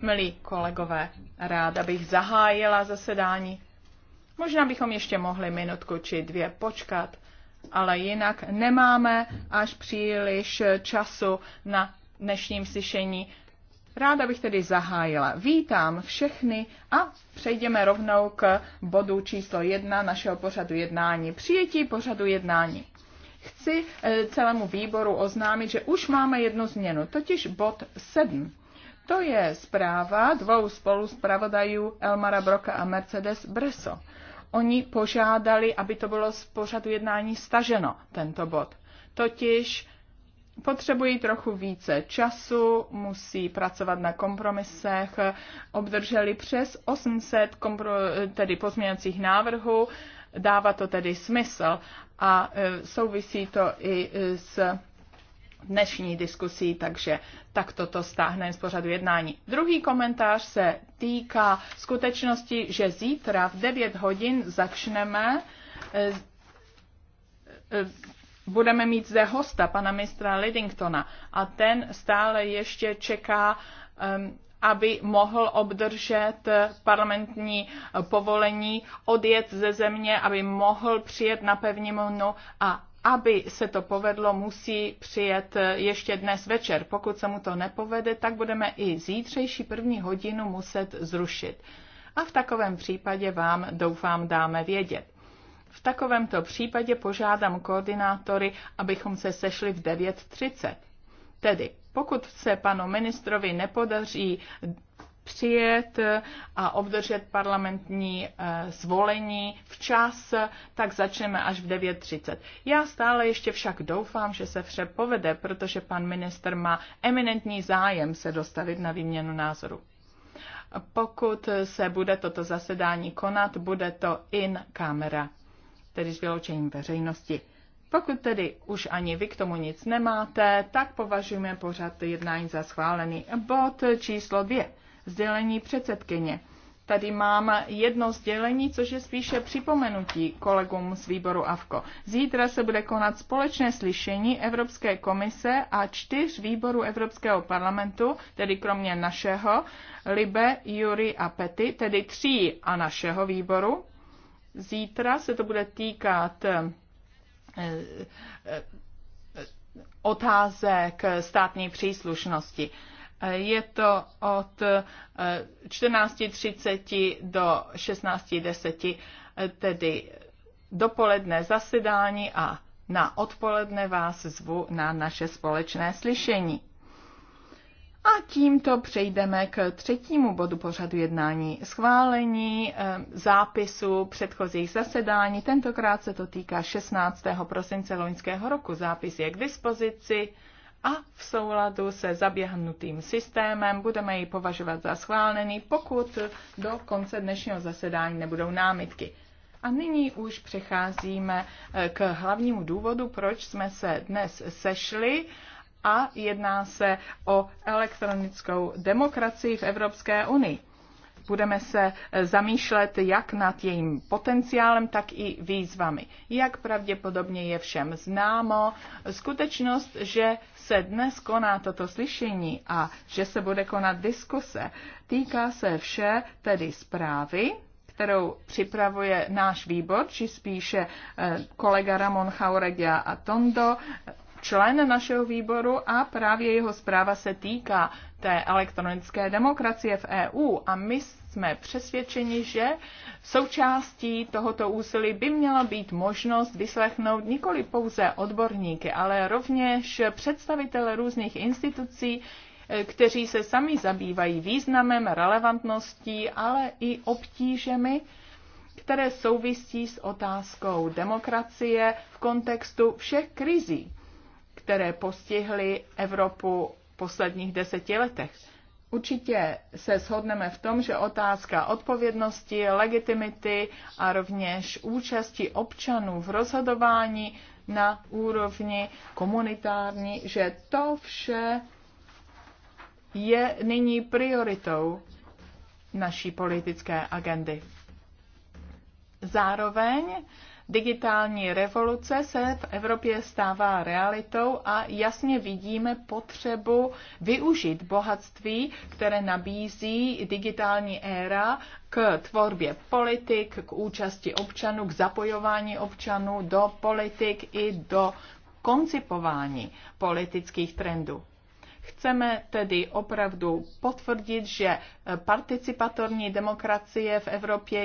Milí kolegové, ráda bych zahájila zasedání. Možná bychom ještě mohli minutku či dvě počkat, ale jinak nemáme až příliš času na dnešním slyšení. Ráda bych tedy zahájila. Vítám všechny a přejdeme rovnou k bodu číslo jedna našeho pořadu jednání. Přijetí pořadu jednání. Chci eh, celému výboru oznámit, že už máme jednu změnu, totiž bod 7. To je zpráva dvou zpravodajů Elmara Broka a Mercedes Breso. Oni požádali, aby to bylo z pořadu jednání staženo, tento bod. Totiž potřebují trochu více času, musí pracovat na kompromisech, obdrželi přes 800 kompro, tedy pozměňovacích návrhů, dává to tedy smysl a e, souvisí to i e, s dnešní diskusí, takže tak toto stáhne z pořadu jednání. Druhý komentář se týká skutečnosti, že zítra v 9 hodin začneme e, budeme mít zde hosta, pana mistra Lidingtona, a ten stále ještě čeká aby mohl obdržet parlamentní povolení, odjet ze země, aby mohl přijet na pevninu a aby se to povedlo, musí přijet ještě dnes večer. Pokud se mu to nepovede, tak budeme i zítřejší první hodinu muset zrušit. A v takovém případě vám, doufám, dáme vědět. V takovémto případě požádám koordinátory, abychom se sešli v 9.30. Tedy pokud se panu ministrovi nepodaří přijet a obdržet parlamentní eh, zvolení včas, tak začneme až v 9.30. Já stále ještě však doufám, že se vše povede, protože pan minister má eminentní zájem se dostavit na výměnu názoru. Pokud se bude toto zasedání konat, bude to in kamera, tedy s vyloučením veřejnosti. Pokud tedy už ani vy k tomu nic nemáte, tak považujeme pořad jednání za schválený. Bod číslo dvě. Sdělení předsedkyně. Tady mám jedno sdělení, což je spíše připomenutí kolegům z výboru AVKO. Zítra se bude konat společné slyšení Evropské komise a čtyř výborů Evropského parlamentu, tedy kromě našeho, Libe, Jury a Pety, tedy tří a našeho výboru. Zítra se to bude týkat Eh, eh, eh, otázek státní příslušnosti. Je to od 14.30 do 16.10, tedy dopoledne zasedání a na odpoledne vás zvu na naše společné slyšení. A tímto přejdeme k třetímu bodu pořadu jednání. Schválení eh, zápisu předchozích zasedání. Tentokrát se to týká 16. prosince loňského roku. Zápis je k dispozici a v souladu se zaběhnutým systémem budeme ji považovat za schválený, pokud do konce dnešního zasedání nebudou námitky. A nyní už přecházíme eh, k hlavnímu důvodu, proč jsme se dnes sešli a jedná se o elektronickou demokracii v Evropské unii. Budeme se zamýšlet jak nad jejím potenciálem, tak i výzvami. Jak pravděpodobně je všem známo, skutečnost, že se dnes koná toto slyšení a že se bude konat diskuse, týká se vše tedy zprávy, kterou připravuje náš výbor, či spíše eh, kolega Ramon Chauregia a Tondo člen našeho výboru a právě jeho zpráva se týká té elektronické demokracie v EU a my jsme přesvědčeni, že součástí tohoto úsilí by měla být možnost vyslechnout nikoli pouze odborníky, ale rovněž představitele různých institucí, eh, kteří se sami zabývají významem, relevantností, ale i obtížemi, které souvisí s otázkou demokracie v kontextu všech krizí které postihly Evropu v posledních deseti letech. Určitě se shodneme v tom, že otázka odpovědnosti, legitimity a rovněž účasti občanů v rozhodování na úrovni komunitární, že to vše je nyní prioritou naší politické agendy. Zároveň Digitální revoluce se v Evropě stává realitou a jasně vidíme potřebu využít bohatství, které nabízí digitální éra k tvorbě politik, k účasti občanů, k zapojování občanů do politik i do koncipování politických trendů. Chceme tedy opravdu potvrdit, že participatorní demokracie v Evropě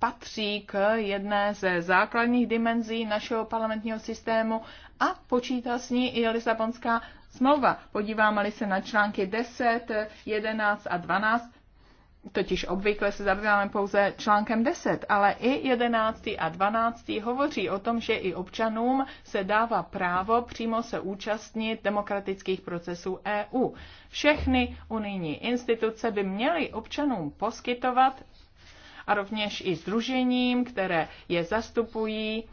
patří k jedné ze základních dimenzí našeho parlamentního systému a počítá s ní i Lisabonská smlouva. Podíváme-li se na články 10, 11 a 12, totiž obvykle se zabýváme pouze článkem 10, ale i 11. a 12. hovoří o tom, že i občanům se dává právo přímo se účastnit demokratických procesů EU. Všechny unijní instituce by měly občanům poskytovat a rovněž i združením, které je zastupují,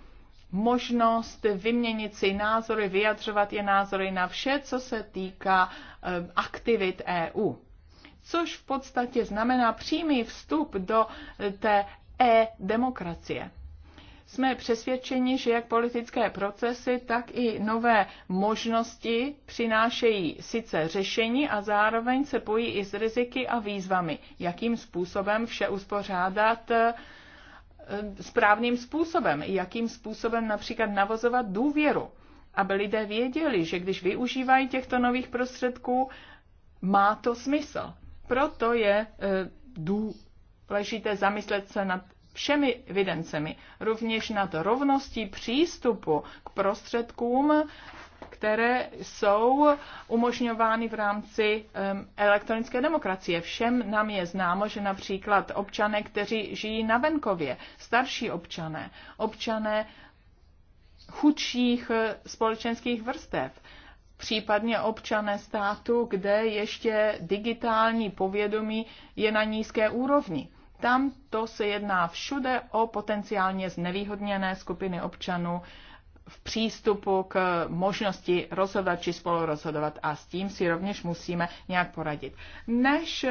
možnost vyměnit si názory, vyjadřovat je názory na vše, co se týká eh, aktivit EU. Což v podstatě znamená přímý vstup do eh, té e-demokracie jsme přesvědčeni, že jak politické procesy, tak i nové možnosti přinášejí sice řešení a zároveň se pojí i s riziky a výzvami, jakým způsobem vše uspořádat eh, správným způsobem, jakým způsobem například navozovat důvěru, aby lidé věděli, že když využívají těchto nových prostředků, má to smysl. Proto je eh, důležité zamyslet se nad všemi evidencemi, rovněž nad rovností přístupu k prostředkům, které jsou umožňovány v rámci um, elektronické demokracie. Všem nám je známo, že například občané, kteří žijí na venkově, starší občané, občané chudších eh, společenských vrstev, případně občané státu, kde ještě digitální povědomí je na nízké úrovni. Tam to se jedná všude o potenciálně znevýhodněné skupiny občanů v přístupu k možnosti rozhodovat či spolurozhodovat a s tím si rovněž musíme nějak poradit. Než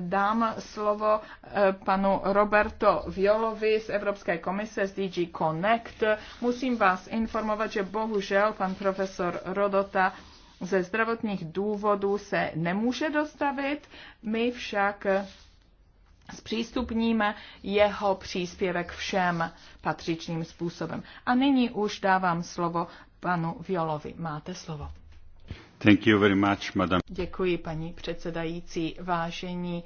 dám slovo eh, panu Roberto Violovi z Evropské komise z DG Connect. Musím vás informovat, že bohužel pan profesor Rodota ze zdravotních důvodů se nemůže dostavit. My však zpřístupníme jeho příspěvek všem patřičným způsobem. A nyní už dávám slovo panu Violovi. Máte slovo. Thank you very much, madam. Děkuji, paní předsedající, vážení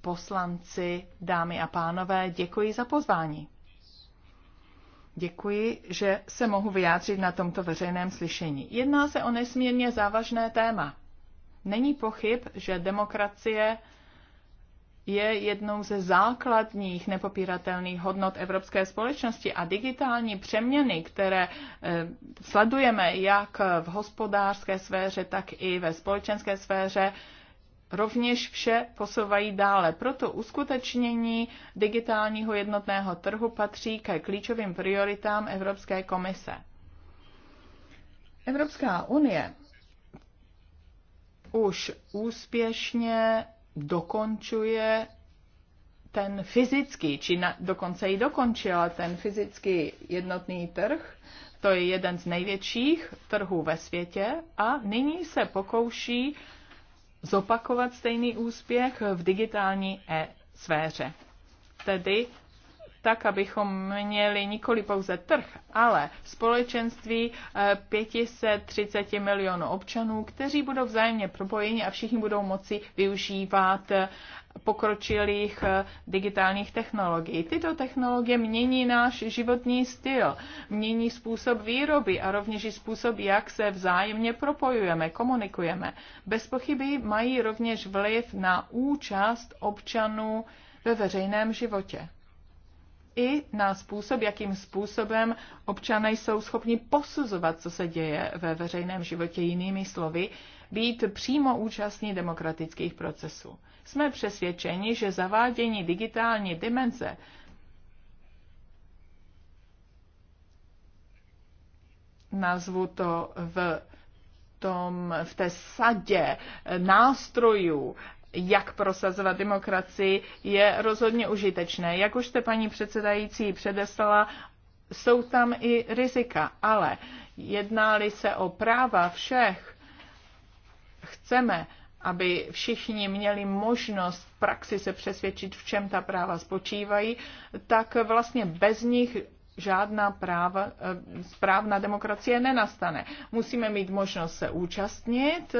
poslanci, dámy a pánové, děkuji za pozvání. Děkuji, že se mohu vyjádřit na tomto veřejném slyšení. Jedná se o nesmírně závažné téma. Není pochyb, že demokracie je jednou ze základních nepopíratelných hodnot evropské společnosti a digitální přeměny, které eh, sledujeme jak v hospodářské sféře, tak i ve společenské sféře, rovněž vše posouvají dále. Proto uskutečnění digitálního jednotného trhu patří ke klíčovým prioritám Evropské komise. Evropská unie už úspěšně dokončuje ten fyzický, či na, dokonce i dokončila ten fyzický jednotný trh, to je jeden z největších trhů ve světě a nyní se pokouší zopakovat stejný úspěch v digitální e sféře. Tedy tak, abychom měli nikoli pouze trh, ale společenství 530 eh, milionů občanů, kteří budou vzájemně propojeni a všichni budou moci využívat eh, pokročilých eh, digitálních technologií. Tyto technologie mění náš životní styl, mění způsob výroby a rovněž i způsob, jak se vzájemně propojujeme, komunikujeme. Bez pochyby mají rovněž vliv na účast občanů ve veřejném životě i na způsob, jakým způsobem občané jsou schopni posuzovat, co se děje ve veřejném životě, jinými slovy, být přímo účastní demokratických procesů. Jsme přesvědčeni, že zavádění digitální dimenze nazvu to v tom, v té sadě nástrojů, jak prosazovat demokracii, je rozhodně užitečné. Jak už jste paní předsedající předeslala, jsou tam i rizika, ale jednáli se o práva všech, chceme, aby všichni měli možnost v praxi se přesvědčit, v čem ta práva spočívají, tak vlastně bez nich žádná práva, eh, správná demokracie nenastane. Musíme mít možnost se účastnit,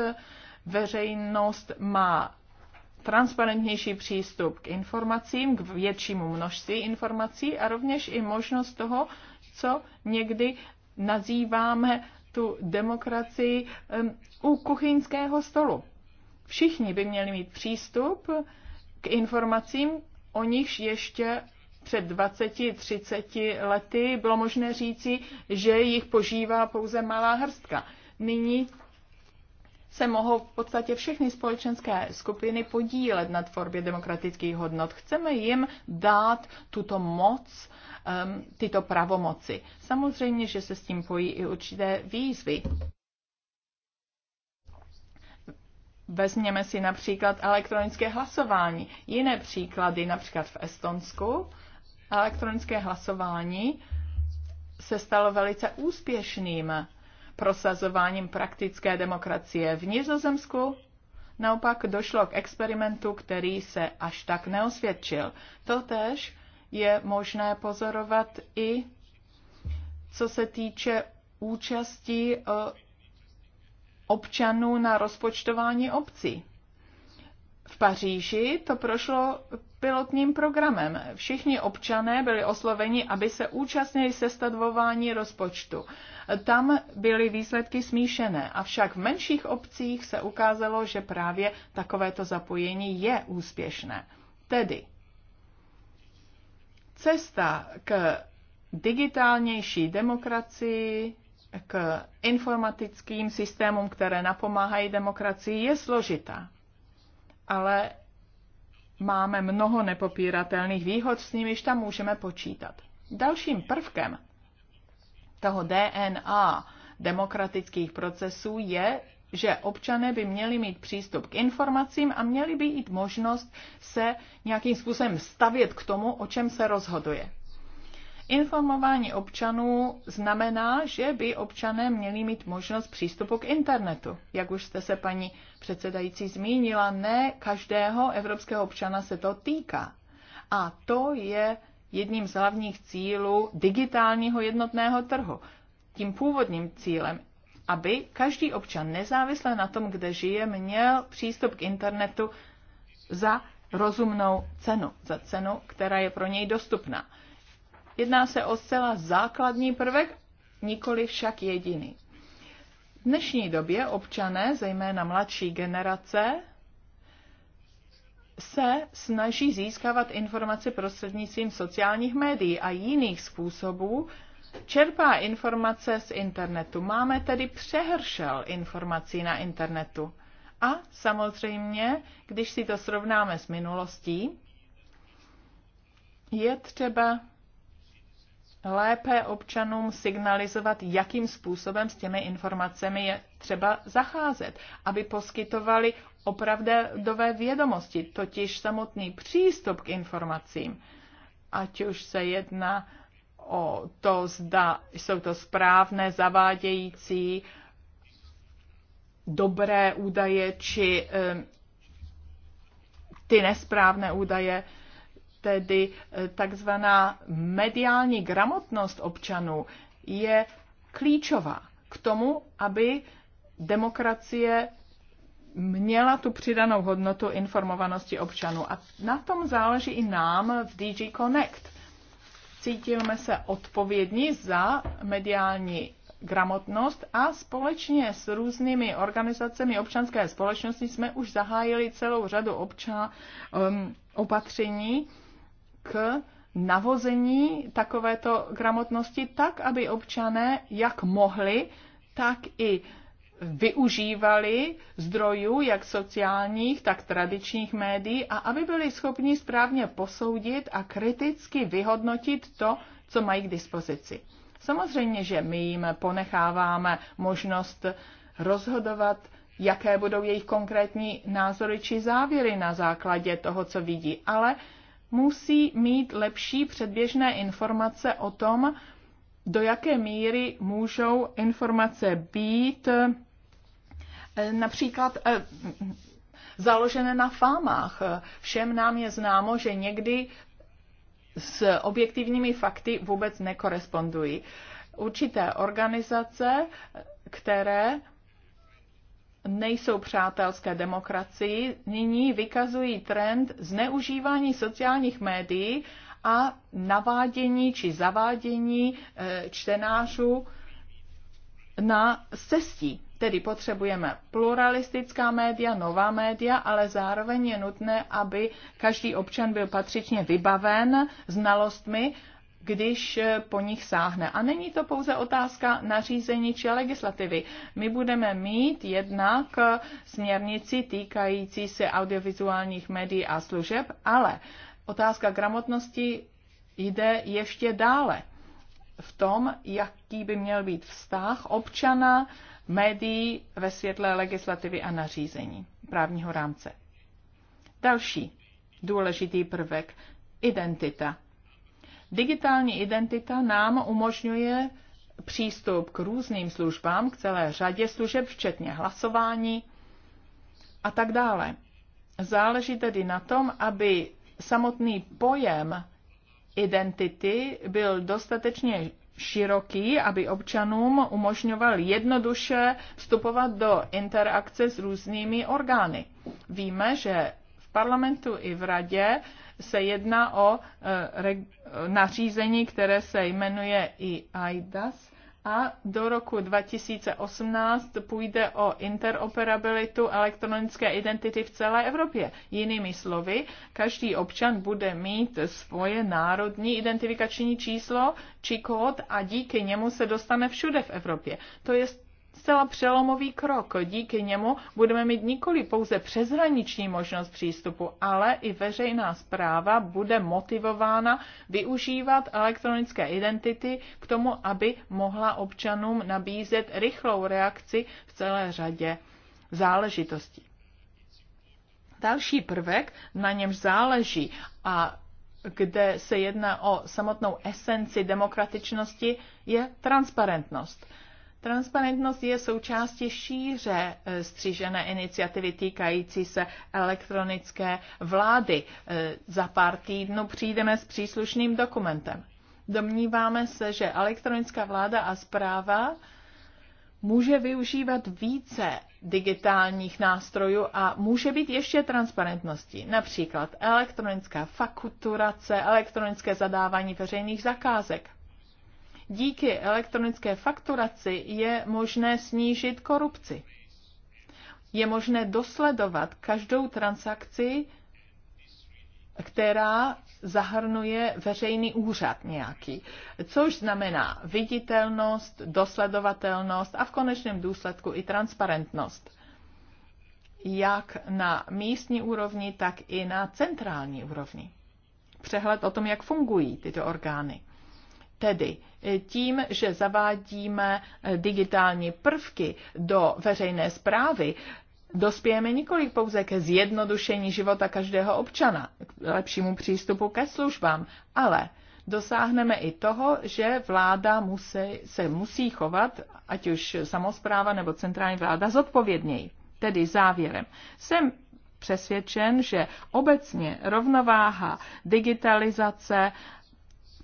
veřejnost má transparentnější přístup k informacím, k většímu množství informací a rovněž i možnost toho, co někdy nazýváme tu demokracii u kuchyňského stolu. Všichni by měli mít přístup k informacím, o nichž ještě před 20-30 lety bylo možné říci, že jich požívá pouze malá hrstka. Nyní se mohou v podstatě všechny společenské skupiny podílet na tvorbě demokratických hodnot. Chceme jim dát tuto moc, tyto pravomoci. Samozřejmě, že se s tím pojí i určité výzvy. Vezměme si například elektronické hlasování. Jiné příklady, například v Estonsku, elektronické hlasování se stalo velice úspěšným prosazováním praktické demokracie. V Nizozemsku naopak došlo k experimentu, který se až tak neosvědčil. Totež je možné pozorovat i co se týče účasti e, občanů na rozpočtování obcí. V Paříži to prošlo pilotním programem. Všichni občané byli osloveni, aby se účastnili sestavování rozpočtu. Tam byly výsledky smíšené, avšak v menších obcích se ukázalo, že právě takovéto zapojení je úspěšné. Tedy cesta k digitálnější demokracii, k informatickým systémům, které napomáhají demokracii, je složitá. Ale máme mnoho nepopíratelných výhod, s nimiž tam můžeme počítat. Dalším prvkem toho DNA demokratických procesů je, že občané by měli mít přístup k informacím a měli by jít možnost se nějakým způsobem stavět k tomu, o čem se rozhoduje. Informování občanů znamená, že by občané měli mít možnost přístupu k internetu. Jak už jste se, paní předsedající, zmínila, ne každého evropského občana se to týká. A to je jedním z hlavních cílů digitálního jednotného trhu. Tím původním cílem aby každý občan, nezávisle na tom, kde žije, měl přístup k internetu za rozumnou cenu, za cenu, která je pro něj dostupná. Jedná se o zcela základní prvek, nikoli však jediný. V dnešní době občané, zejména mladší generace, se snaží získávat informace prostřednictvím sociálních médií a jiných způsobů, čerpá informace z internetu. Máme tedy přehršel informací na internetu. A samozřejmě, když si to srovnáme s minulostí, je třeba lépe občanům signalizovat, jakým způsobem s těmi informacemi je třeba zacházet, aby poskytovali opravdové vědomosti, totiž samotný přístup k informacím, ať už se jedná o to, zda jsou to správné, zavádějící, dobré údaje či eh, ty nesprávné údaje, tedy eh, takzvaná mediální gramotnost občanů je klíčová k tomu, aby demokracie měla tu přidanou hodnotu informovanosti občanů. A na tom záleží i nám v DG Connect. Cítíme se odpovědní za mediální gramotnost a společně s různými organizacemi občanské společnosti jsme už zahájili celou řadu občan, um, opatření, k navození takovéto gramotnosti tak, aby občané jak mohli, tak i využívali zdrojů, jak sociálních, tak tradičních médií a aby byli schopni správně posoudit a kriticky vyhodnotit to, co mají k dispozici. Samozřejmě, že my jim ponecháváme možnost rozhodovat, jaké budou jejich konkrétní názory či závěry na základě toho, co vidí, ale musí mít lepší předběžné informace o tom, do jaké míry můžou informace být eh, například eh, založené na fámách. Všem nám je známo, že někdy s objektivními fakty vůbec nekorespondují. Určité organizace, které nejsou přátelské demokracii, nyní vykazují trend zneužívání sociálních médií a navádění či zavádění eh, čtenářů na cestí. Tedy potřebujeme pluralistická média, nová média, ale zároveň je nutné, aby každý občan byl patřičně vybaven znalostmi, když eh, po nich sáhne. A není to pouze otázka nařízení či legislativy. My budeme mít jednak eh, směrnici týkající se audiovizuálních médií a služeb, ale otázka gramotnosti jde ještě dále v tom, jaký by měl být vztah občana, médií ve světle legislativy a nařízení právního rámce. Další důležitý prvek identita Digitální identita nám umožňuje přístup k různým službám, k celé řadě služeb, včetně hlasování a tak dále. Záleží tedy na tom, aby samotný pojem identity byl dostatečně široký, aby občanům umožňoval jednoduše vstupovat do interakce s různými orgány. Víme, že parlamentu i v radě se jedná o e, nařízení, které se jmenuje i IDAS a do roku 2018 půjde o interoperabilitu elektronické identity v celé Evropě. Jinými slovy, každý občan bude mít svoje národní identifikační číslo či kód a díky němu se dostane všude v Evropě. To je zcela přelomový krok. Díky němu budeme mít nikoli pouze přeshraniční možnost přístupu, ale i veřejná zpráva bude motivována využívat elektronické identity k tomu, aby mohla občanům nabízet rychlou reakci v celé řadě záležitostí. Další prvek, na němž záleží a kde se jedná o samotnou esenci demokratičnosti, je transparentnost Transparentnost je součástí šíře eh, střížené iniciativy týkající se elektronické vlády. Eh, za pár týdnů přijdeme s příslušným dokumentem. Domníváme se, že elektronická vláda a zpráva může využívat více digitálních nástrojů a může být ještě transparentností. Například elektronická fakturace, elektronické zadávání veřejných zakázek. Díky elektronické fakturaci je možné snížit korupci. Je možné dosledovat každou transakci, která zahrnuje veřejný úřad nějaký, což znamená viditelnost, dosledovatelnost a v konečném důsledku i transparentnost jak na místní úrovni, tak i na centrální úrovni. Přehled o tom, jak fungují tyto orgány. Tedy eh, tím, že zavádíme eh, digitální prvky do veřejné zprávy, dospějeme nikoli pouze ke zjednodušení života každého občana, k lepšímu přístupu ke službám, ale dosáhneme i toho, že vláda musí, se musí chovat, ať už samozpráva nebo centrální vláda, zodpovědněji. Tedy závěrem. Jsem přesvědčen, že obecně rovnováha digitalizace,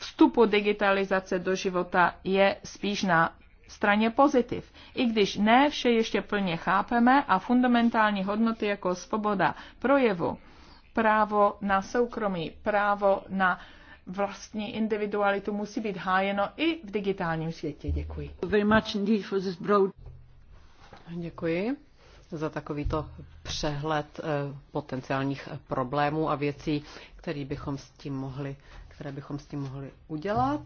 vstupu digitalizace do života je spíš na straně pozitiv, i když ne vše ještě plně chápeme a fundamentální hodnoty jako svoboda projevu, právo na soukromí, právo na vlastní individualitu musí být hájeno i v digitálním světě. Děkuji. Very much indeed for this broad... Děkuji za takovýto přehled eh, potenciálních eh, problémů a věcí, který bychom s tím mohli které bychom s tím mohli udělat.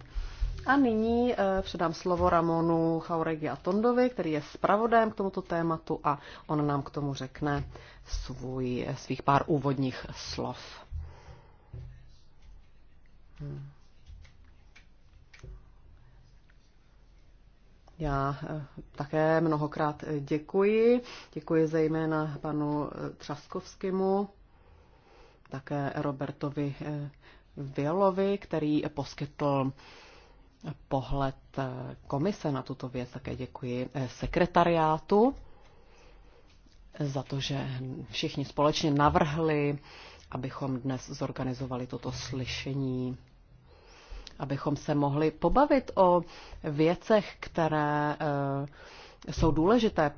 A nyní eh, předám slovo Ramonu Chauregi a Tondovi, který je zpravodajem k tomuto tématu a on nám k tomu řekne svůj, svých pár úvodních slov. Hmm. Já eh, také mnohokrát eh, děkuji. Děkuji zejména panu Třaskovskému, také Robertovi Violovi, který poskytl pohled eh, komise na tuto věc. Také děkuji eh, sekretariátu za to, že všichni společně navrhli, abychom dnes zorganizovali toto slyšení, abychom se mohli pobavit o věcech, které eh, jsou důležité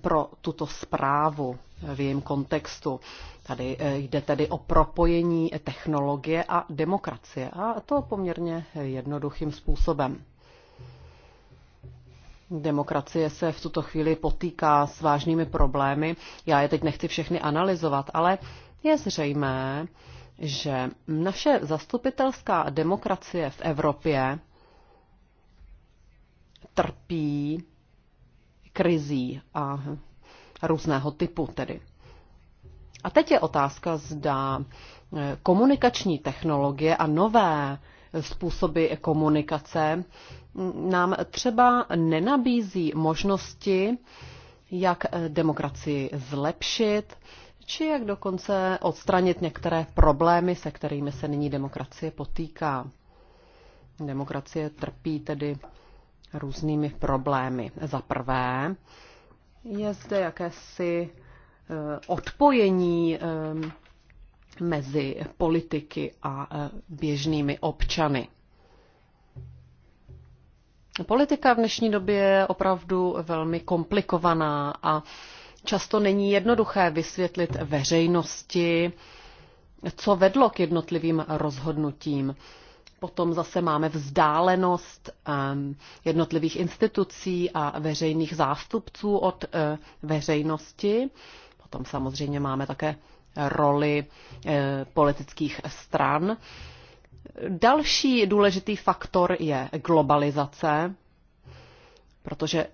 pro tuto zprávu v jejím kontextu. Tady eh, jde tedy o propojení technologie a demokracie a to poměrně jednoduchým způsobem. Demokracie se v tuto chvíli potýká s vážnými problémy. Já je teď nechci všechny analyzovat, ale je zřejmé, že naše zastupitelská demokracie v Evropě trpí krizí a různého typu tedy. A teď je otázka, zda eh, komunikační technologie a nové způsoby komunikace mm, nám třeba nenabízí možnosti, jak eh, demokracii zlepšit, či jak dokonce odstranit některé problémy, se kterými se nyní demokracie potýká. Demokracie trpí tedy různými problémy. Za prvé je zde jakési eh, odpojení eh, mezi politiky a eh, běžnými občany. Politika v dnešní době je opravdu velmi komplikovaná a často není jednoduché vysvětlit veřejnosti, co vedlo k jednotlivým rozhodnutím. Potom zase máme vzdálenost ehm, jednotlivých institucí a veřejných zástupců od eh, veřejnosti. Potom samozřejmě máme také roli eh, politických stran. Další důležitý faktor je globalizace, protože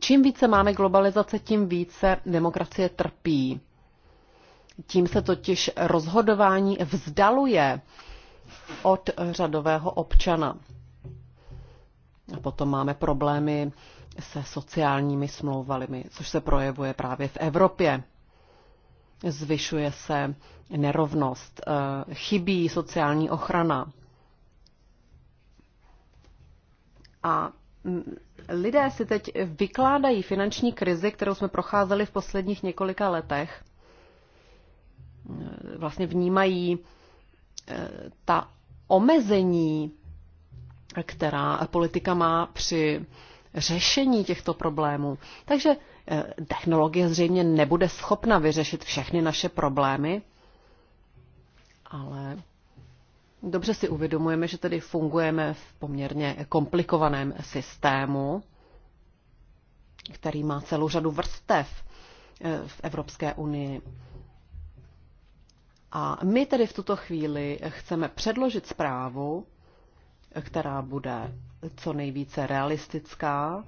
čím více máme globalizace, tím více demokracie trpí. Tím se totiž rozhodování vzdaluje od řadového občana. A potom máme problémy se sociálními smlouvami, což se projevuje právě v Evropě. Zvyšuje se nerovnost, eh, chybí sociální ochrana. A mm, lidé si teď vykládají finanční krizi, kterou jsme procházeli v posledních několika letech, Eh, vlastně vnímají eh, ta omezení, která politika má při řešení těchto problémů. Takže eh, technologie zřejmě nebude schopna vyřešit všechny naše problémy, ale dobře si uvědomujeme, že tedy fungujeme v poměrně komplikovaném systému, který má celou řadu vrstev v Evropské unii. A my tedy v tuto chvíli chceme předložit zprávu, která bude co nejvíce realistická,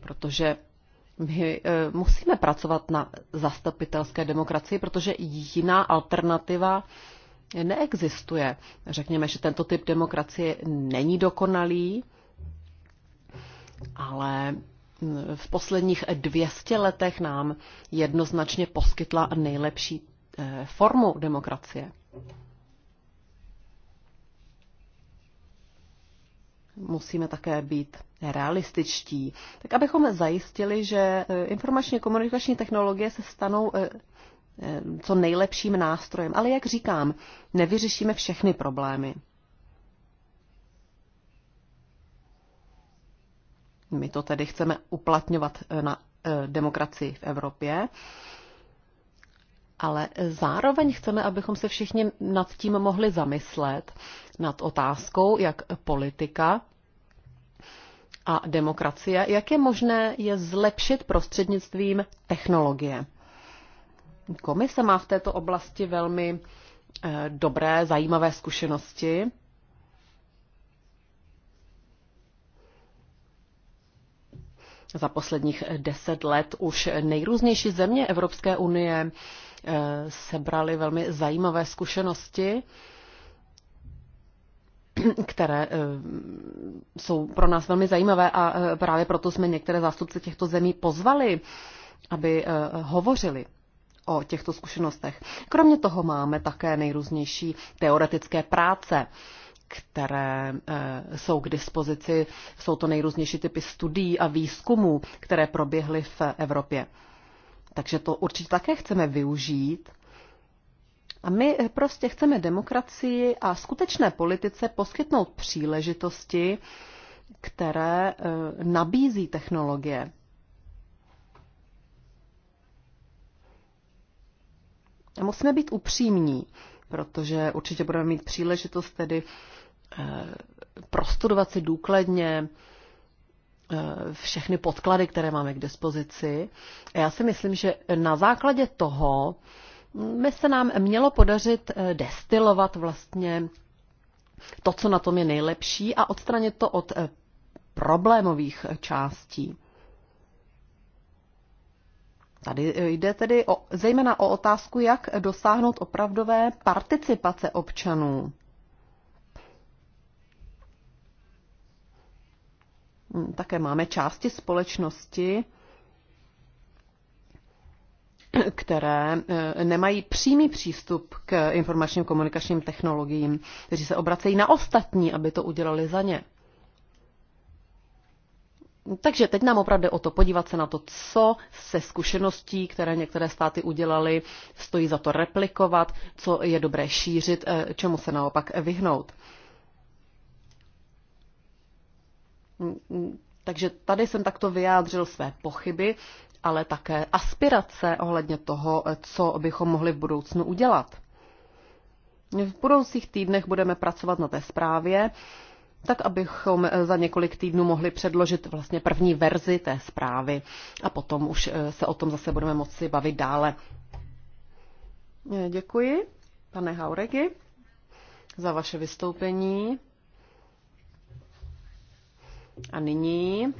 protože my eh, musíme pracovat na zastupitelské demokracii, protože jiná alternativa neexistuje. Řekněme, že tento typ demokracie není dokonalý, ale v posledních 200 letech nám jednoznačně poskytla nejlepší eh, formu demokracie. Musíme také být realističtí, tak abychom zajistili, že eh, informační komunikační technologie se stanou eh, co nejlepším nástrojem. Ale jak říkám, nevyřešíme všechny problémy. My to tedy chceme uplatňovat eh, na eh, demokracii v Evropě, ale zároveň chceme, abychom se všichni nad tím mohli zamyslet, nad otázkou, jak politika a demokracie, jak je možné je zlepšit prostřednictvím technologie. Komise má v této oblasti velmi eh, dobré, zajímavé zkušenosti. za posledních deset let už nejrůznější země Evropské unie eh, sebrali velmi zajímavé zkušenosti, které eh, jsou pro nás velmi zajímavé a eh, právě proto jsme některé zástupce těchto zemí pozvali, aby hovořili o těchto zkušenostech. Kromě toho máme také nejrůznější teoretické práce které eh, jsou k dispozici. Jsou to nejrůznější typy studií a výzkumů, které proběhly v Evropě. Takže to určitě také chceme využít. A my eh, prostě chceme demokracii a skutečné politice poskytnout příležitosti, které eh, nabízí technologie. A musíme být upřímní, protože určitě budeme mít příležitost tedy Eh, prostudovat si důkladně eh, všechny podklady, které máme k dispozici. A já si myslím, že na základě toho by se nám mělo podařit eh, destilovat vlastně to, co na tom je nejlepší a odstranit to od problémových částí. Tady jde tedy o, zejména o otázku, jak dosáhnout opravdové participace občanů. Mm, také máme části společnosti, které e, nemají přímý přístup k informačním komunikačním technologiím, kteří se obracejí na ostatní, aby to udělali za ně. Takže teď nám opravdu o to podívat se na to, co se zkušeností, které některé státy udělali, stojí za to replikovat, co je dobré šířit, e, čemu se naopak vyhnout. Mm, mm, takže tady jsem takto vyjádřil své pochyby, ale také aspirace ohledně toho, co bychom mohli v budoucnu udělat. V budoucích týdnech budeme pracovat na té zprávě, tak abychom za několik týdnů mohli předložit vlastně první verzi té zprávy a potom už eh, se o tom zase budeme moci bavit dále. Děkuji, pane Hauregi, za vaše vystoupení. A nyní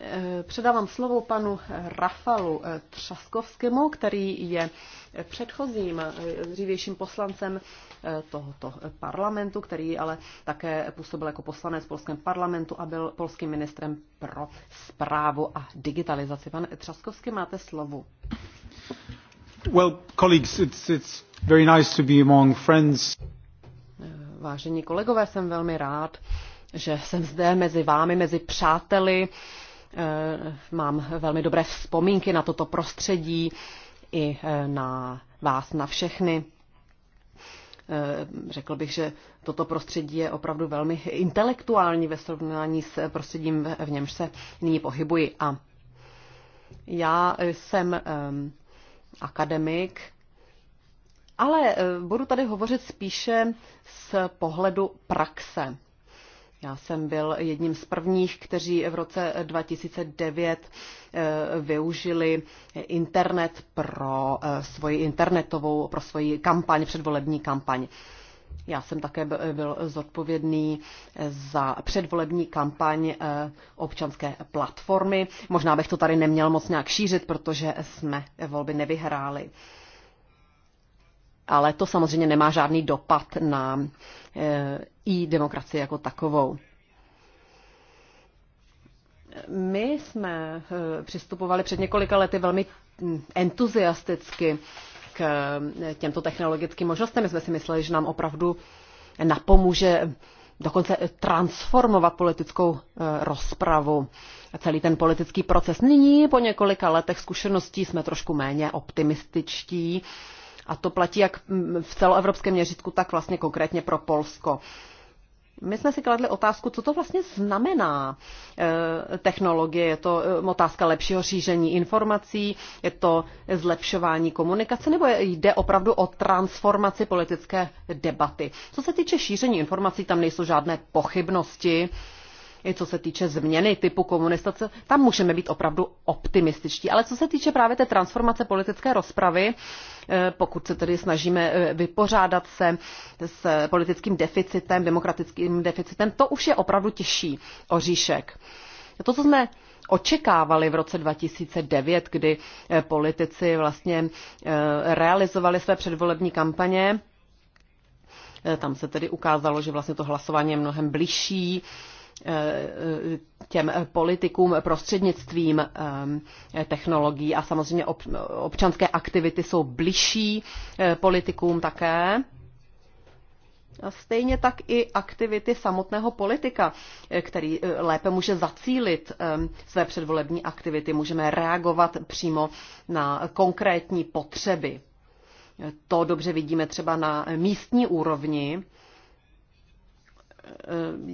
eh, Předávám slovo panu Rafalu eh, Třaskovskému, který je předchozím eh, dřívějším poslancem tohoto parlamentu, který ale také působil jako poslanec v polském parlamentu a byl polským ministrem pro zprávu a digitalizaci. Pan Třaskovský, máte slovo. Well, colleagues, it's, it's very nice to be among friends. Vážení kolegové, jsem velmi rád, že jsem zde mezi vámi, mezi přáteli. Eh, mám velmi dobré vzpomínky na toto prostředí i eh, na vás, na všechny. Eh, řekl bych, že toto prostředí je opravdu velmi intelektuální ve srovnání s prostředím, v němž se nyní pohybuji. A já jsem akademik, ale eh, budu tady hovořit spíše z pohledu praxe. Já jsem byl jedním z prvních, kteří v roce 2009 eh, využili internet pro eh, svoji internetovou, pro svoji kampaň, předvolební kampaň. Já jsem také byl zodpovědný za předvolební kampaň občanské platformy. Možná bych to tady neměl moc nějak šířit, protože jsme volby nevyhráli ale to samozřejmě nemá žádný dopad na eh, i demokracii jako takovou. My jsme eh, přistupovali před několika lety velmi hm, entuziasticky k eh, těmto technologickým možnostem. My jsme si mysleli, že nám opravdu napomůže dokonce transformovat politickou rozpravu, celý ten politický proces. Nyní po několika letech zkušeností jsme trošku méně optimističtí a to platí jak v celoevropském měřitku, tak vlastně konkrétně pro Polsko. My jsme si kladli otázku, co to vlastně znamená eh, technologie. Je to eh, otázka lepšího řízení informací, je to zlepšování komunikace, nebo jde opravdu o transformaci politické debaty. Co se týče šíření informací, tam nejsou žádné pochybnosti co se týče změny typu komunistace, tam můžeme být opravdu optimističtí. Ale co se týče právě té transformace politické rozpravy, eh, pokud se tedy snažíme eh, vypořádat se s politickým deficitem, demokratickým deficitem, to už je opravdu těžší oříšek. To, co jsme očekávali v roce 2009, kdy eh, politici vlastně realizovali své předvolební kampaně, tam se tedy ukázalo, že vlastně to hlasování je mnohem blížší Eh, těm politikům prostřednictvím eh, technologií a samozřejmě občanské aktivity jsou bližší eh, politikům také. A stejně tak i aktivity samotného politika, který lépe může zacílit své předvolební aktivity. Můžeme reagovat přímo na konkrétní potřeby. To dobře vidíme třeba na místní úrovni, Eh,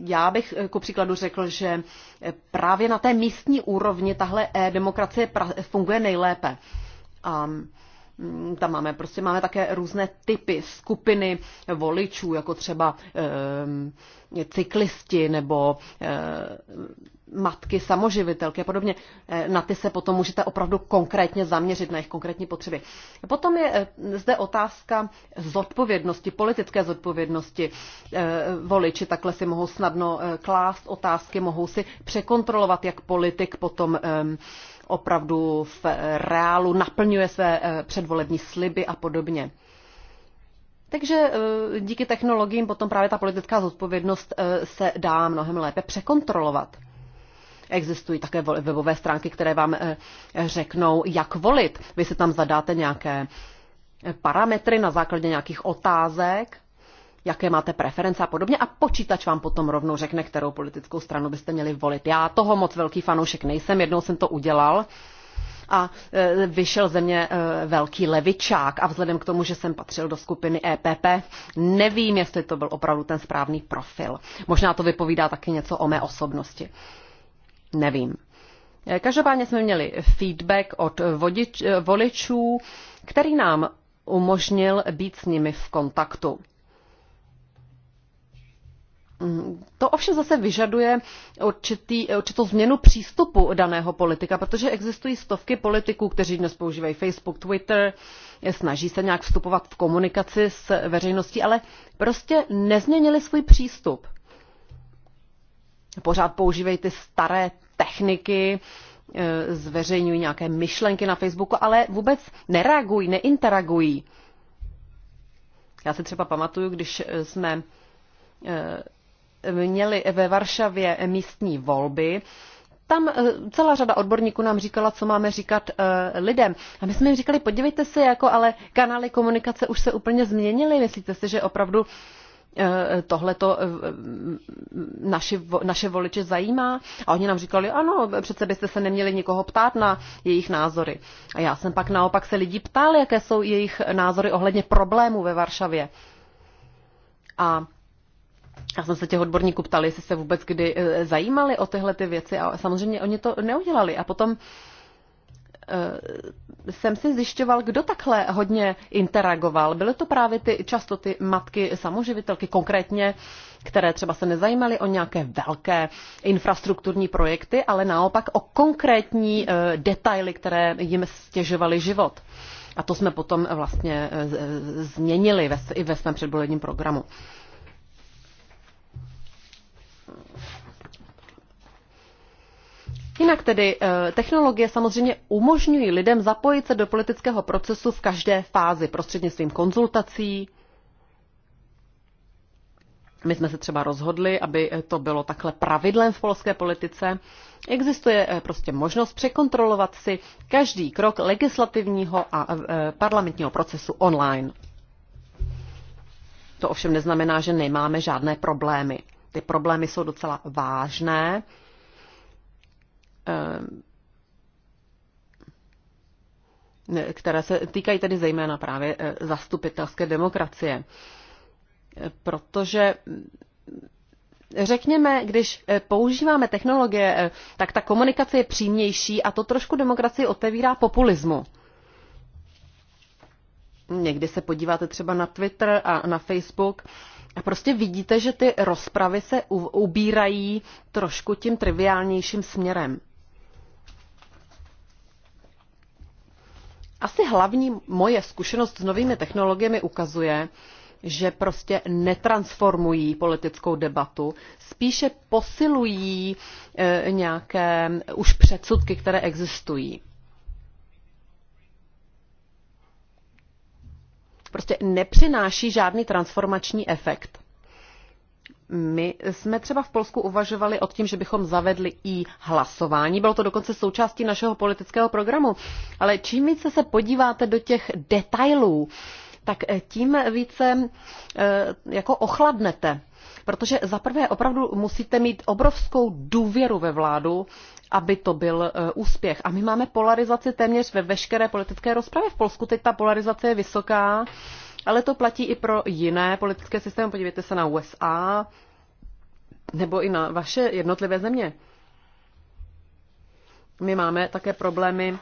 já bych eh, ku příkladu řekl, že eh, právě na té místní úrovni tahle e demokracie funguje nejlépe. A Mm, tam máme prostě máme také různé typy, skupiny voličů, jako třeba e, cyklisti nebo e, matky, samoživitelky a podobně. Eh, na ty se potom můžete opravdu konkrétně zaměřit na jejich konkrétní potřeby. Potom je eh, zde otázka zodpovědnosti, politické zodpovědnosti. Voliči takhle si mohou snadno klást otázky, mohou si překontrolovat, jak politik potom ehm, opravdu v reálu naplňuje své eh, předvolební sliby a podobně. Takže eh, díky technologiím potom právě ta politická zodpovědnost eh, se dá mnohem lépe překontrolovat. Existují také webové stránky, které vám řeknou, jak volit. Vy si tam zadáte nějaké parametry na základě nějakých otázek jaké máte preference a podobně a počítač vám potom rovnou řekne, kterou politickou stranu byste měli volit. Já toho moc velký fanoušek nejsem, jednou jsem to udělal a e, vyšel ze mě e, velký levičák a vzhledem k tomu, že jsem patřil do skupiny EPP, nevím, jestli to byl opravdu ten správný profil. Možná to vypovídá taky něco o mé osobnosti. Nevím. E, každopádně jsme měli feedback od vodič, voličů, který nám umožnil být s nimi v kontaktu. To ovšem zase vyžaduje určitý, určitou změnu přístupu daného politika, protože existují stovky politiků, kteří dnes používají Facebook, Twitter, snaží se nějak vstupovat v komunikaci s veřejností, ale prostě nezměnili svůj přístup. Pořád používají ty staré techniky, eh, zveřejňují nějaké myšlenky na Facebooku, ale vůbec nereagují, neinteragují. Já si třeba pamatuju, když eh, jsme eh, měli ve Varšavě místní volby, tam eh, celá řada odborníků nám říkala, co máme říkat eh, lidem. A my jsme jim říkali, podívejte se, jako ale kanály komunikace už se úplně změnily. Myslíte si, že opravdu eh, tohleto naši, naše voliče zajímá? A oni nám říkali, ano, přece byste se neměli nikoho ptát na jejich názory. A já jsem pak naopak se lidí ptal, jaké jsou jejich názory ohledně problémů ve Varšavě. A já jsem se těch odborníků ptali, jestli se vůbec kdy eh, zajímali o tyhle ty věci a samozřejmě oni to neudělali. A potom eh, jsem si zjišťoval, kdo takhle hodně interagoval. Byly to právě ty, často ty matky samoživitelky konkrétně, které třeba se nezajímaly o nějaké velké infrastrukturní projekty, ale naopak o konkrétní eh, detaily, které jim stěžovaly život. A to jsme potom vlastně změnili i ve svém předvolebním programu. Jinak tedy eh, technologie samozřejmě umožňují lidem zapojit se do politického procesu v každé fázi prostřednictvím konzultací. My jsme se třeba rozhodli, aby eh, to bylo takhle pravidlem v polské politice. Existuje eh, prostě možnost překontrolovat si každý krok legislativního a parlamentního procesu online. To ovšem neznamená, že nemáme žádné problémy. Ty problémy jsou docela vážné, Ehm, které se týkají tedy zejména právě e, zastupitelské demokracie. E, protože mm, řekněme, když e, používáme technologie, tak ta komunikace je přímější a to trošku demokracii otevírá populismu. Někdy se podíváte třeba na Twitter a na Facebook a prostě vidíte, že ty rozpravy se ubírají trošku tím triviálnějším směrem. Asi hlavní moje zkušenost s novými technologiemi ukazuje, že prostě netransformují politickou debatu, spíše posilují e, nějaké už předsudky, které existují. Prostě nepřináší žádný transformační efekt. My jsme třeba v Polsku uvažovali o tím, že bychom zavedli i hlasování. Bylo to dokonce součástí našeho politického programu. Ale čím více se podíváte do těch detailů, tak eh, tím více eh, jako ochladnete. Protože za prvé opravdu musíte mít obrovskou důvěru ve vládu, aby to byl eh, úspěch. A my máme polarizaci téměř ve veškeré politické rozpravě v Polsku. Teď ta polarizace je vysoká ale to platí i pro jiné politické systémy. Podívejte se na USA nebo i na vaše jednotlivé země. My máme také problémy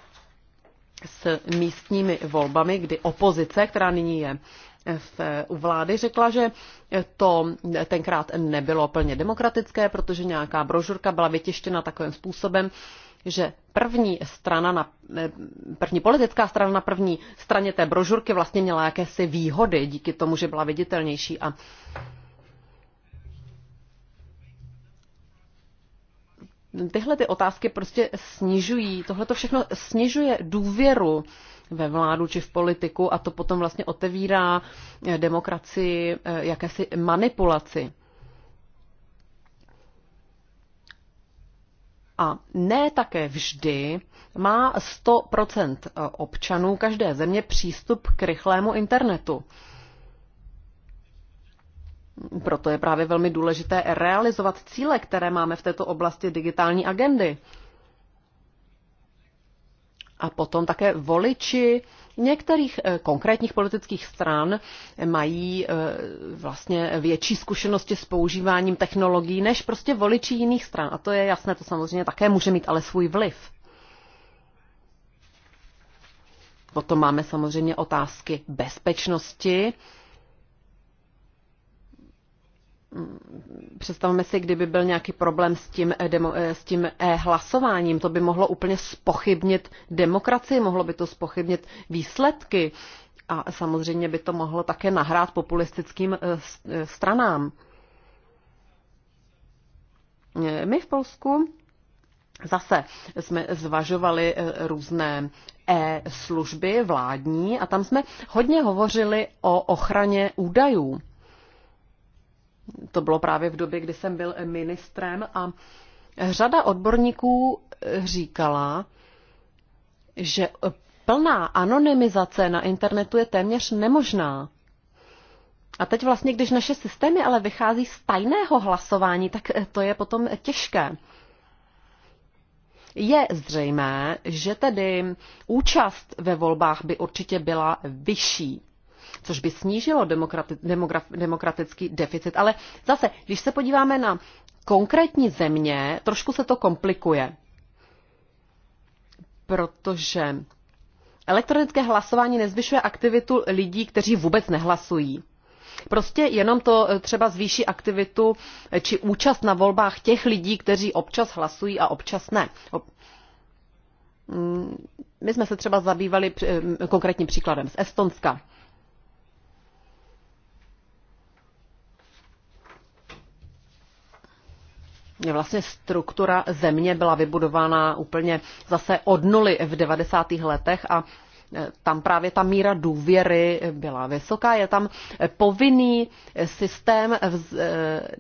s místními volbami, kdy opozice, která nyní je v, u vlády, řekla, že to tenkrát nebylo plně demokratické, protože nějaká brožurka byla vytěštěna takovým způsobem, že první strana na, eh, první politická strana na první straně té brožurky vlastně měla jakési výhody díky tomu, že byla viditelnější a tyhle ty otázky prostě snižují, tohle to všechno snižuje důvěru ve vládu či v politiku a to potom vlastně otevírá demokracii eh, jakési manipulaci. A ne také vždy má 100% eh, občanů každé země přístup k rychlému internetu. Proto je právě velmi důležité realizovat cíle, které máme v této oblasti digitální agendy a potom také voliči některých eh, konkrétních politických stran mají eh, vlastně větší zkušenosti s používáním technologií než prostě voliči jiných stran. A to je jasné, to samozřejmě také může mít ale svůj vliv. Potom máme samozřejmě otázky bezpečnosti představme si, kdyby byl nějaký problém s tím, eh, demo, eh, s tím e-hlasováním, eh, to by mohlo úplně spochybnit demokracii, mohlo by to spochybnit výsledky a samozřejmě by to mohlo také nahrát populistickým stranám. My v Polsku zase jsme zvažovali různé e-služby vládní a tam jsme hodně hovořili o ochraně údajů to bylo právě v době, kdy jsem byl ministrem a řada odborníků říkala, že plná anonymizace na internetu je téměř nemožná. A teď vlastně, když naše systémy ale vychází z tajného hlasování, tak to je potom těžké. Je zřejmé, že tedy účast ve volbách by určitě byla vyšší což by snížilo demokrati- demograf- demokratický deficit. Ale zase, když se podíváme na konkrétní země, trošku se to komplikuje, protože elektronické hlasování nezvyšuje aktivitu lidí, kteří vůbec nehlasují. Prostě jenom to eh, třeba zvýší aktivitu eh, či účast na volbách těch lidí, kteří občas hlasují a občas ne. Mm, my jsme se třeba zabývali eh, konkrétním příkladem z Estonska. vlastně struktura země byla vybudována úplně zase od nuly v 90. letech a e, tam právě ta míra důvěry byla vysoká. Je tam povinný systém e,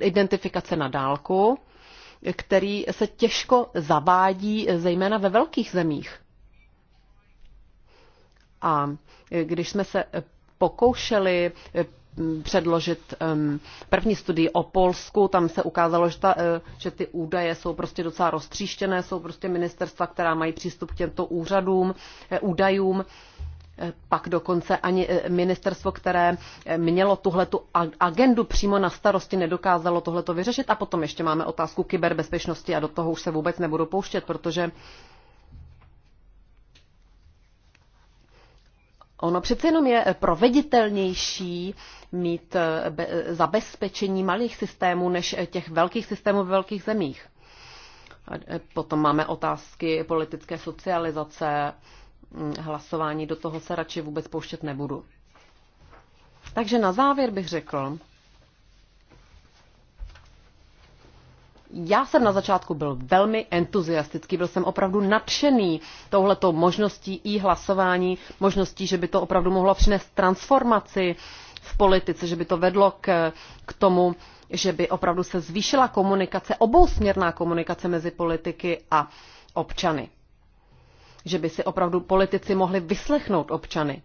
identifikace na dálku, který se těžko zavádí, zejména ve velkých zemích. A e, když jsme se pokoušeli předložit první studii o Polsku. Tam se ukázalo, že, ta, e, že ty údaje jsou prostě docela roztříštěné, jsou prostě ministerstva, která mají přístup k těmto úřadům, e, údajům. E, pak dokonce ani ministerstvo, které mělo tuhletu agendu přímo na starosti, nedokázalo tohleto vyřešit. A potom ještě máme otázku kyberbezpečnosti a do toho už se vůbec nebudu pouštět, protože Ono přece jenom je proveditelnější mít eh, eh, zabezpečení malých systémů než eh, těch velkých systémů v velkých zemích. Potom máme otázky politické socializace, mm, hlasování, do toho se radši vůbec pouštět nebudu. Takže na závěr bych řekl, Já jsem na začátku byl velmi entuziastický, byl jsem opravdu nadšený touhleto možností i hlasování, možností, že by to opravdu mohlo přinést transformaci v politice, že by to vedlo k, k tomu, že by opravdu se zvýšila komunikace, obousměrná komunikace mezi politiky a občany. Že by si opravdu politici mohli vyslechnout občany.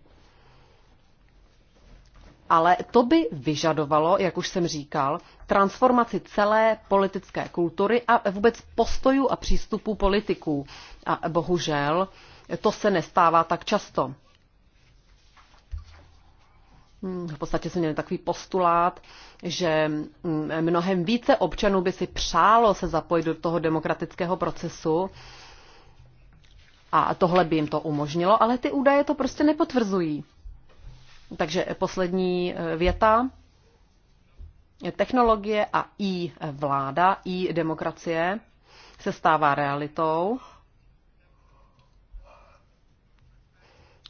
Ale to by vyžadovalo, jak už jsem říkal, transformaci celé politické kultury a vůbec postojů a přístupů politiků. A bohužel to se nestává tak často. Hmm, v podstatě jsme měli takový postulát, že hmm, mnohem více občanů by si přálo se zapojit do toho demokratického procesu a tohle by jim to umožnilo, ale ty údaje to prostě nepotvrzují. Takže poslední eh, věta. Technologie a i vláda, i demokracie se stává realitou.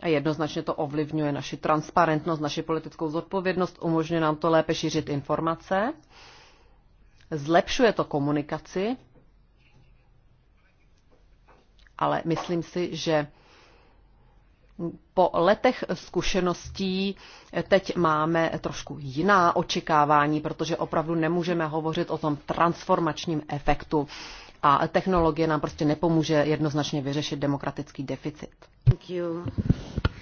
A jednoznačně to ovlivňuje naši transparentnost, naši politickou zodpovědnost, umožňuje nám to lépe šířit informace, zlepšuje to komunikaci, ale myslím si, že po letech zkušeností teď máme trošku jiná očekávání, protože opravdu nemůžeme hovořit o tom transformačním efektu a technologie nám prostě nepomůže jednoznačně vyřešit demokratický deficit. Thank you.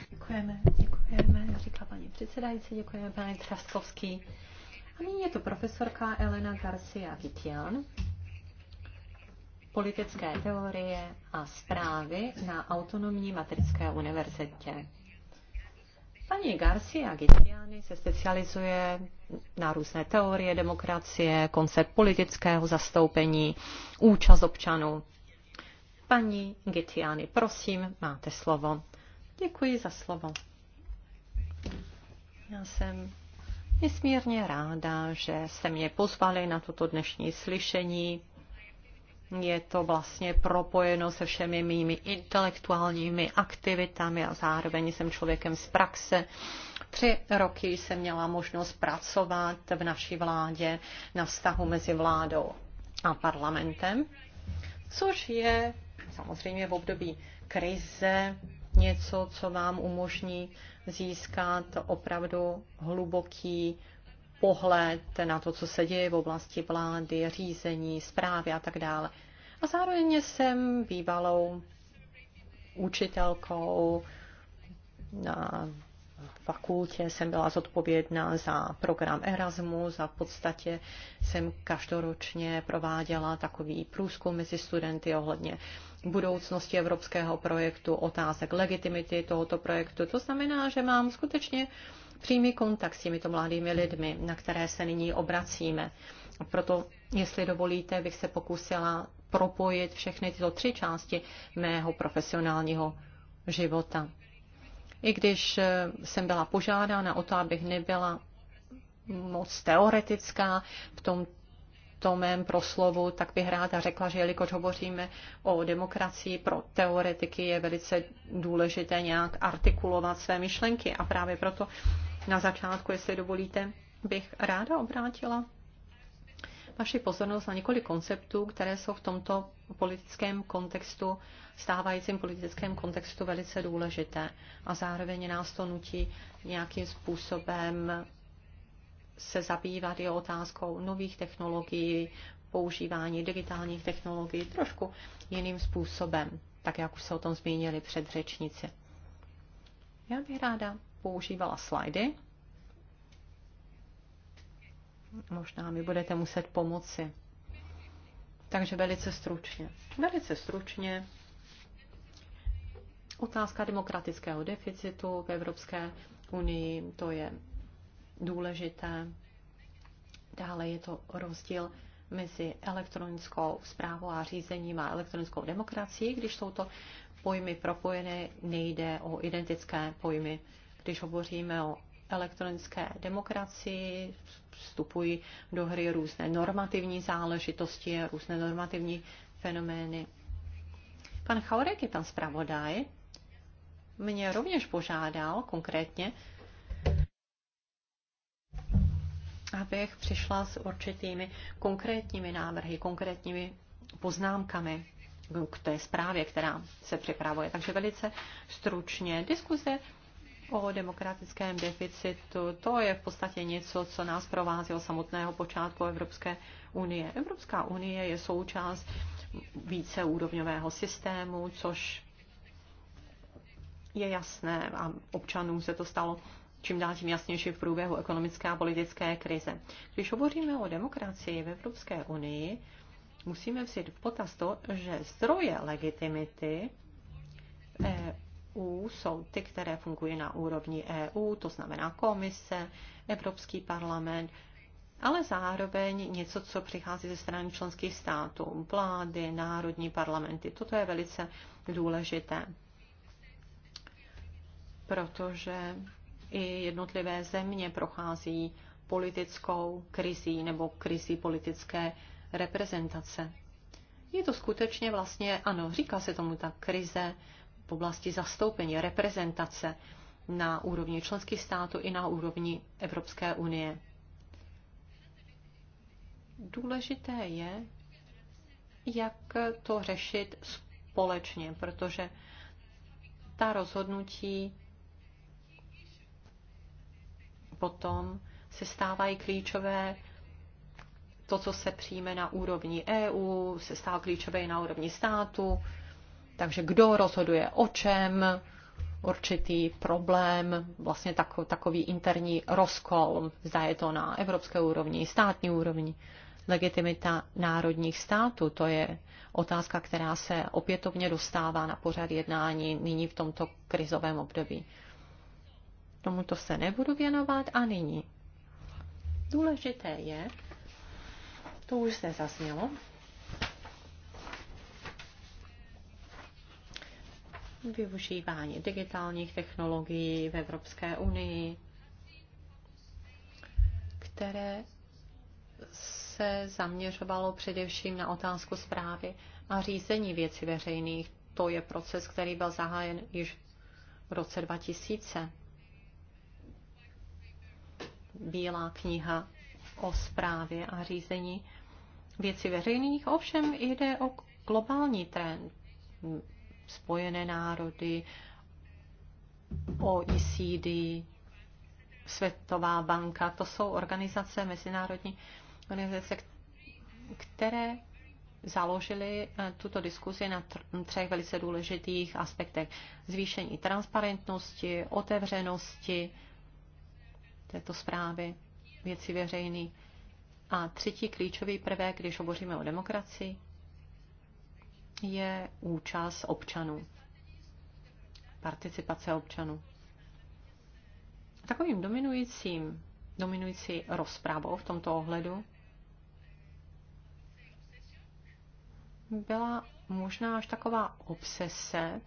Děkujeme, děkujeme, říká paní předsedající, děkujeme, paní Traskovský. A nyní je to profesorka Elena Garcia Vitian politické teorie a zprávy na Autonomní matrické univerzitě. Paní Garcia Gitiani se specializuje na různé teorie demokracie, koncept politického zastoupení, účast občanů. Paní Gitiani, prosím, máte slovo. Děkuji za slovo. Já jsem nesmírně ráda, že jste mě pozvali na toto dnešní slyšení je to vlastně propojeno se všemi mými intelektuálními aktivitami a zároveň jsem člověkem z praxe. Tři roky jsem měla možnost pracovat v naší vládě na vztahu mezi vládou a parlamentem, což je samozřejmě v období krize něco, co vám umožní získat opravdu hluboký pohled na to, co se děje v oblasti vlády, řízení, zprávy a tak dále. A zároveň jsem bývalou učitelkou na fakultě, jsem byla zodpovědná za program Erasmus a v podstatě jsem každoročně prováděla takový průzkum mezi studenty ohledně budoucnosti evropského projektu, otázek legitimity tohoto projektu. To znamená, že mám skutečně uh, přímý kontakt s těmito mladými lidmi, na které se nyní obracíme. A proto, jestli dovolíte, bych se pokusila propojit všechny tyto tři části mého profesionálního života. I když eh, jsem byla požádána o to, abych nebyla moc teoretická v tom mém proslovu, tak bych ráda řekla, že jelikož hovoříme o demokracii, pro teoretiky je velice důležité nějak artikulovat své myšlenky a právě proto na začátku, jestli dovolíte, bych ráda obrátila vaši pozornost na několik konceptů, které jsou v tomto politickém kontextu, stávajícím politickém kontextu velice důležité. A zároveň nás to nutí nějakým způsobem se zabývat i otázkou nových technologií, používání digitálních technologií trošku jiným způsobem, tak jak už se o tom zmínili předřečníci. Já bych ráda používala slajdy. Možná mi budete muset pomoci. Takže velice stručně. Velice stručně. Otázka demokratického deficitu v Evropské unii, to je důležité. Dále je to rozdíl mezi elektronickou zprávou a řízením a elektronickou demokracií. Když jsou to pojmy propojené, nejde o identické pojmy. Když hovoříme o elektronické demokracii, vstupují do hry různé normativní záležitosti, různé normativní fenomény. Pan Chaurek je pan zpravodaj. Mě rovněž požádal konkrétně, abych přišla s určitými konkrétními návrhy, konkrétními poznámkami k té zprávě, která se připravuje. Takže velice stručně. Diskuze o demokratickém deficitu, to je v podstatě něco, co nás provází od samotného počátku Evropské unie. Evropská unie je součást víceúrovňového systému, což je jasné a občanům se to stalo čím dál tím jasnější v průběhu ekonomické a politické krize. Když hovoříme o demokracii v Evropské unii, musíme vzít v potaz to, že zdroje legitimity eh, EU jsou ty, které fungují na úrovni EU, to znamená komise, Evropský parlament, ale zároveň něco, co přichází ze strany členských států, vlády, národní parlamenty. Toto je velice důležité, protože i jednotlivé země prochází politickou krizí nebo krizí politické reprezentace. Je to skutečně vlastně, ano, říká se tomu ta krize v oblasti zastoupení, reprezentace na úrovni členských států i na úrovni Evropské unie. Důležité je, jak to řešit společně, protože ta rozhodnutí potom se stávají klíčové to, co se přijme na úrovni EU, se stává klíčové i na úrovni státu, takže kdo rozhoduje o čem, určitý problém, vlastně takový interní rozkol, zda je to na evropské úrovni, státní úrovni legitimita národních států. To je otázka, která se opětovně dostává na pořad jednání nyní v tomto krizovém období. Tomuto se nebudu věnovat a nyní. Důležité je, to už se zaznělo, využívání digitálních technologií v Evropské unii, které se zaměřovalo především na otázku zprávy a řízení věcí veřejných. To je proces, který byl zahájen již v roce 2000. Bílá kniha o zprávě a řízení věcí veřejných. Ovšem jde o globální trend. Spojené národy, OECD, Světová banka, to jsou organizace, mezinárodní organizace, které založily eh, tuto diskuzi na třech velice důležitých aspektech. Zvýšení transparentnosti, otevřenosti této zprávy, věci veřejný. A třetí klíčový prvek, když hovoříme o demokracii, je účast občanů, participace občanů. Takovým dominujícím, dominující rozprávou v tomto ohledu byla možná až taková obsese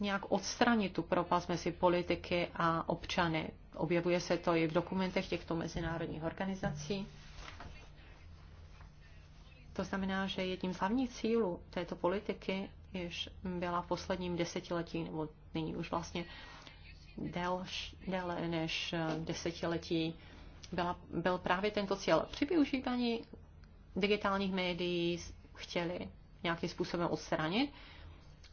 nějak odstranit tu propast mezi politiky a občany. Objevuje se to i v dokumentech těchto mezinárodních organizací. To znamená, že jedním z hlavních cílů této politiky jež byla v posledním desetiletí, nebo nyní už vlastně déle než eh, desetiletí, byla, byl právě tento cíl. Při využívání digitálních médií chtěli nějakým způsobem odstranit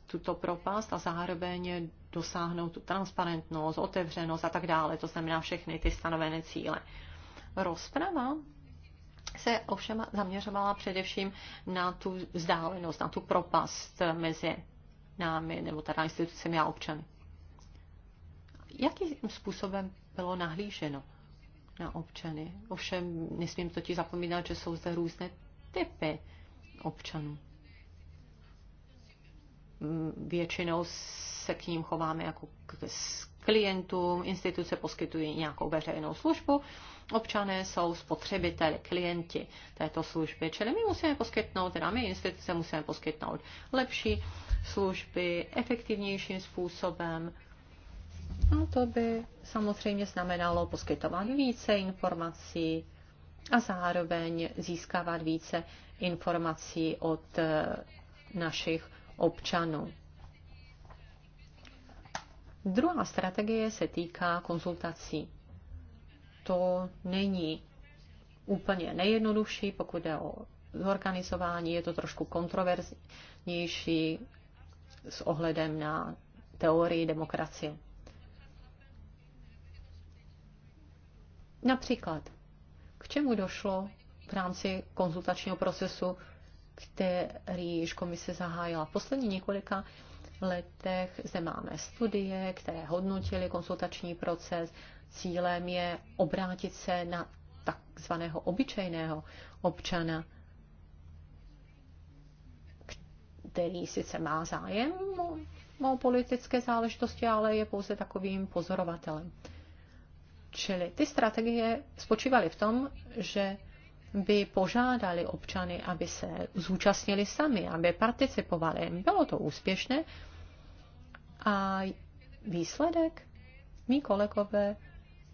tuto propast a zároveň dosáhnout tu transparentnost, otevřenost a tak dále, to znamená všechny ty stanovené cíle. Rozprava se ovšem zaměřovala především na tu vzdálenost, na tu propast mezi námi, nebo teda institucemi a občany. Jakým způsobem bylo nahlíženo na občany? Ovšem nesmím totiž zapomínat, že jsou zde různé typy občanů. Mm, většinou se k ním chováme jako k klientům, instituce poskytují nějakou veřejnou službu, občané jsou spotřebiteli, klienti této služby. Čili my musíme poskytnout, teda my instituce musíme poskytnout lepší služby efektivnějším způsobem. A to by samozřejmě znamenalo poskytovat více informací a zároveň získávat více informací od eh, našich občanů. Druhá strategie se týká konzultací. To není úplně nejjednodušší, pokud jde o zorganizování, je to trošku kontroverznější s ohledem na teorii demokracie. Například, k čemu došlo v rámci konzultačního procesu, který již komise zahájila v poslední několika letech. Zde máme studie, které hodnotily konsultační proces. Cílem je obrátit se na takzvaného obyčejného občana, který sice má zájem o politické záležitosti, ale je pouze takovým pozorovatelem. Čili ty strategie spočívaly v tom, že by požádali občany, aby se zúčastnili sami, aby participovali. Bylo to úspěšné a výsledek? Mí kolegové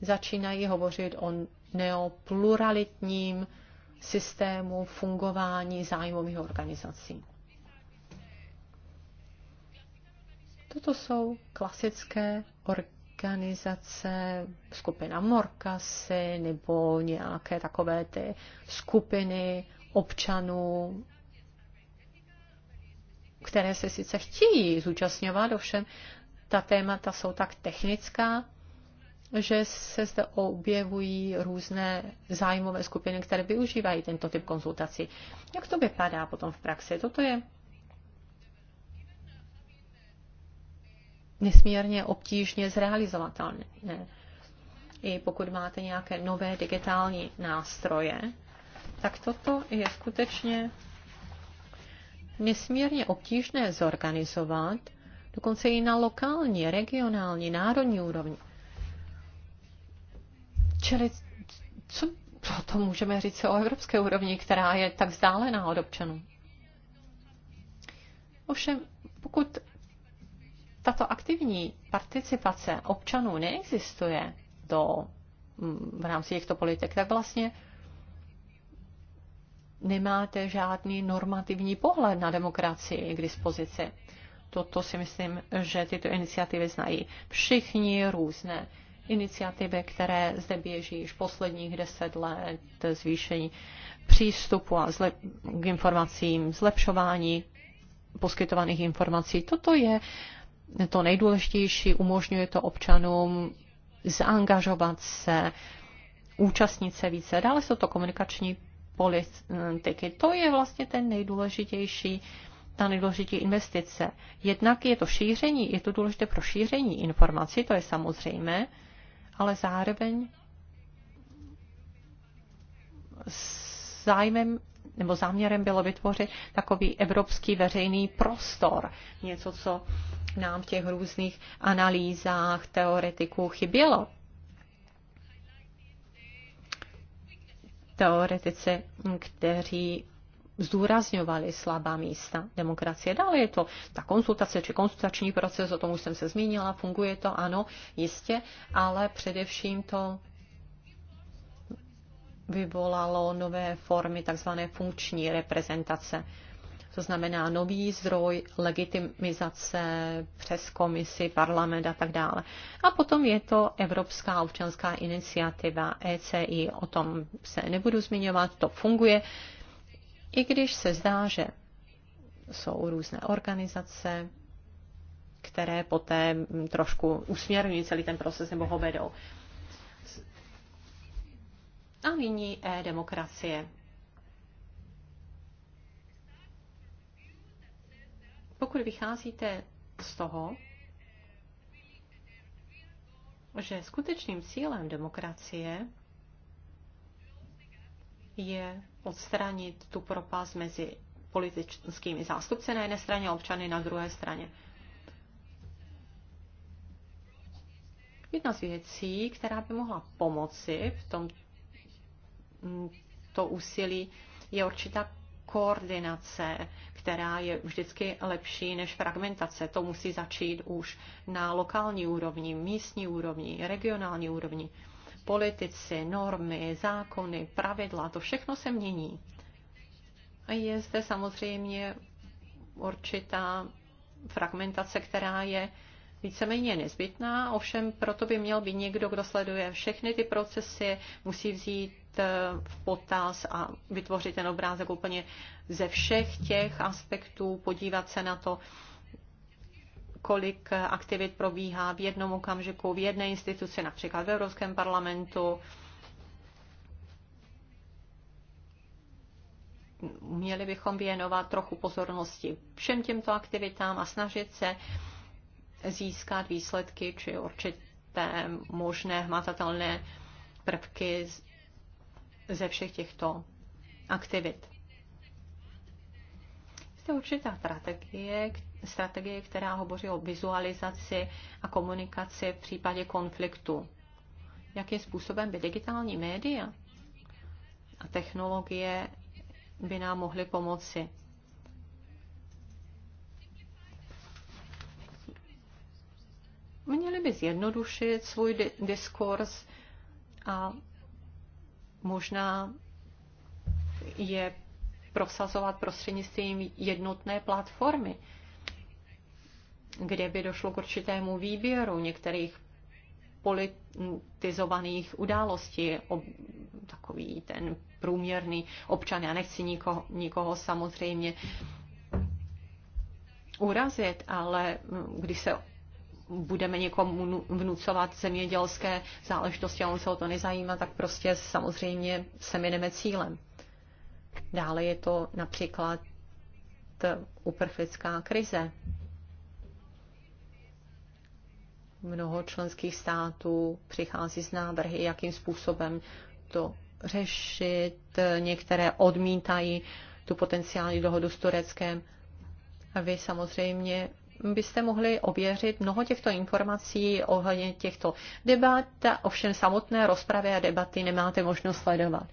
začínají hovořit o neopluralitním systému fungování zájmových organizací. Toto jsou klasické or- organizace, skupina Morkasy nebo nějaké takové ty skupiny občanů, které se sice chtějí zúčastňovat, ovšem ta témata jsou tak technická, že se zde objevují různé zájmové skupiny, které využívají tento typ konzultací. Jak to vypadá potom v praxi? Toto je nesmírně obtížně zrealizovatelné. I pokud máte nějaké nové digitální nástroje, tak toto je skutečně nesmírně obtížné zorganizovat, dokonce i na lokální, regionální, národní úrovni. Čili co proto můžeme říct o evropské úrovni, která je tak vzdálená od občanů? Ovšem, pokud tato aktivní participace občanů neexistuje do, mm, v rámci těchto politik, tak vlastně nemáte žádný normativní pohled na demokracii k dispozici. Toto si myslím, že tyto iniciativy znají všichni různé iniciativy, které zde běží již posledních deset let, zvýšení přístupu a zlep, k informacím, zlepšování poskytovaných informací. Toto je to nejdůležitější, umožňuje to občanům zaangažovat se, účastnit se více. Dále jsou to komunikační politiky. To je vlastně ten nejdůležitější, ta nejdůležitější investice. Jednak je to šíření, je to důležité pro šíření informací, to je samozřejmé, ale zároveň zájmem nebo záměrem bylo vytvořit takový evropský veřejný prostor, něco, co nám v těch různých analýzách teoretiků chybělo. Teoretici, kteří zdůrazňovali slabá místa demokracie. Dále je to ta konsultace či konsultační proces, o tom už jsem se zmínila, funguje to, ano, jistě, ale především to vyvolalo nové formy takzvané funkční reprezentace to znamená nový zdroj legitimizace přes komisi, parlament a tak dále. A potom je to Evropská občanská iniciativa ECI, o tom se nebudu zmiňovat, to funguje. I když se zdá, že jsou různé organizace, které poté trošku usměrňují celý ten proces nebo ho vedou. A nyní e-demokracie. Pokud vycházíte z toho, že skutečným cílem demokracie je odstranit tu propast mezi politickými zástupci na jedné straně a občany na druhé straně. Jedna z věcí, která by mohla pomoci v tom mm, to úsilí, je určitá koordinace, která je vždycky lepší než fragmentace. To musí začít už na lokální úrovni, místní úrovni, regionální úrovni. Politici, normy, zákony, pravidla, to všechno se mění. A je zde samozřejmě určitá fragmentace, která je víceméně nezbytná, ovšem proto by měl být někdo, kdo sleduje všechny ty procesy, musí vzít Eh, v potaz a vytvořit ten obrázek úplně ze všech těch aspektů, podívat se na to, kolik aktivit probíhá v jednom okamžiku, v jedné instituci, například v Evropském parlamentu. Měli bychom věnovat trochu pozornosti všem těmto aktivitám a snažit se získat výsledky či určité možné hmatatelné prvky ze všech těchto aktivit. Jste určitá strategie, strategie, která hovoří o vizualizaci a komunikaci v případě konfliktu. Jakým způsobem by digitální média a technologie by nám mohly pomoci? Měli by zjednodušit svůj diskurs a možná je prosazovat prostřednictvím jednotné platformy, kde by došlo k určitému výběru některých politizovaných událostí, takový ten průměrný občan. Já nechci nikoho, nikoho samozřejmě urazit, ale když se budeme někomu vnucovat zemědělské záležitosti a on se o to nezajímá, tak prostě samozřejmě se mineme cílem. Dále je to například uprchlická krize. Mnoho členských států přichází s návrhy, jakým způsobem to řešit. Některé odmítají tu potenciální dohodu s Tureckem. A vy samozřejmě byste mohli ověřit mnoho těchto informací ohledně těchto debat, ovšem samotné rozpravy a debaty nemáte možnost sledovat.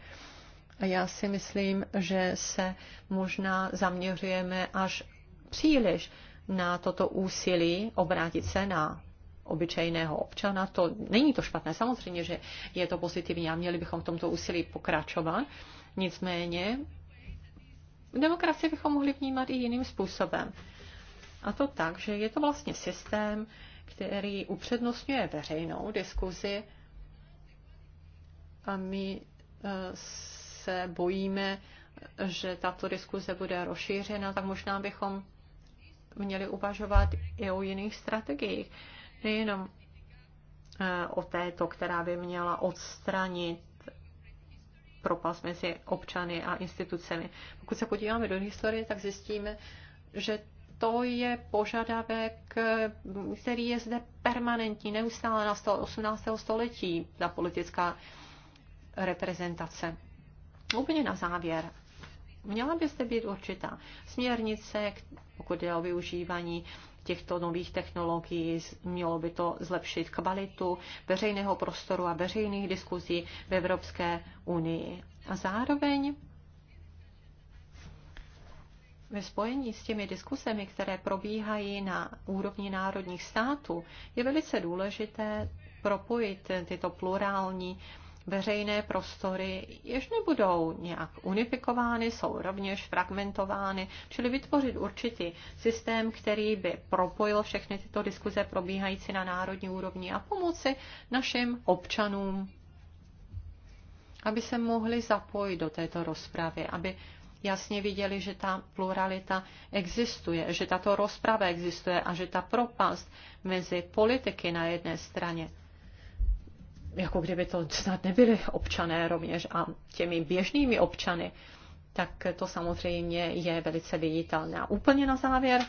A já si myslím, že se možná zaměřujeme až příliš na toto úsilí obrátit se na obyčejného občana. To není to špatné, samozřejmě, že je to pozitivní a měli bychom v tomto úsilí pokračovat. Nicméně demokracii bychom mohli vnímat i jiným způsobem. A to tak, že je to vlastně systém, který upřednostňuje veřejnou diskuzi a my e, se bojíme, že tato diskuze bude rozšířena, tak možná bychom měli uvažovat i o jiných strategiích. Nejenom e, o této, která by měla odstranit propast mezi občany a institucemi. Pokud se podíváme do historie, tak zjistíme, že to je požadavek, který je zde permanentní, neustále na 18. století, ta politická reprezentace. Úplně na závěr. Měla byste být určitá směrnice, pokud je o využívání těchto nových technologií, mělo by to zlepšit kvalitu veřejného prostoru a veřejných diskuzí v Evropské unii. A zároveň ve spojení s těmi diskusemi, které probíhají na úrovni národních států, je velice důležité propojit tyto plurální veřejné prostory, jež nebudou nějak unifikovány, jsou rovněž fragmentovány, čili vytvořit určitý systém, který by propojil všechny tyto diskuze probíhající na národní úrovni a pomoci našim občanům, aby se mohli zapojit do této rozpravy, aby jasně viděli, že ta pluralita existuje, že tato rozprava existuje a že ta propast mezi politiky na jedné straně, jako kdyby to snad nebyly občané rovněž a těmi běžnými občany, tak to samozřejmě je velice viditelné. A úplně na závěr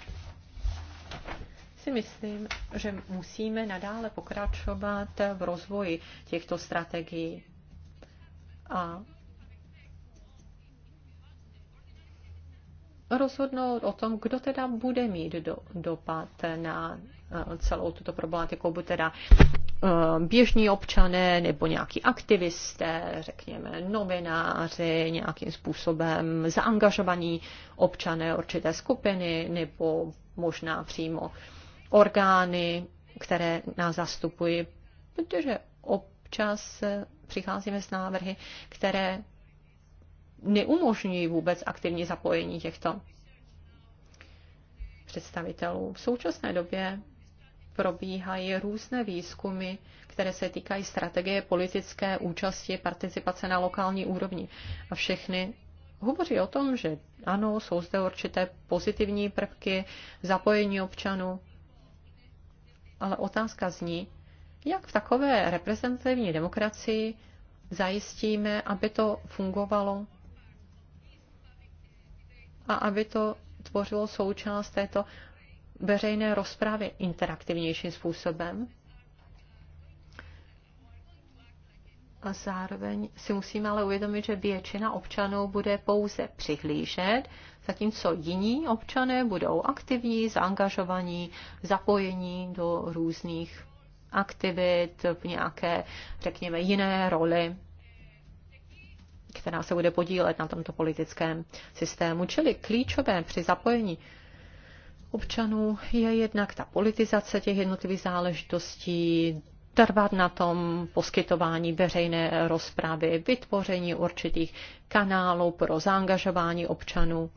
si myslím, že musíme nadále pokračovat v rozvoji těchto strategií. A rozhodnout o tom, kdo teda bude mít do, dopad na eh, celou tuto problematiku, buď teda eh, běžní občané nebo nějaký aktivisté, řekněme novináři, nějakým způsobem zaangažovaní občané určité skupiny nebo možná přímo orgány, které nás zastupují, protože občas eh, přicházíme s návrhy, které neumožňují vůbec aktivní zapojení těchto představitelů. V současné době probíhají různé výzkumy, které se týkají strategie politické účasti, participace na lokální úrovni. A všechny hovoří o tom, že ano, jsou zde určité pozitivní prvky, zapojení občanů, ale otázka zní, jak v takové reprezentativní demokracii zajistíme, aby to fungovalo a aby to tvořilo součást této veřejné rozpravy interaktivnějším způsobem. A zároveň si musíme ale uvědomit, že většina občanů bude pouze přihlížet, zatímco jiní občané budou aktivní, zaangažovaní, zapojení do různých aktivit v nějaké, řekněme, jiné roli která se bude podílet na tomto politickém systému. Čili klíčové při zapojení občanů je jednak ta politizace těch jednotlivých záležitostí, trvat na tom poskytování veřejné rozpravy, vytvoření určitých kanálů pro zaangažování občanů.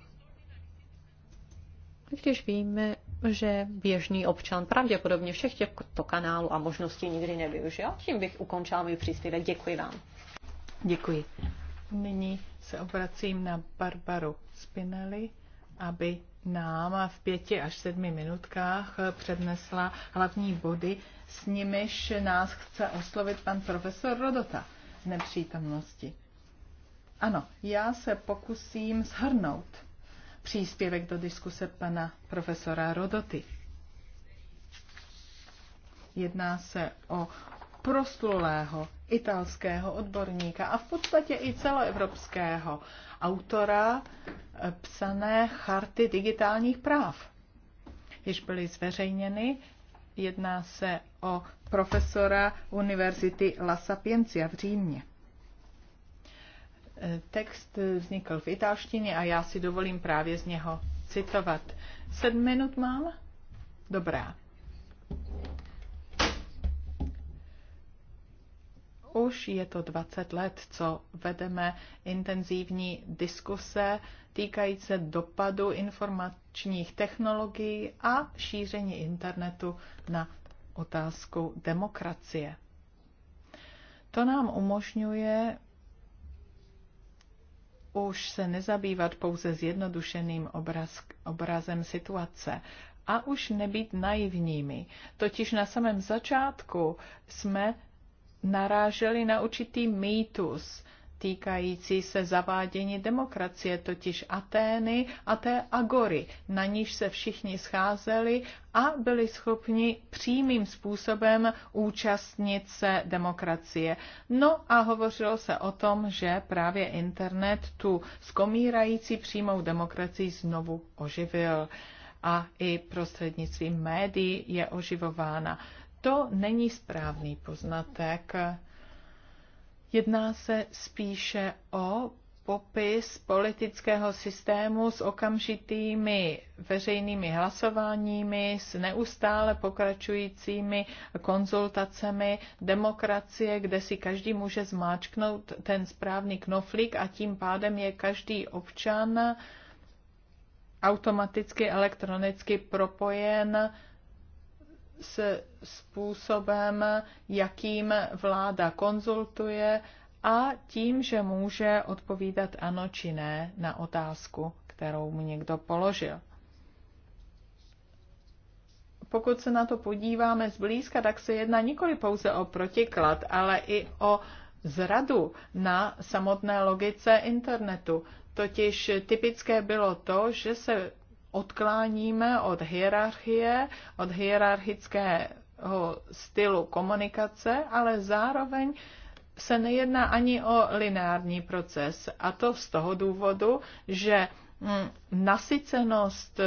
Když víme, že běžný občan pravděpodobně všech těchto kanálů a možností nikdy nevyužil, tím bych ukončila můj příspěvek. Děkuji vám. Děkuji. Nyní se obracím na Barbaru Spinelli, aby nám v pěti až sedmi minutkách přednesla hlavní body, s nimiž nás chce oslovit pan profesor Rodota z nepřítomnosti. Ano, já se pokusím zhrnout příspěvek do diskuse pana profesora Rodoty. Jedná se o prostulého italského odborníka a v podstatě i celoevropského autora eh, psané charty digitálních práv. Již byly zveřejněny, jedná se o profesora Univerzity La Sapienza v Římě. Eh, text vznikl v italštině a já si dovolím právě z něho citovat. Sedm minut mám? Dobrá. už je to 20 let, co vedeme intenzivní diskuse týkající se dopadu informačních technologií a šíření internetu na otázku demokracie. To nám umožňuje už se nezabývat pouze zjednodušeným obraz, obrazem situace a už nebýt naivními. Totiž na samém začátku jsme naráželi na určitý mýtus týkající se zavádění demokracie, totiž Atény a té Agory, na níž se všichni scházeli a byli schopni přímým způsobem účastnit se demokracie. No a hovořilo se o tom, že právě internet tu skomírající přímou demokracii znovu oživil a i prostřednictvím médií je oživována. To není správný poznatek. Jedná se spíše o popis politického systému s okamžitými veřejnými hlasováními, s neustále pokračujícími konzultacemi demokracie, kde si každý může zmáčknout ten správný knoflík a tím pádem je každý občan automaticky elektronicky propojen s způsobem, jakým vláda konzultuje a tím, že může odpovídat ano či ne na otázku, kterou mu někdo položil. Pokud se na to podíváme zblízka, tak se jedná nikoli pouze o protiklad, ale i o zradu na samotné logice internetu. Totiž typické bylo to, že se odkláníme od hierarchie, od hierarchického stylu komunikace, ale zároveň se nejedná ani o lineární proces. A to z toho důvodu, že mm, nasycenost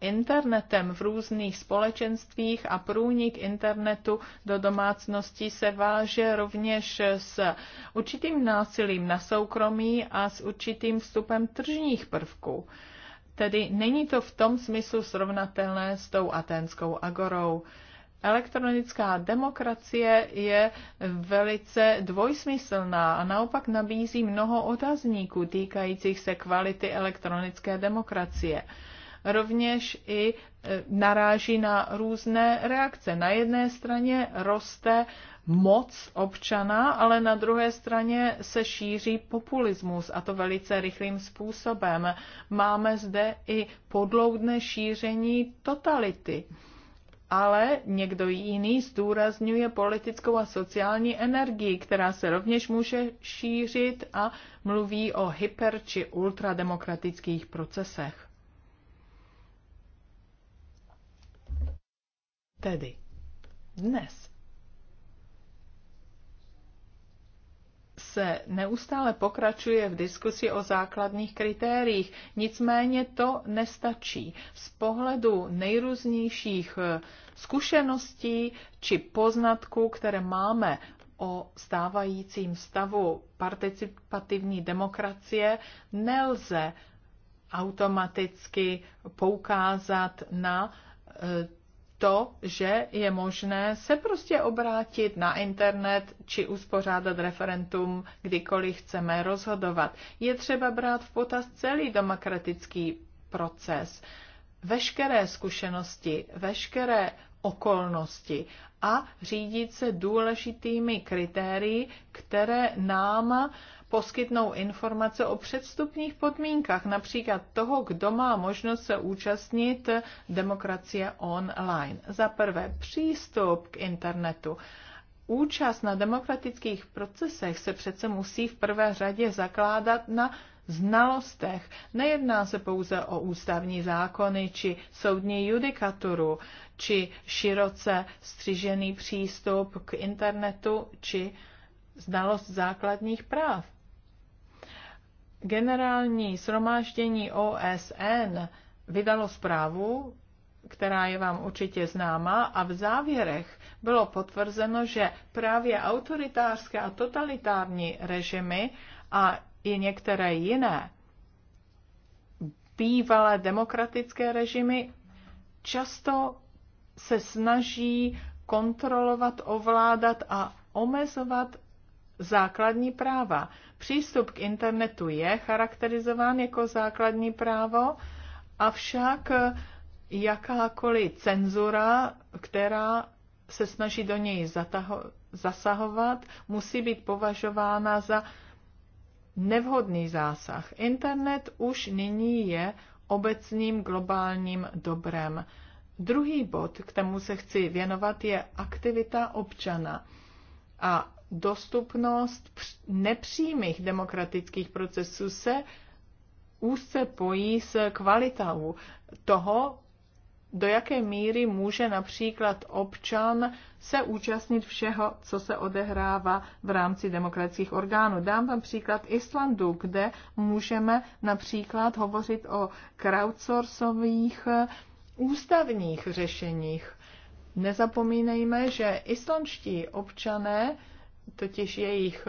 internetem v různých společenstvích a průnik internetu do domácností se váže rovněž s určitým násilím na soukromí a s určitým vstupem tržních prvků. Tedy není to v tom smyslu srovnatelné s tou aténskou agorou. Elektronická demokracie je velice dvojsmyslná a naopak nabízí mnoho otazníků týkajících se kvality elektronické demokracie. Rovněž i e, naráží na různé reakce. Na jedné straně roste moc občana, ale na druhé straně se šíří populismus a to velice rychlým způsobem. Máme zde i podloudné šíření totality. Ale někdo jiný zdůrazňuje politickou a sociální energii, která se rovněž může šířit a mluví o hyper či ultrademokratických procesech. Tedy dnes se neustále pokračuje v diskusi o základních kritériích, nicméně to nestačí. Z pohledu nejrůznějších eh, zkušeností či poznatků, které máme o stávajícím stavu participativní demokracie, nelze automaticky poukázat na eh, to, že je možné se prostě obrátit na internet či uspořádat referendum, kdykoliv chceme rozhodovat. Je třeba brát v potaz celý demokratický proces, veškeré zkušenosti, veškeré okolnosti a řídit se důležitými kritérii, které nám poskytnou informace o předstupních podmínkách, například toho, kdo má možnost se účastnit demokracie online. Za prvé přístup k internetu. Účast na demokratických procesech se přece musí v prvé řadě zakládat na znalostech. Nejedná se pouze o ústavní zákony či soudní judikaturu, či široce střižený přístup k internetu či znalost základních práv. Generální shromáždění OSN vydalo zprávu, která je vám určitě známa, a v závěrech bylo potvrzeno, že právě autoritářské a totalitární režimy a i některé jiné bývalé demokratické režimy často se snaží kontrolovat, ovládat a omezovat základní práva. Přístup k internetu je charakterizován jako základní právo, avšak eh, jakákoliv cenzura, která se snaží do něj zataho- zasahovat, musí být považována za nevhodný zásah. Internet už nyní je obecným globálním dobrem. Druhý bod, k tomu se chci věnovat, je aktivita občana. A dostupnost nepřímých demokratických procesů se úzce pojí s kvalitou toho, do jaké míry může například občan se účastnit všeho, co se odehrává v rámci demokratických orgánů. Dám vám příklad Islandu, kde můžeme například hovořit o crowdsourcových ústavních řešeních. Nezapomínejme, že islandští občané totiž jich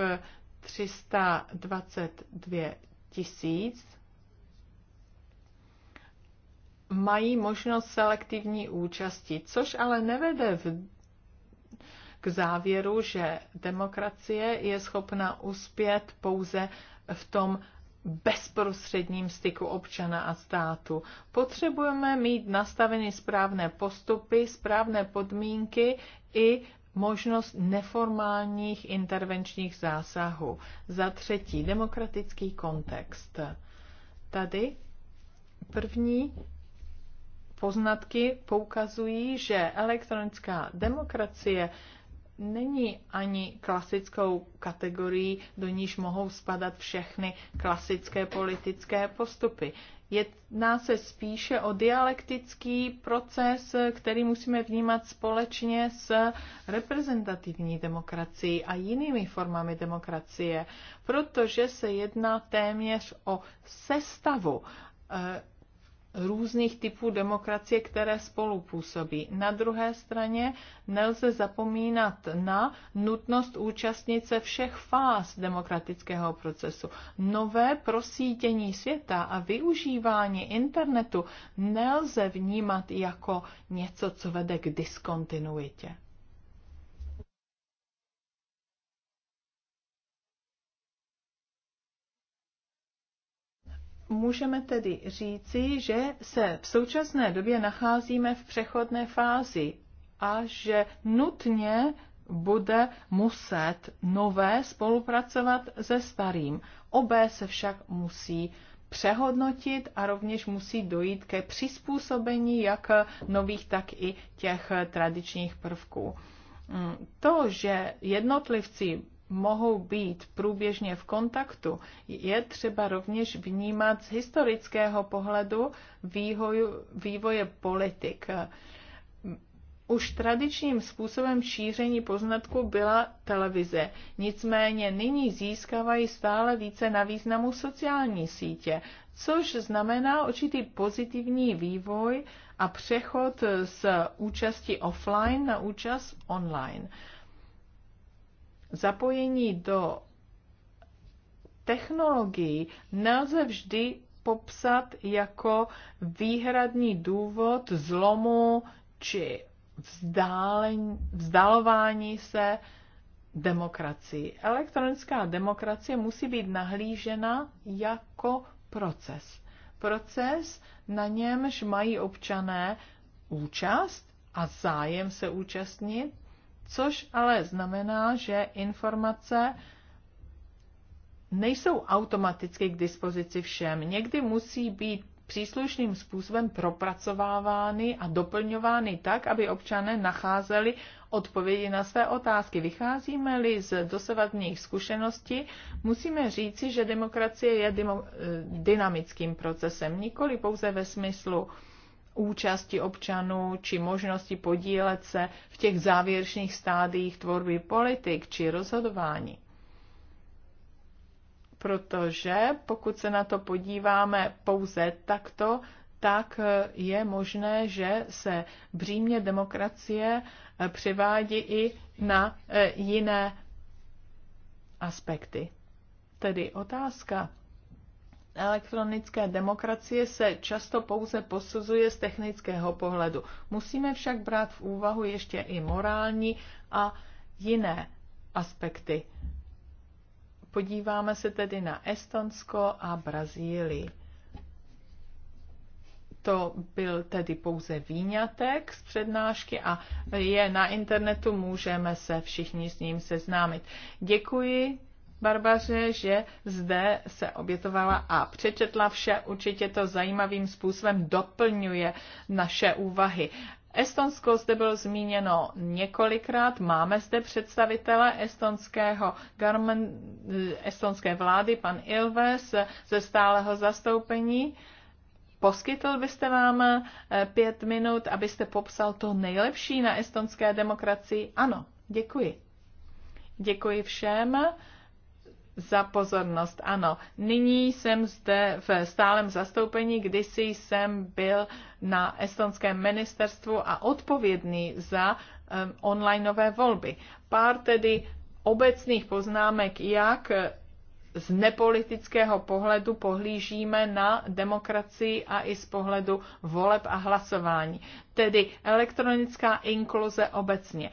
322 eh, tisíc, mají možnost selektivní účasti, což ale nevede v, k závěru, že demokracie je schopna uspět pouze v tom bezprostředním styku občana a státu. Potřebujeme mít nastaveny správné postupy, správné podmínky i možnost neformálních intervenčních zásahů. Za třetí, demokratický kontext. Tady první poznatky poukazují, že elektronická demokracie není ani klasickou kategorií, do níž mohou spadat všechny klasické politické postupy. Jedná se spíše o dialektický proces, který musíme vnímat společně s reprezentativní demokracií a jinými formami demokracie, protože se jedná téměř o sestavu eh, různých typů demokracie, které spolu působí. Na druhé straně nelze zapomínat na nutnost účastnit se všech fáz demokratického procesu. Nové prosítění světa a využívání internetu nelze vnímat jako něco, co vede k diskontinuitě. Můžeme tedy říci, že se v současné době nacházíme v přechodné fázi a že nutně bude muset nové spolupracovat se starým. Obé se však musí přehodnotit a rovněž musí dojít ke přizpůsobení jak nových, tak i těch tradičních prvků. Mm, to, že jednotlivci mohou být průběžně v kontaktu, je třeba rovněž vnímat z historického pohledu vývoju, vývoje politik. Už tradičním způsobem šíření poznatku byla televize, nicméně nyní získávají stále více na významu sociální sítě, což znamená určitý pozitivní vývoj a přechod z účasti offline na účast online zapojení do technologií nelze vždy popsat jako výhradní důvod zlomu či vzdálení, vzdalování se demokracii. Elektronická demokracie musí být nahlížena jako proces. Proces, na němž mají občané účast a zájem se účastnit což ale znamená, že informace nejsou automaticky k dispozici všem. Někdy musí být příslušným způsobem propracovávány a doplňovány tak, aby občané nacházeli odpovědi na své otázky. Vycházíme-li z dosavadních zkušeností, musíme říci, že demokracie je eh, dynamickým procesem, nikoli pouze ve smyslu účasti občanů či možnosti podílet se v těch závěrečných stádiích tvorby politik či rozhodování. Protože pokud se na to podíváme pouze takto, tak je možné, že se břímě demokracie převádí i na eh, jiné aspekty. Tedy otázka, elektronické demokracie se často pouze posuzuje z technického pohledu. Musíme však brát v úvahu ještě i morální a jiné aspekty. Podíváme se tedy na Estonsko a Brazílii. To byl tedy pouze výňatek z přednášky a je na internetu, můžeme se všichni s ním seznámit. Děkuji Barbaře, že zde se obětovala a přečetla vše. Určitě to zajímavým způsobem doplňuje naše úvahy. Estonsko zde bylo zmíněno několikrát. Máme zde představitele estonského garmen, estonské vlády, pan Ilves, ze stáleho zastoupení. Poskytl byste vám eh, pět minut, abyste popsal to nejlepší na estonské demokracii? Ano, děkuji. Děkuji všem za pozornost. Ano, nyní jsem zde v stálem zastoupení, kdysi jsem byl na estonském ministerstvu a odpovědný za um, onlineové volby. Pár tedy obecných poznámek, jak z nepolitického pohledu pohlížíme na demokracii a i z pohledu voleb a hlasování. Tedy elektronická inkluze obecně.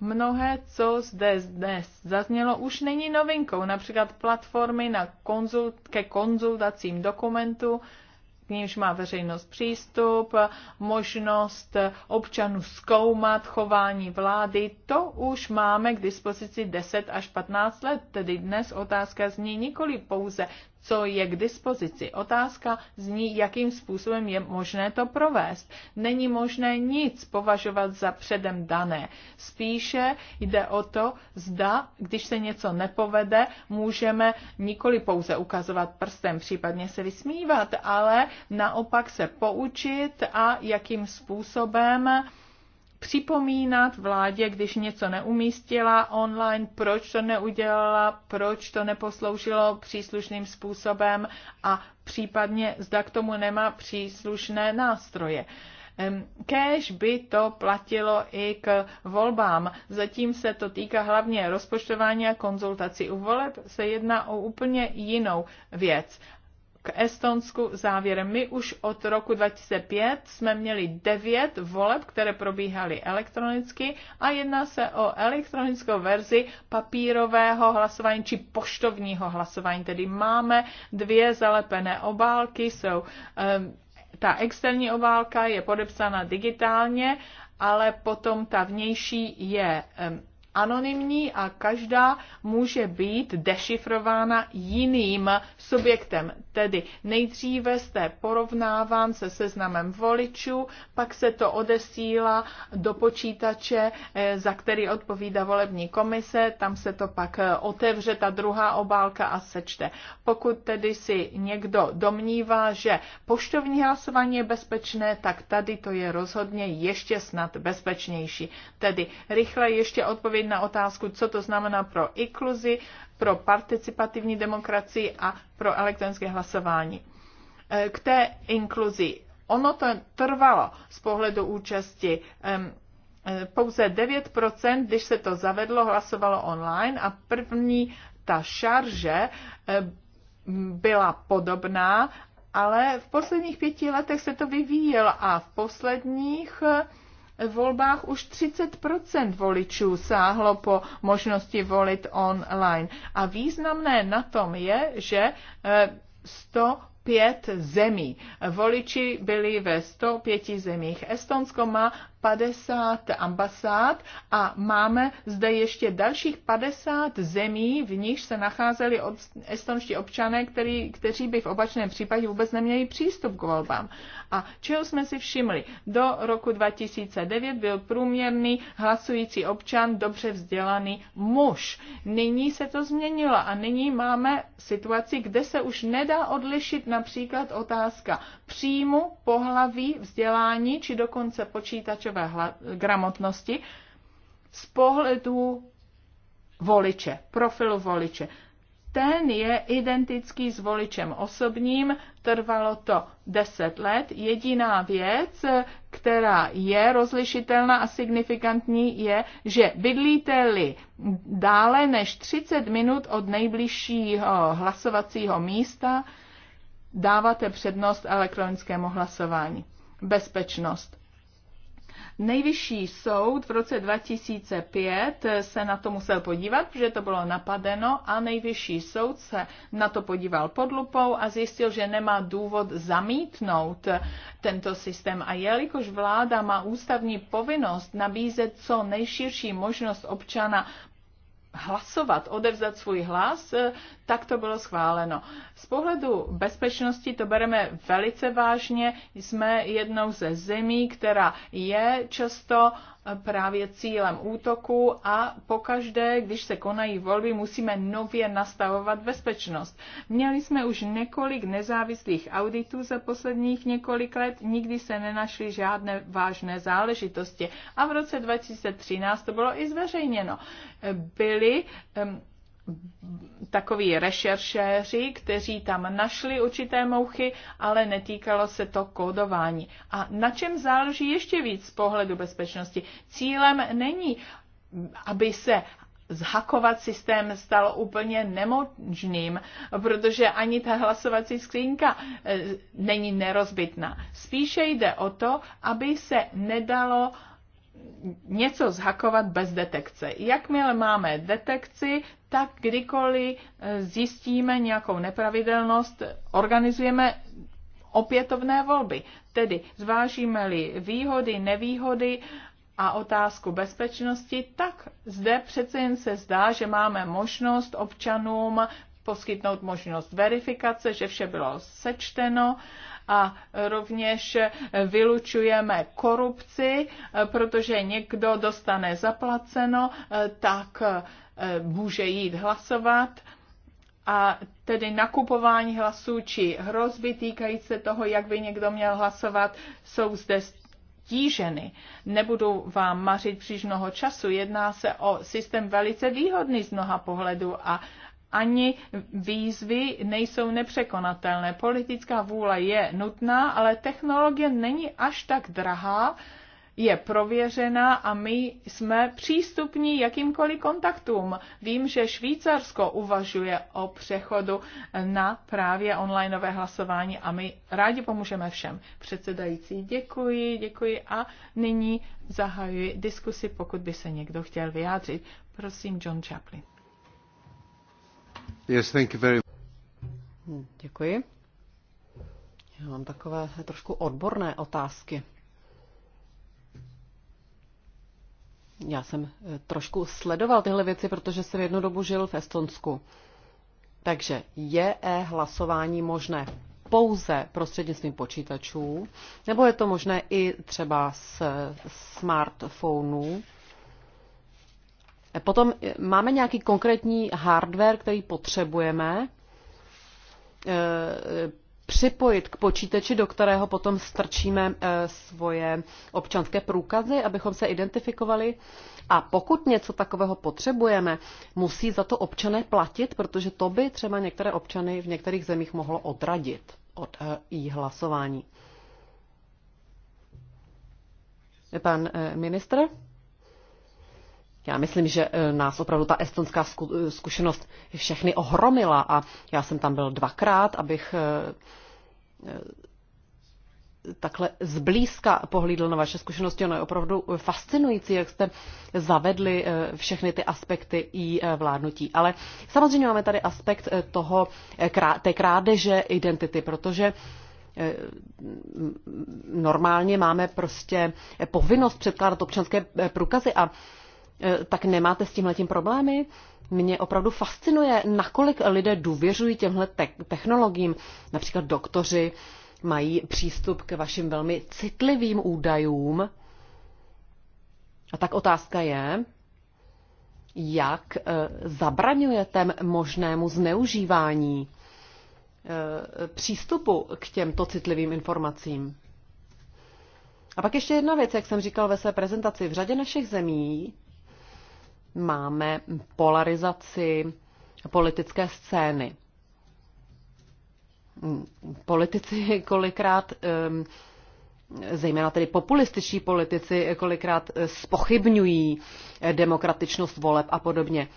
Mnohé, co zde dnes zaznělo, už není novinkou, například platformy na konzult, ke konzultacím dokumentu, k nímž má veřejnost přístup, možnost občanů zkoumat chování vlády, to už máme k dispozici 10 až 15 let, tedy dnes otázka zní nikoli pouze, co je k dispozici. Otázka zní, jakým způsobem je možné to provést. Není možné nic považovat za předem dané. Spíše jde o to, zda, když se něco nepovede, můžeme nikoli pouze ukazovat prstem, případně se vysmívat, ale naopak se poučit a jakým způsobem připomínat vládě, když něco neumístila online, proč to neudělala, proč to neposloužilo příslušným způsobem a případně zda k tomu nemá příslušné nástroje. Kéž by to platilo i k volbám. Zatím se to týká hlavně rozpočtování a konzultací. U voleb se jedná o úplně jinou věc. Estonsku závěrem. My už od roku 2005 jsme měli devět voleb, které probíhaly elektronicky a jedná se o elektronickou verzi papírového hlasování či poštovního hlasování. Tedy máme dvě zalepené obálky, jsou um, ta externí obálka je podepsána digitálně, ale potom ta vnější je um, anonymní a každá může být dešifrována jiným subjektem. Tedy nejdříve jste porovnáván se seznamem voličů, pak se to odesílá do počítače, eh, za který odpovídá volební komise, tam se to pak eh, otevře ta druhá obálka a sečte. Pokud tedy si někdo domnívá, že poštovní hlasování je bezpečné, tak tady to je rozhodně ještě snad bezpečnější. Tedy rychle ještě odpověď na otázku, co to znamená pro inkluzi, pro participativní demokracii a pro elektronické hlasování. Eh, k té inkluzi. Ono to trvalo z pohledu účasti eh, pouze 9%, když se to zavedlo, hlasovalo online a první ta šarže eh, byla podobná, ale v posledních pěti letech se to vyvíjelo a v posledních volbách už 30 voličů sáhlo po možnosti volit online. A významné na tom je, že 100 eh, pět zemí. Voliči byli ve 105 zemích. Estonsko má 50 ambasád a máme zde ještě dalších 50 zemí, v nich se nacházeli estonští občané, který, kteří by v opačném případě vůbec neměli přístup k volbám. A čeho jsme si všimli? Do roku 2009 byl průměrný hlasující občan dobře vzdělaný muž. Nyní se to změnilo a nyní máme situaci, kde se už nedá odlišit například otázka příjmu, pohlaví, vzdělání či dokonce počítače počítačové gramotnosti z pohledu voliče, profilu voliče. Ten je identický s voličem osobním, trvalo to 10 let. Jediná věc, která je rozlišitelná a signifikantní, je, že bydlíte-li dále než 30 minut od nejbližšího hlasovacího místa, dáváte přednost elektronickému hlasování. Bezpečnost. Nejvyšší soud v roce 2005 se na to musel podívat, protože to bylo napadeno a nejvyšší soud se na to podíval pod lupou a zjistil, že nemá důvod zamítnout tento systém. A jelikož vláda má ústavní povinnost nabízet co nejširší možnost občana hlasovat, odevzdat svůj hlas, eh, tak to bylo schváleno. Z pohledu bezpečnosti to bereme velice vážně. Jsme jednou ze zemí, která je často právě cílem útoku a pokaždé, když se konají volby, musíme nově nastavovat bezpečnost. Měli jsme už několik nezávislých auditů za posledních několik let, nikdy se nenašly žádné vážné záležitosti. A v roce 2013 to bylo i zveřejněno. Byly takoví rešeršéři, kteří tam našli určité mouchy, ale netýkalo se to kódování. A na čem záleží ještě víc z pohledu bezpečnosti? Cílem není, aby se zhakovat systém stalo úplně nemožným, protože ani ta hlasovací skřínka eh, není nerozbitná. Spíše jde o to, aby se nedalo něco zhakovat bez detekce. Jakmile máme detekci, tak kdykoliv eh, zjistíme nějakou nepravidelnost, organizujeme opětovné volby. Tedy zvážíme-li výhody, nevýhody a otázku bezpečnosti, tak zde přece jen se zdá, že máme možnost občanům poskytnout možnost verifikace, že vše bylo sečteno, a rovněž vylučujeme korupci, protože někdo dostane zaplaceno, tak eh, může jít hlasovat a tedy nakupování hlasů či hrozby týkající se toho, jak by někdo měl hlasovat, jsou zde stíženy. Nebudu vám mařit příliš mnoho času, jedná se o systém velice výhodný z mnoha pohledů a ani výzvy nejsou nepřekonatelné. Politická vůle je nutná, ale technologie není až tak drahá, je prověřená a my jsme přístupní jakýmkoliv kontaktům. Vím, že Švýcarsko uvažuje o přechodu na právě onlineové hlasování a my rádi pomůžeme všem. Předsedající, děkuji, děkuji a nyní zahajuji diskusi, pokud by se někdo chtěl vyjádřit. Prosím, John Chaplin. Yes, thank you very Děkuji. Já mám takové trošku odborné otázky. Já jsem eh, trošku sledoval tyhle věci, protože jsem jednu dobu žil v Estonsku. Takže je e-hlasování možné pouze prostřednictvím počítačů, nebo je to možné i třeba s smartphonů? Potom eh, máme nějaký konkrétní hardware, který potřebujeme eh, připojit k počítači, do kterého potom strčíme eh, svoje občanské průkazy, abychom se identifikovali. A pokud něco takového potřebujeme, musí za to občané platit, protože to by třeba některé občany v některých zemích mohlo odradit od jí hlasování. Pan ministr? Já myslím, že e, nás opravdu ta estonská e, zkušenost všechny ohromila a já jsem tam byl dvakrát, abych e, takhle zblízka pohlídl na vaše zkušenosti. Ono je opravdu fascinující, jak jste zavedli všechny ty aspekty i vládnutí. Ale samozřejmě máme tady aspekt toho, té krádeže identity, protože normálně máme prostě povinnost předkládat občanské průkazy a Eh, tak nemáte s tímhletím problémy? Mě opravdu fascinuje, nakolik lidé důvěřují těmhle technologiím. Například doktoři mají přístup k vašim velmi citlivým údajům. A tak otázka je, jak eh, zabraňujete možnému zneužívání eh, přístupu k těmto citlivým informacím. A pak ještě jedna věc, jak jsem říkal ve své prezentaci. V řadě našich zemí máme polarizaci politické scény. Politici kolikrát, zejména tedy populističní politici, kolikrát spochybňují demokratičnost voleb a podobně.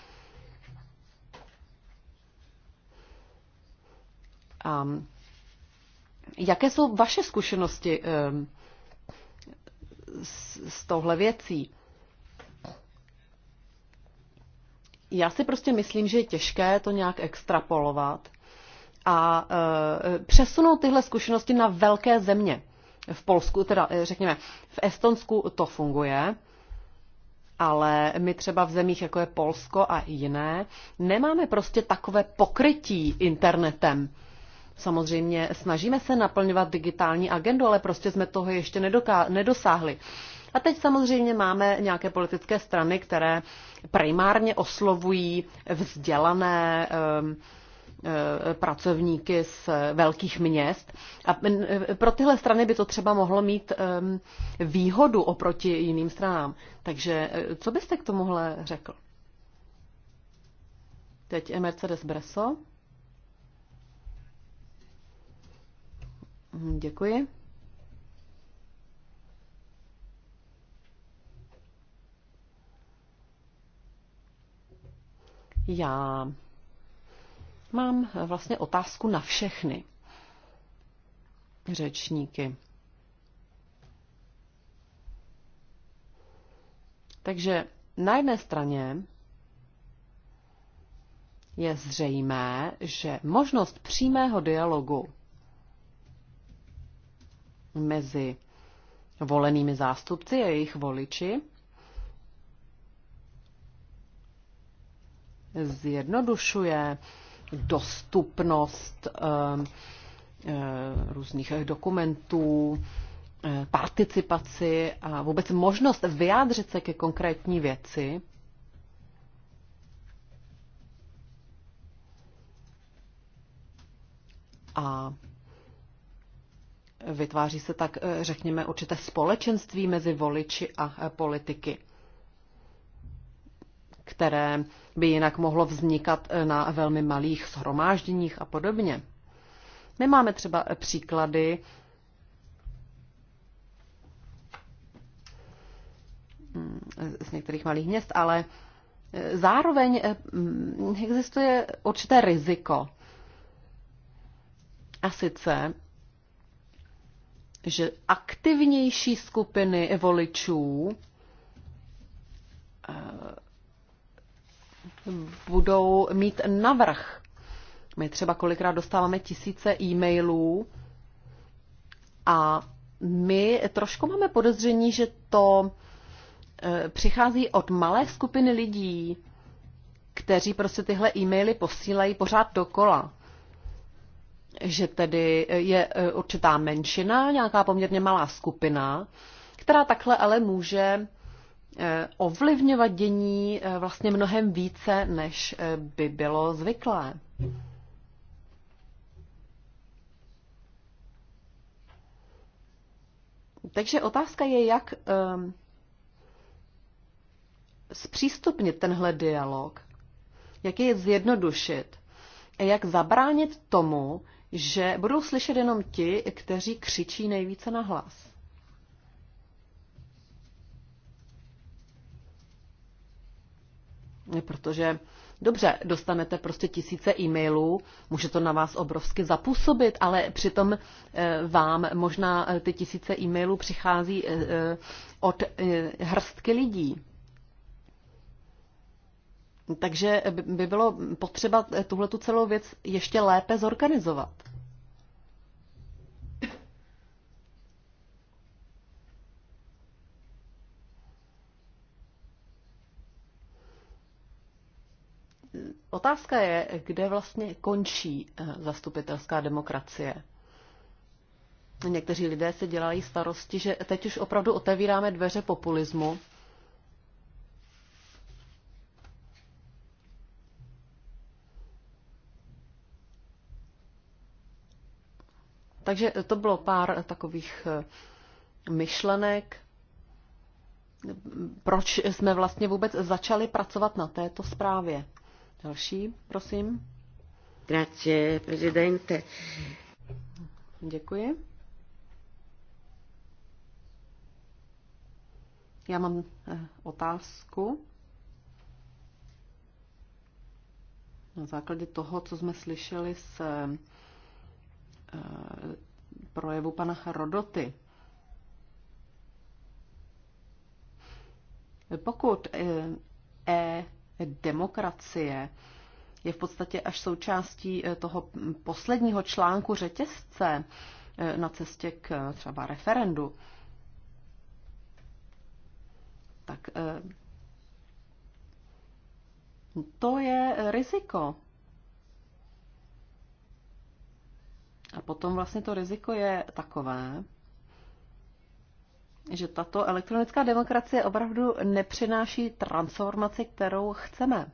A jaké jsou vaše zkušenosti s, s touhle věcí? já si prostě myslím, že je těžké to nějak extrapolovat a e, přesunout tyhle zkušenosti na velké země. V Polsku, teda e, řekněme, v Estonsku to funguje, ale my třeba v zemích, jako je Polsko a jiné, nemáme prostě takové pokrytí internetem. Samozřejmě snažíme se naplňovat digitální agendu, ale prostě jsme toho ještě nedoká- nedosáhli. A teď samozřejmě máme nějaké politické strany, které primárně oslovují vzdělané eh, pracovníky z velkých měst. A eh, pro tyhle strany by to třeba mohlo mít výhodu oproti jiným stranám. Takže eh, co byste k tomuhle řekl? Teď je Mercedes Bresso. Děkuji. Já mám eh, vlastně otázku na všechny řečníky. Takže na jedné straně je zřejmé, že možnost přímého dialogu mezi volenými zástupci a jejich voliči zjednodušuje dostupnost ehm, ehm, různých eh, dokumentů, eh, participaci a vůbec možnost vyjádřit se ke konkrétní věci. A vytváří se tak, eh, řekněme, určité společenství mezi voliči a politiky které by jinak mohlo vznikat eh, na velmi malých shromážděních a podobně. My máme třeba eh, příklady mm, z některých malých měst, ale eh, zároveň mm, existuje určité riziko. A sice, že aktivnější skupiny voličů budou mít navrh. My třeba kolikrát dostáváme tisíce e-mailů a my trošku máme podezření, že to eh, přichází od malé skupiny lidí, kteří prostě tyhle e-maily posílají pořád dokola. Že tedy eh, je eh, určitá menšina, nějaká poměrně malá skupina, která takhle ale může Eh, ovlivňovat dění eh, vlastně mnohem více, než eh, by bylo zvyklé. Takže otázka je, jak um, zpřístupnit tenhle dialog, jak je zjednodušit a jak zabránit tomu, že budou slyšet jenom ti, kteří křičí nejvíce na hlas. protože dobře, dostanete prostě tisíce e-mailů, může to na vás obrovsky zapůsobit, ale přitom eh, vám možná eh, ty tisíce e-mailů přichází eh, od hrstky lidí. Takže by bylo potřeba tuhle celou věc ještě lépe zorganizovat. otázka je, kde vlastně končí eh, zastupitelská demokracie. Někteří lidé se dělají starosti, že teď už opravdu otevíráme dveře populismu. Takže to bylo pár takových eh, myšlenek, proč jsme vlastně vůbec začali pracovat na této zprávě. Další, prosím. Grazie, prezidente. Děkuji. Já mám eh, otázku. Na základě toho, co jsme slyšeli z eh, projevu pana Rodoty, pokud eh, e demokracie je v podstatě až součástí eh, toho posledního článku řetězce eh, na cestě k eh, třeba referendu. Tak to je riziko. A potom vlastně to riziko je takové, že tato elektronická demokracie opravdu nepřináší transformaci, kterou chceme.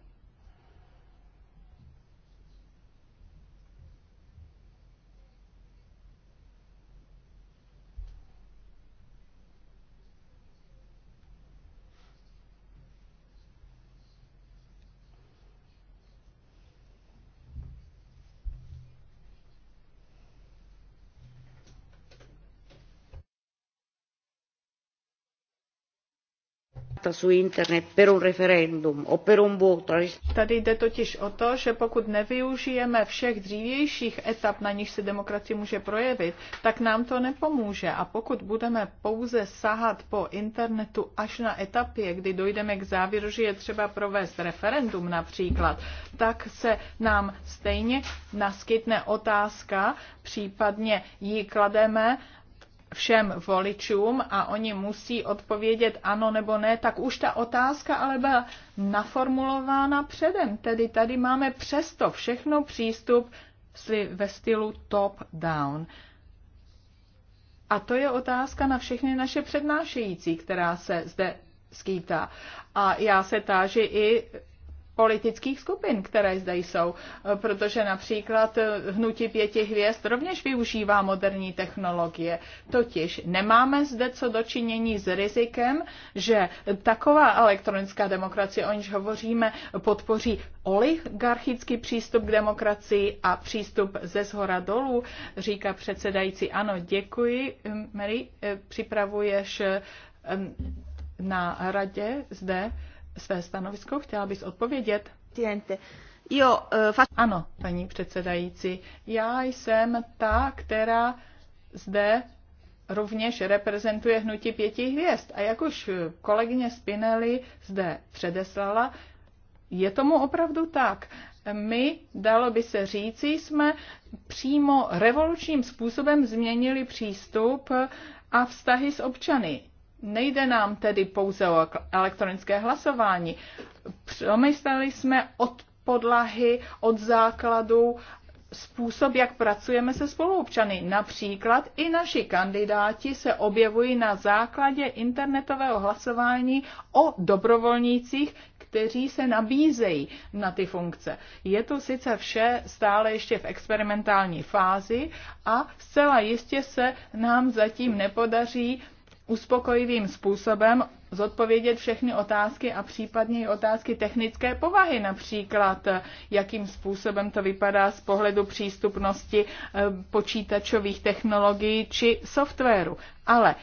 fatta su internet per un referendum o per un voto. Tady jde totiž o to, že pokud nevyužijeme všech dřívějších etap, na nich se demokracie může projevit, tak nám to nepomůže. A pokud budeme pouze sahat po internetu až na etapě, kdy dojdeme k závěru, že je třeba provést referendum například, tak se nám stejně naskytne otázka, případně ji klademe všem voličům a oni musí odpovědět ano nebo ne, tak už ta otázka ale byla naformulována předem. Tedy tady máme přesto všechno přístup ve stylu top-down. A to je otázka na všechny naše přednášející, která se zde skýtá. A já se táži i politických skupin, které zde jsou, protože například hnutí pěti hvězd rovněž využívá moderní technologie. Totiž nemáme zde co dočinění s rizikem, že taková elektronická demokracie, o níž hovoříme, podpoří oligarchický přístup k demokracii a přístup ze zhora dolů, říká předsedající. Ano, děkuji. Mary, připravuješ na radě zde své stanovisko? Chtěla bys odpovědět? Jo, eh, ano, paní předsedající. Já jsem ta, která zde rovněž reprezentuje hnutí pěti hvězd. A jak už kolegyně Spinelli zde předeslala, je tomu opravdu tak. My, dalo by se říci, jsme přímo revolučním způsobem změnili přístup a vztahy s občany. Nejde nám tedy pouze o elektronické hlasování. Přemysleli jsme od podlahy, od základu způsob, jak pracujeme se spoluobčany. Například i naši kandidáti se objevují na základě internetového hlasování o dobrovolnících, kteří se nabízejí na ty funkce. Je to sice vše stále ještě v experimentální fázi a zcela jistě se nám zatím nepodaří uspokojivým způsobem zodpovědět všechny otázky a případně i otázky technické povahy, například eh, jakým způsobem to vypadá z pohledu přístupnosti eh, počítačových technologií či softwaru. Ale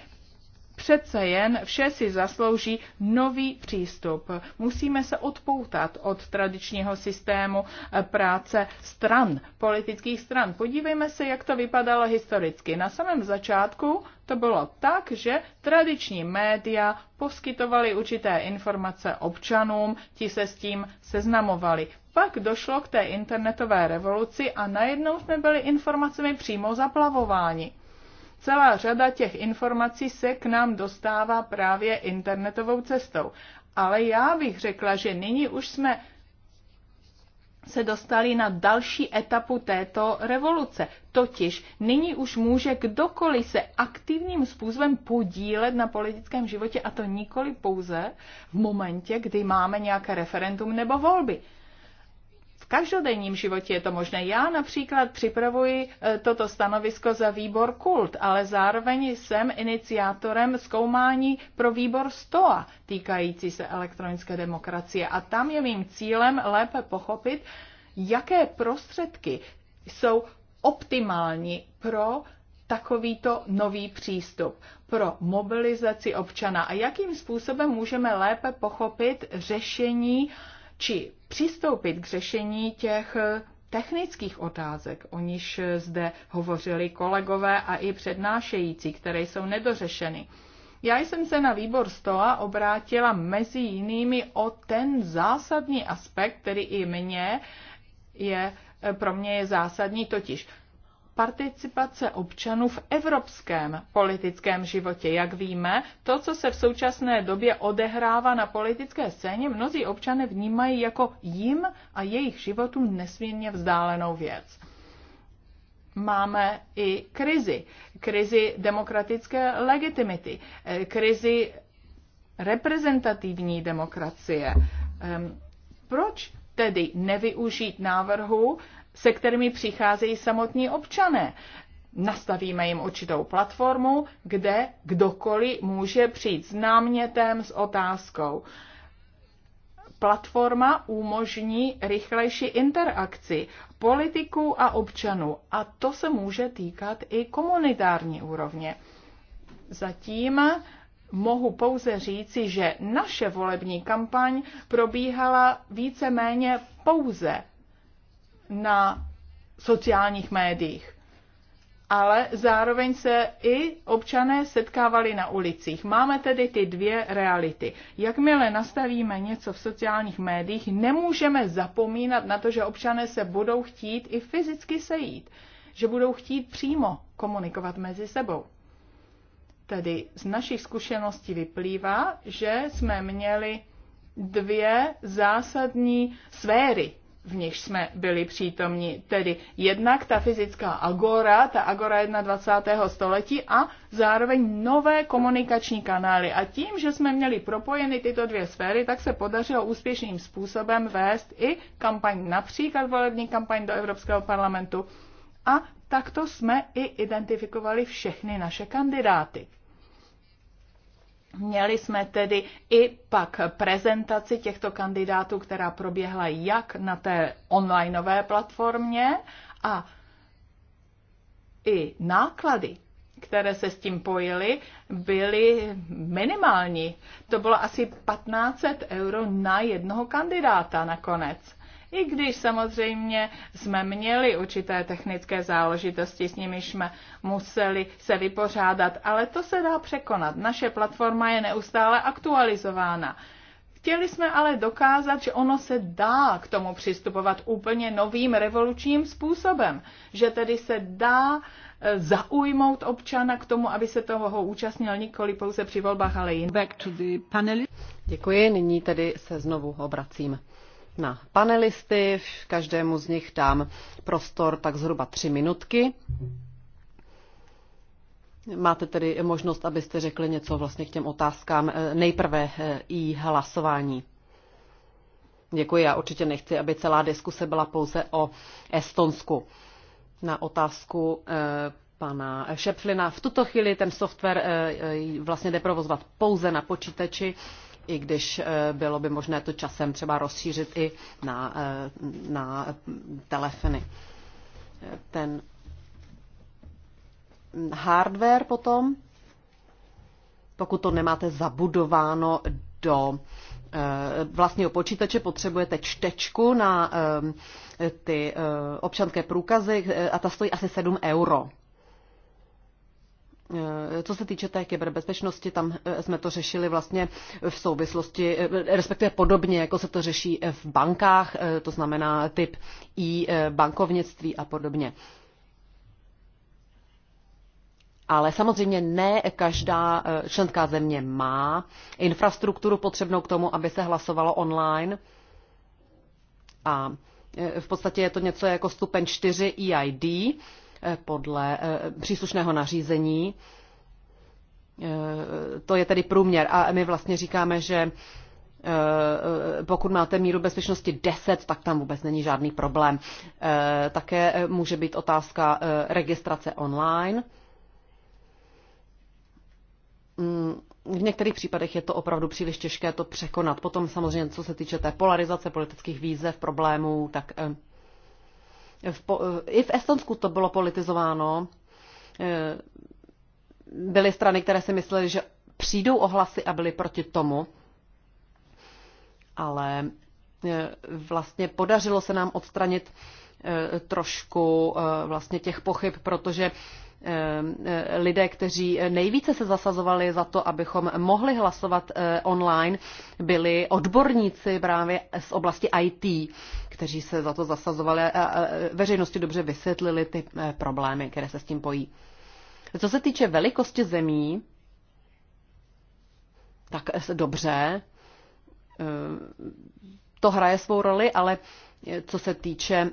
přece jen vše si zaslouží nový přístup. Musíme se odpoutat od tradičního systému eh, práce stran, politických stran. Podívejme se, jak to vypadalo historicky. Na samém začátku to bylo tak, že tradiční média poskytovaly určité informace občanům, ti se s tím seznamovali. Pak došlo k té internetové revoluci a najednou jsme byli informacemi přímo zaplavováni Celá řada těch informací se k nám dostává právě internetovou cestou. Ale já bych řekla, že nyní už jsme se dostali na další etapu této revoluce. Totiž nyní už může kdokoliv se aktivním způsobem podílet na politickém životě a to nikoli pouze v momentě, kdy máme nějaké referendum nebo volby v každodenním životě je to možné. Já například připravuji e, toto stanovisko za výbor Kult, ale zároveň jsem iniciátorem zkoumání pro výbor STOA týkající se elektronické demokracie. A tam je mým cílem lépe pochopit, jaké prostředky jsou optimální pro takovýto nový přístup pro mobilizaci občana a jakým způsobem můžeme lépe pochopit řešení či přistoupit k řešení těch technických otázek, o níž zde hovořili kolegové a i přednášející, které jsou nedořešeny. Já jsem se na výbor stola obrátila mezi jinými o ten zásadní aspekt, který i mně je, pro mě je zásadní, totiž participace občanů v evropském politickém životě. Jak víme, to, co se v současné době odehrává na politické scéně, mnozí občané vnímají jako jim a jejich životu nesmírně vzdálenou věc. Máme i krizi. Krizi demokratické legitimity, eh, krizi reprezentativní demokracie. Ehm, proč tedy nevyužít návrhu se kterými přicházejí samotní občané. Nastavíme jim určitou platformu, kde kdokoliv může přijít s námětem, s otázkou. Platforma umožní rychlejší interakci politiků a občanů a to se může týkat i komunitární úrovně. Zatím mohu pouze říci, že naše volební kampaň probíhala víceméně pouze na sociálních médiích. Ale zároveň se i občané setkávali na ulicích. Máme tedy ty dvě reality. Jakmile nastavíme něco v sociálních médiích, nemůžeme zapomínat na to, že občané se budou chtít i fyzicky sejít, že budou chtít přímo komunikovat mezi sebou. Tedy z našich zkušeností vyplývá, že jsme měli dvě zásadní sféry v nichž jsme byli přítomni. Tedy jednak ta fyzická agora, ta agora 21. století a zároveň nové komunikační kanály. A tím, že jsme měli propojeny tyto dvě sféry, tak se podařilo úspěšným způsobem vést i kampaň, například volební kampaň do Evropského parlamentu. A takto jsme i identifikovali všechny naše kandidáty. Měli jsme tedy i pak prezentaci těchto kandidátů, která proběhla jak na té onlineové platformě a i náklady, které se s tím pojily, byly minimální. To bylo asi 1500 euro na jednoho kandidáta nakonec i když samozřejmě jsme měli určité technické záležitosti, s nimi jsme museli se vypořádat, ale to se dá překonat. Naše platforma je neustále aktualizována. Chtěli jsme ale dokázat, že ono se dá k tomu přistupovat úplně novým revolučním způsobem, že tedy se dá e, zaujmout občana k tomu, aby se toho účastnil nikoli pouze při volbách, ale jinak. Děkuji, nyní tedy se znovu obracím na panelisty. Každému z nich dám prostor tak zhruba tři minutky. Máte tedy možnost, abyste řekli něco vlastně k těm otázkám eh, nejprve i eh, hlasování. Děkuji, já určitě nechci, aby celá diskuse byla pouze o Estonsku. Na otázku eh, pana Šepflina. V tuto chvíli ten software vlastně jde provozovat pouze na počítači i když eh, bylo by možné to časem třeba rozšířit i na, eh, na telefony. Ten hardware potom, pokud to nemáte zabudováno do eh, vlastního počítače potřebujete čtečku na ty občanské průkazy a ta stojí asi 7 euro. Eh, co se týče té kyberbezpečnosti, tam eh, jsme to řešili vlastně v souvislosti, eh, respektive podobně, jako se to řeší v bankách, to znamená typ i bankovnictví a podobně. Ale samozřejmě ne každá členská země má infrastrukturu potřebnou k tomu, aby se hlasovalo online. A v podstatě je to něco jako stupeň 4 EID, podle eh, příslušného nařízení. Eh, to je tedy průměr a my vlastně říkáme, že eh, pokud máte míru bezpečnosti 10, tak tam vůbec není žádný problém. Také může být otázka registrace online. Mm, v některých případech je to opravdu příliš těžké to překonat. Potom samozřejmě, co se týče té polarizace politických výzev, problémů, tak v, I v Estonsku to bylo politizováno. E, byly strany, které si myslely, že přijdou ohlasy a byly proti tomu. Ale e, vlastně podařilo se nám odstranit e, trošku vlastně těch pochyb, protože lidé, kteří nejvíce se zasazovali za to, abychom mohli hlasovat eh, online, byli odborníci právě z oblasti IT, kteří se za to zasazovali a veřejnosti dobře vysvětlili ty eh, problémy, které se s tím pojí. Co se týče velikosti zemí, tak eh, dobře, to hraje svou roli, ale co se týče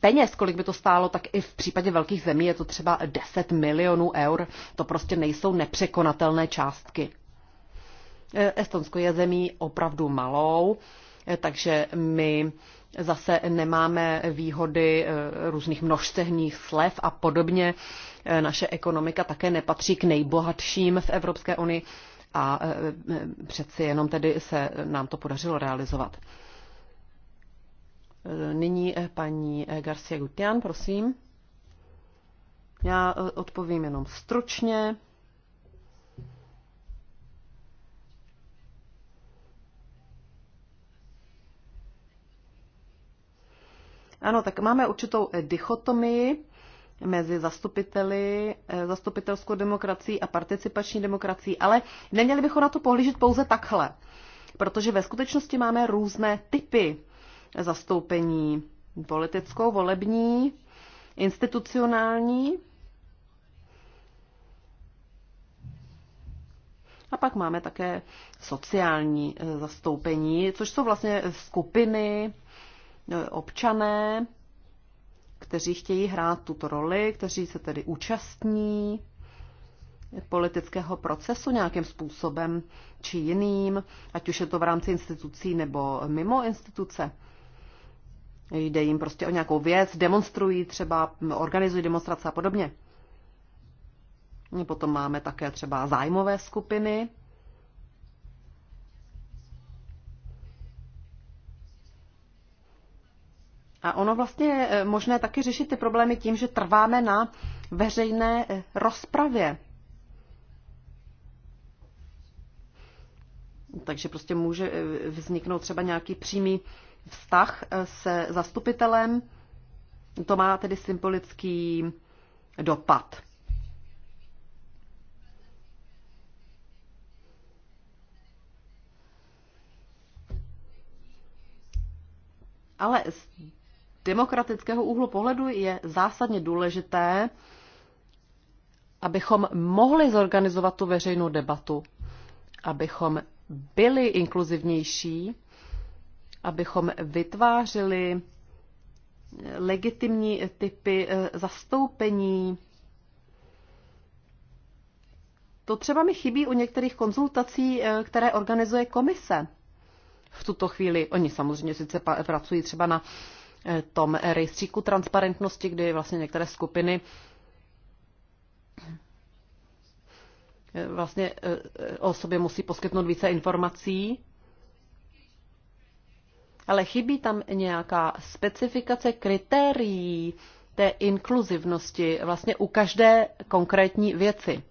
peněz, kolik by to stálo, tak i v případě velkých zemí je to třeba 10 milionů eur. To prostě nejsou nepřekonatelné částky. E, Estonsko je zemí opravdu malou, e, takže my zase nemáme výhody e, různých množstevních slev a podobně. Naše ekonomika také nepatří k nejbohatším v Evropské unii a přeci jenom tedy se nám to podařilo realizovat. Nyní eh, paní eh, Garcia Gutian, prosím. Já eh, odpovím jenom stručně. Ano, tak máme určitou dichotomii mezi zastupiteli, zastupitelskou demokracií a participační demokracií, ale neměli bychom na to pohlížet pouze takhle, protože ve skutečnosti máme různé typy zastoupení politickou, volební, institucionální. A pak máme také sociální eh, zastoupení, což jsou vlastně skupiny eh, občané, kteří chtějí hrát tuto roli, kteří se tedy účastní politického procesu nějakým způsobem či jiným, ať už je to v rámci institucí nebo mimo instituce. Jde jim prostě o nějakou věc, demonstrují třeba, organizují demonstrace a podobně. Potom máme také třeba zájmové skupiny. A ono vlastně je eh, možné taky řešit ty problémy tím, že trváme na veřejné eh, rozpravě. Takže prostě může eh, vzniknout třeba nějaký přímý vztah eh, se zastupitelem. To má tedy symbolický dopad. Ale z demokratického úhlu pohledu je zásadně důležité, abychom mohli zorganizovat tu veřejnou debatu, abychom byli inkluzivnější abychom vytvářeli legitimní typy eh, zastoupení. To třeba mi chybí u některých konzultací, eh, které organizuje komise. V tuto chvíli oni samozřejmě sice pracují třeba na eh, tom rejstříku transparentnosti, kdy vlastně některé skupiny vlastně o sobě musí poskytnout více informací, ale chybí tam nějaká specifikace kritérií té inkluzivnosti vlastně u každé konkrétní věci.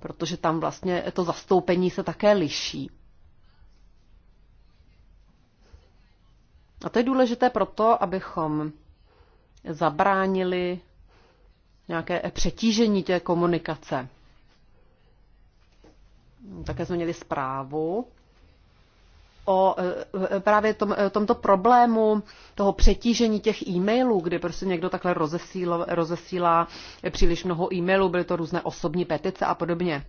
Protože tam vlastně to zastoupení se také liší. A to je důležité proto, abychom zabránili nějaké přetížení té komunikace. Také jsme měli zprávu o e, právě tom, e, tomto problému toho přetížení těch e-mailů, kdy prostě někdo takhle rozesíl, rozesílá příliš mnoho e-mailů, byly to různé osobní petice a podobně.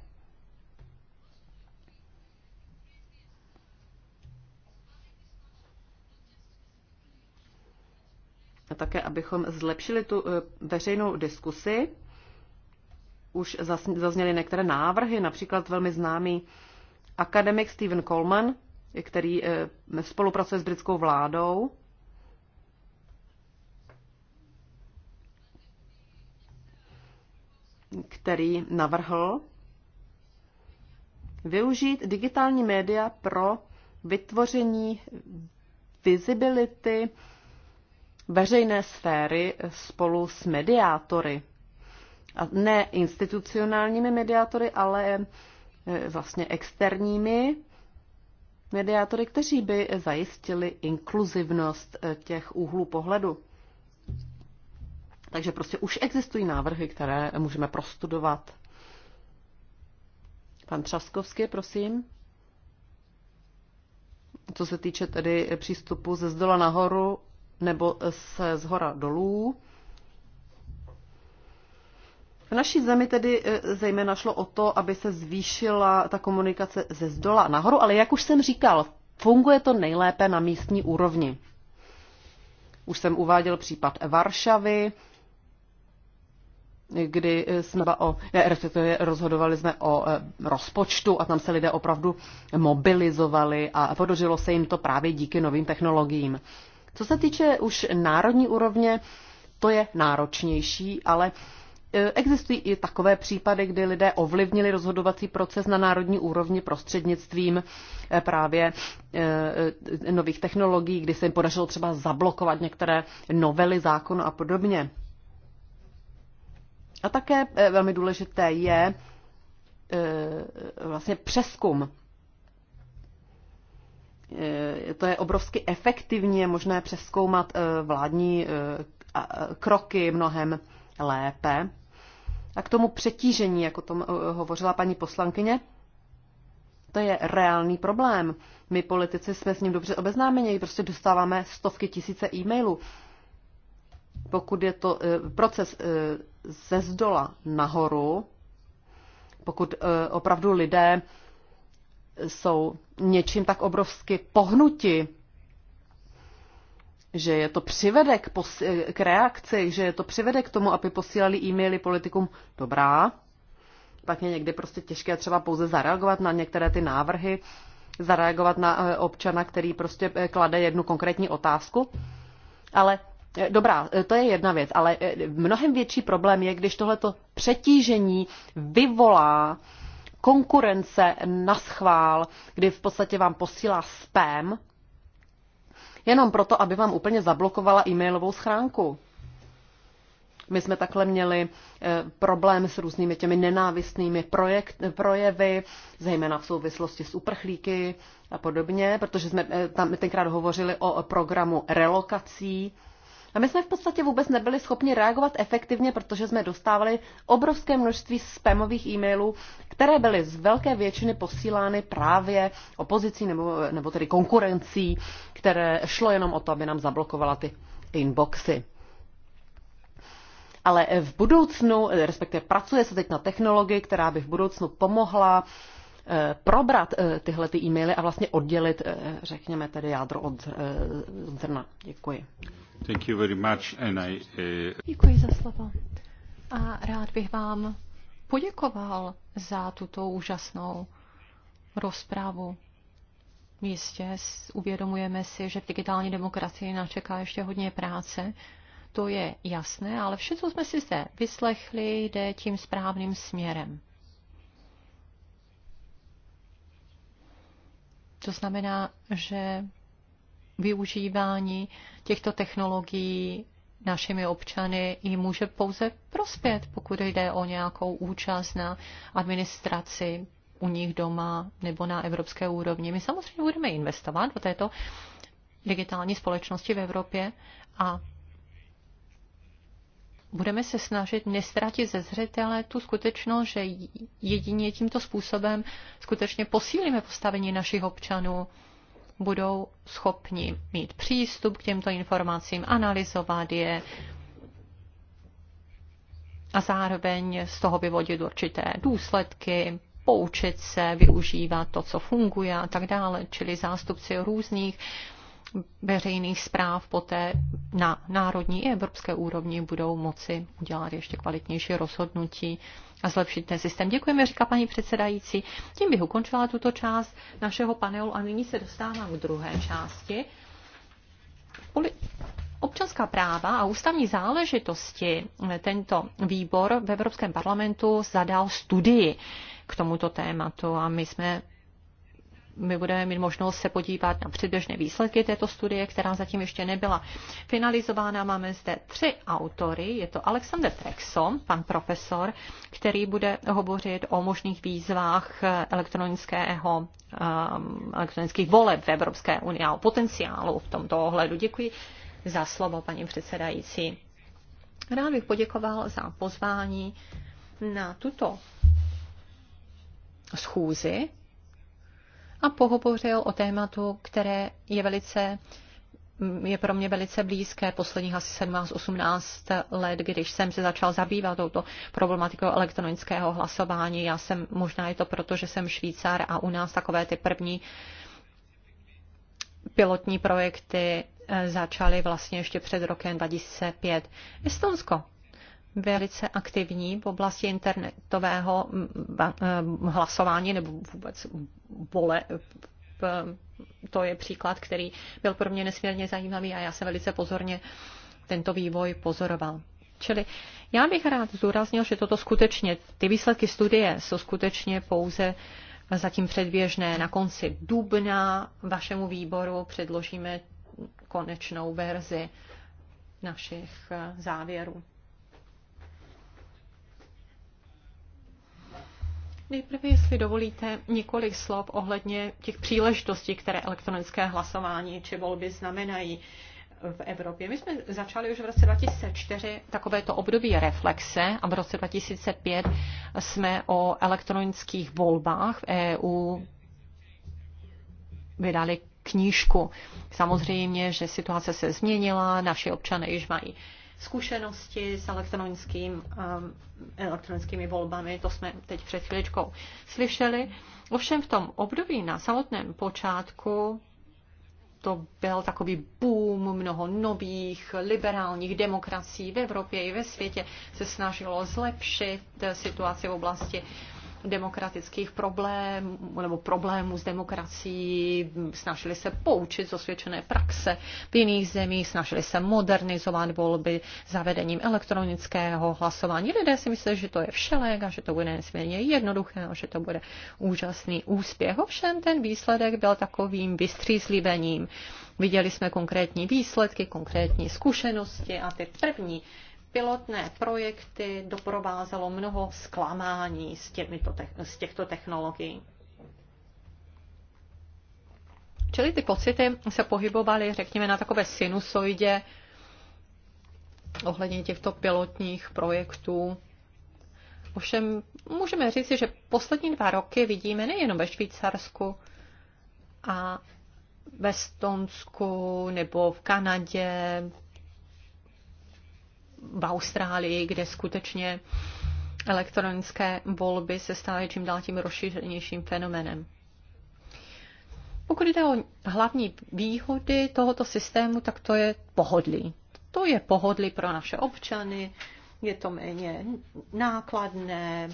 A také, abychom zlepšili tu e, veřejnou diskusi, už zazněly některé návrhy, například velmi známý akademik Stephen Coleman, který eh, spolupracuje s britskou vládou. který navrhl využít digitální média pro vytvoření vizibility veřejné sféry spolu s mediátory. A ne institucionálními mediátory, ale eh, vlastně externími, mediátory, kteří by zajistili inkluzivnost eh, těch úhlů pohledu. Takže prostě už existují návrhy, které můžeme prostudovat. Pan Třaskovský, prosím. Co se týče tedy přístupu ze zdola nahoru nebo se zhora dolů, v naší zemi tedy e, zejména šlo o to, aby se zvýšila ta komunikace ze zdola nahoru, ale jak už jsem říkal, funguje to nejlépe na místní úrovni. Už jsem uváděl případ Varšavy, kdy e, jsme o, e, respektive rozhodovali jsme o rozpočtu a tam se lidé opravdu mobilizovali a podařilo se jim to právě díky novým technologiím. Co se týče už národní úrovně, to je náročnější, ale E, existují i takové případy, kdy lidé ovlivnili rozhodovací proces na národní úrovni prostřednictvím e, právě e, nových technologií, kdy se jim podařilo třeba zablokovat některé novely zákonu a podobně. A také velmi důležité je vlastně přeskum. To je obrovsky efektivně možné přeskoumat vládní kroky mnohem lépe. A k tomu přetížení, jako tom eh, hovořila paní poslankyně, to je reálný problém. My politici jsme s ním dobře obeznámeni, prostě dostáváme stovky tisíce e-mailů. Pokud je to eh, proces eh, ze zdola nahoru, pokud opravdu lidé jsou něčím tak obrovsky pohnuti, že je to přivede k, pos- k reakci, že je to přivede k tomu, aby posílali e-maily politikům. Dobrá, pak je někdy prostě těžké třeba pouze zareagovat na některé ty návrhy, zareagovat na eh, občana, který prostě eh, klade jednu konkrétní otázku. Ale eh, Dobrá, to je jedna věc, ale mnohem větší problém je, když tohleto přetížení vyvolá konkurence na schvál, kdy v podstatě vám posílá spam jenom proto, aby vám úplně zablokovala e-mailovou schránku. My jsme takhle měli eh, problém s různými těmi nenávistnými projekt, eh, projevy, zejména v souvislosti s uprchlíky a podobně, protože jsme eh, tam tenkrát hovořili o programu relokací, a my jsme v podstatě vůbec nebyli schopni reagovat efektivně, protože jsme dostávali obrovské množství spamových e-mailů, které byly z velké většiny posílány právě opozicí nebo, nebo tedy konkurencí, které šlo jenom o to, aby nám zablokovala ty inboxy. Ale v budoucnu, respektive pracuje se teď na technologii, která by v budoucnu pomohla Eh, probrat eh, tyhle ty e-maily a vlastně oddělit, eh, řekněme, tedy jádro od zrna. Děkuji. Thank you very much and I, uh... Děkuji za slovo. A rád bych vám poděkoval za tuto úžasnou rozprávu. Jistě uvědomujeme si, že v digitální demokracii nás čeká ještě hodně práce. To je jasné, ale vše, co jsme si zde vyslechli, jde tím správným směrem. To znamená, že využívání těchto technologií našimi občany i může pouze prospět, pokud jde o nějakou účast na administraci u nich doma nebo na evropské úrovni. My samozřejmě budeme investovat do této digitální společnosti v Evropě a budeme se snažit nestratit ze zřetele tu skutečnost, že jedině tímto způsobem skutečně posílíme postavení našich občanů, budou schopni mít přístup k těmto informacím, analyzovat je a zároveň z toho vyvodit určité důsledky, poučit se, využívat to, co funguje a tak dále. Čili zástupci různých veřejných zpráv poté na národní i evropské úrovni budou moci udělat ještě kvalitnější rozhodnutí a zlepšit ten systém. Děkujeme, říká paní předsedající. Tím bych ukončila tuto část našeho panelu a nyní se dostávám k druhé části. Poli- Občanská práva a ústavní záležitosti tento výbor v Evropském parlamentu zadal studii k tomuto tématu a my jsme my budeme mít možnost se podívat na předběžné výsledky této studie, která zatím ještě nebyla finalizována. Máme zde tři autory. Je to Alexander Trexo, pan profesor, který bude hovořit o možných výzvách elektronického, um, elektronických voleb v Evropské unii a o potenciálu v tomto ohledu. Děkuji za slovo, paní předsedající. Rád bych poděkoval za pozvání na tuto schůzi a pohovořil o tématu, které je velice mm, je pro mě velice blízké posledních asi 17-18 let, když jsem se začal zabývat touto problematikou elektronického hlasování. Já jsem, možná je to proto, že jsem Švýcar a u nás takové ty první pilotní projekty eh, začaly vlastně ještě před rokem 2005. Estonsko velice aktivní v oblasti internetového hlasování nebo vůbec vole, to je příklad, který byl pro mě nesmírně zajímavý a já jsem velice pozorně tento vývoj pozoroval. Čili já bych rád zdůraznil, že toto skutečně, ty výsledky studie jsou skutečně pouze zatím předběžné. Na konci dubna vašemu výboru předložíme konečnou verzi našich eh, závěrů. Nejprve, jestli dovolíte, několik slov ohledně těch příležitostí, které elektronické hlasování či volby znamenají v Evropě. My jsme začali už v roce 2004 takovéto období reflexe a v roce 2005 jsme o elektronických volbách v EU vydali knížku. Samozřejmě, že situace se změnila, naši občané již mají zkušenosti s elektronickým, um, elektronickými volbami, to jsme teď před chvíličkou slyšeli. Ovšem v tom období na samotném počátku to byl takový boom, mnoho nových liberálních demokracií v Evropě i ve světě se snažilo zlepšit eh, situaci v oblasti demokratických problémů nebo problémů s demokracií, snažili se poučit z osvědčené praxe v jiných zemích, snažili se modernizovat volby zavedením elektronického hlasování. Lidé si myslí, že to je všelek a že to bude nesmírně jednoduché a že to bude úžasný úspěch. Ovšem ten výsledek byl takovým vystřízlivením. Viděli jsme konkrétní výsledky, konkrétní zkušenosti a ty první pilotné projekty doprovázelo mnoho zklamání z, těmito, z těchto technologií. Čili ty pocity se pohybovaly, řekněme, na takové sinusoidě ohledně těchto pilotních projektů. Ovšem můžeme říci, že poslední dva roky vidíme nejenom ve Švýcarsku a ve Stonsku nebo v Kanadě, v Austrálii, kde skutečně elektronické volby se stávají čím dál tím rozšířenějším fenomenem. Pokud jde o hlavní výhody tohoto systému, tak to je pohodlí. To je pohodlí pro naše občany, je to méně nákladné,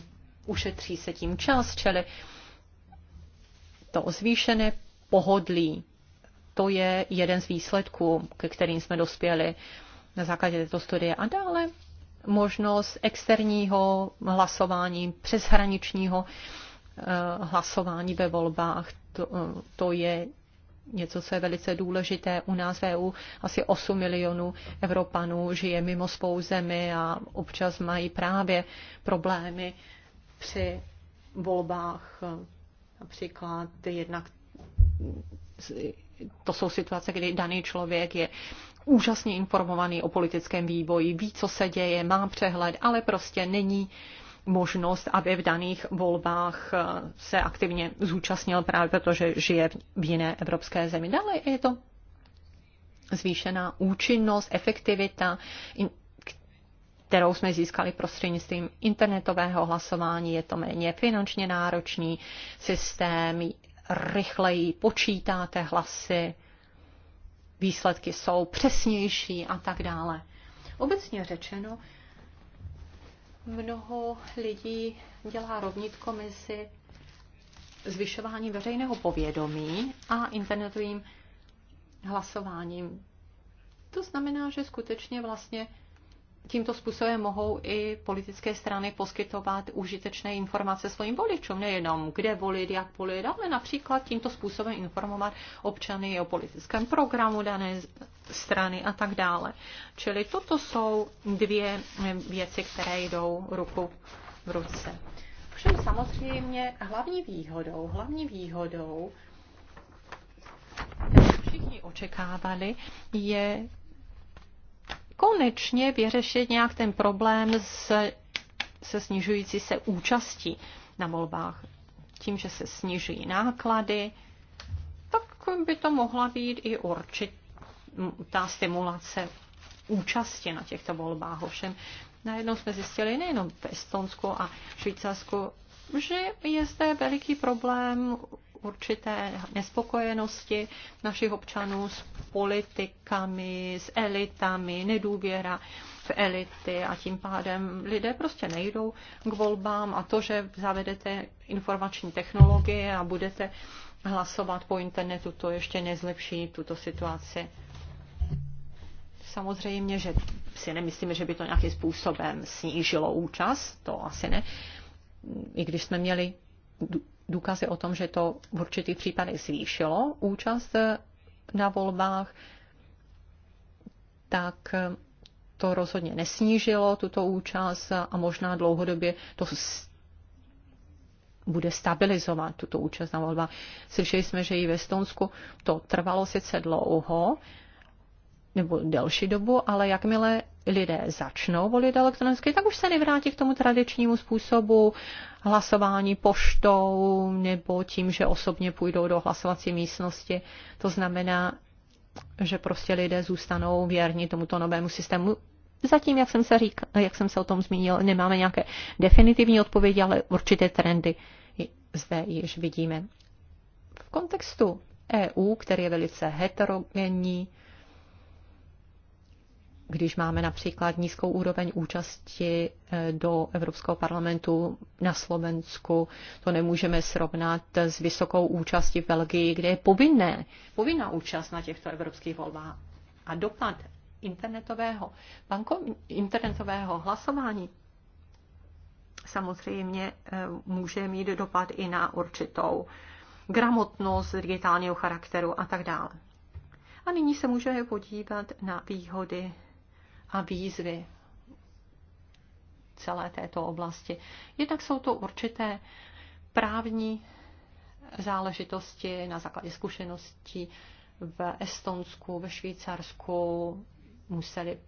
ušetří se tím čas, čili to zvýšené pohodlí, to je jeden z výsledků, ke kterým jsme dospěli na základě této studie a dále možnost externího hlasování, přeshraničního eh, hlasování ve volbách. To, eh, to je něco, co je velice důležité u nás v EU. Asi 8 milionů Evropanů žije mimo svou zemi a občas mají právě problémy při volbách. Například jednak to jsou situace, kdy daný člověk je úžasně informovaný o politickém vývoji, ví, co se děje, má přehled, ale prostě není možnost, aby v daných volbách eh, se aktivně zúčastnil právě protože žije v jiné evropské zemi. Dále je to zvýšená účinnost, efektivita, kterou jsme získali prostřednictvím internetového hlasování. Je to méně finančně náročný systém, rychleji počítáte hlasy, výsledky jsou přesnější a tak dále. Obecně řečeno, mnoho lidí dělá rovnitko mezi zvyšováním veřejného povědomí a internetovým hlasováním. To znamená, že skutečně vlastně tímto způsobem mohou i politické strany poskytovat užitečné informace svým voličům, nejenom kde volit, jak volit, ale například tímto způsobem informovat občany o politickém programu dané strany a tak dále. Čili toto jsou dvě věci, které jdou ruku v ruce. Všem samozřejmě hlavní výhodou, hlavní výhodou, kterou všichni očekávali, je konečně vyřešit nějak ten problém s, se snižující se účastí na volbách. Tím, že se snižují náklady, tak by to mohla být i určitá stimulace účasti na těchto volbách. Ovšem, najednou jsme zjistili nejenom v Estonsku a Švýcarsku, že je zde veliký problém určité nespokojenosti našich občanů s politikami, s elitami, nedůvěra v elity a tím pádem lidé prostě nejdou k volbám a to, že zavedete informační technologie a budete hlasovat po internetu, to ještě nezlepší tuto situaci. Samozřejmě, že si nemyslíme, že by to nějakým způsobem snížilo účast, to asi ne. I když jsme měli důkazy o tom, že to v určitých případech zvýšilo účast eh, na volbách, tak eh, to rozhodně nesnížilo tuto účast a možná dlouhodobě to bude stabilizovat tuto účast na volbách. Slyšeli jsme, že i ve Stonsku to trvalo sice dlouho, nebo delší dobu, ale jakmile lidé začnou volit elektronicky, tak už se nevrátí k tomu tradičnímu způsobu hlasování poštou nebo tím, že osobně půjdou do hlasovací místnosti. To znamená, že prostě lidé zůstanou věrni tomuto novému systému. Zatím, jak jsem se, říkal, jak jsem se o tom zmínil, nemáme nějaké definitivní odpovědi, ale určité trendy zde již vidíme. V kontextu EU, který je velice heterogenní, když máme například nízkou úroveň účasti eh, do Evropského parlamentu na Slovensku, to nemůžeme srovnat s vysokou účastí v Belgii, kde je povinné, povinná účast na těchto evropských volbách. A dopad internetového, banko, internetového hlasování samozřejmě eh, může mít dopad i na určitou gramotnost digitálního charakteru a tak dále. A nyní se můžeme podívat na výhody a výzvy celé této oblasti. Jednak jsou to určité právní záležitosti na základě zkušeností v Estonsku, ve Švýcarsku, museli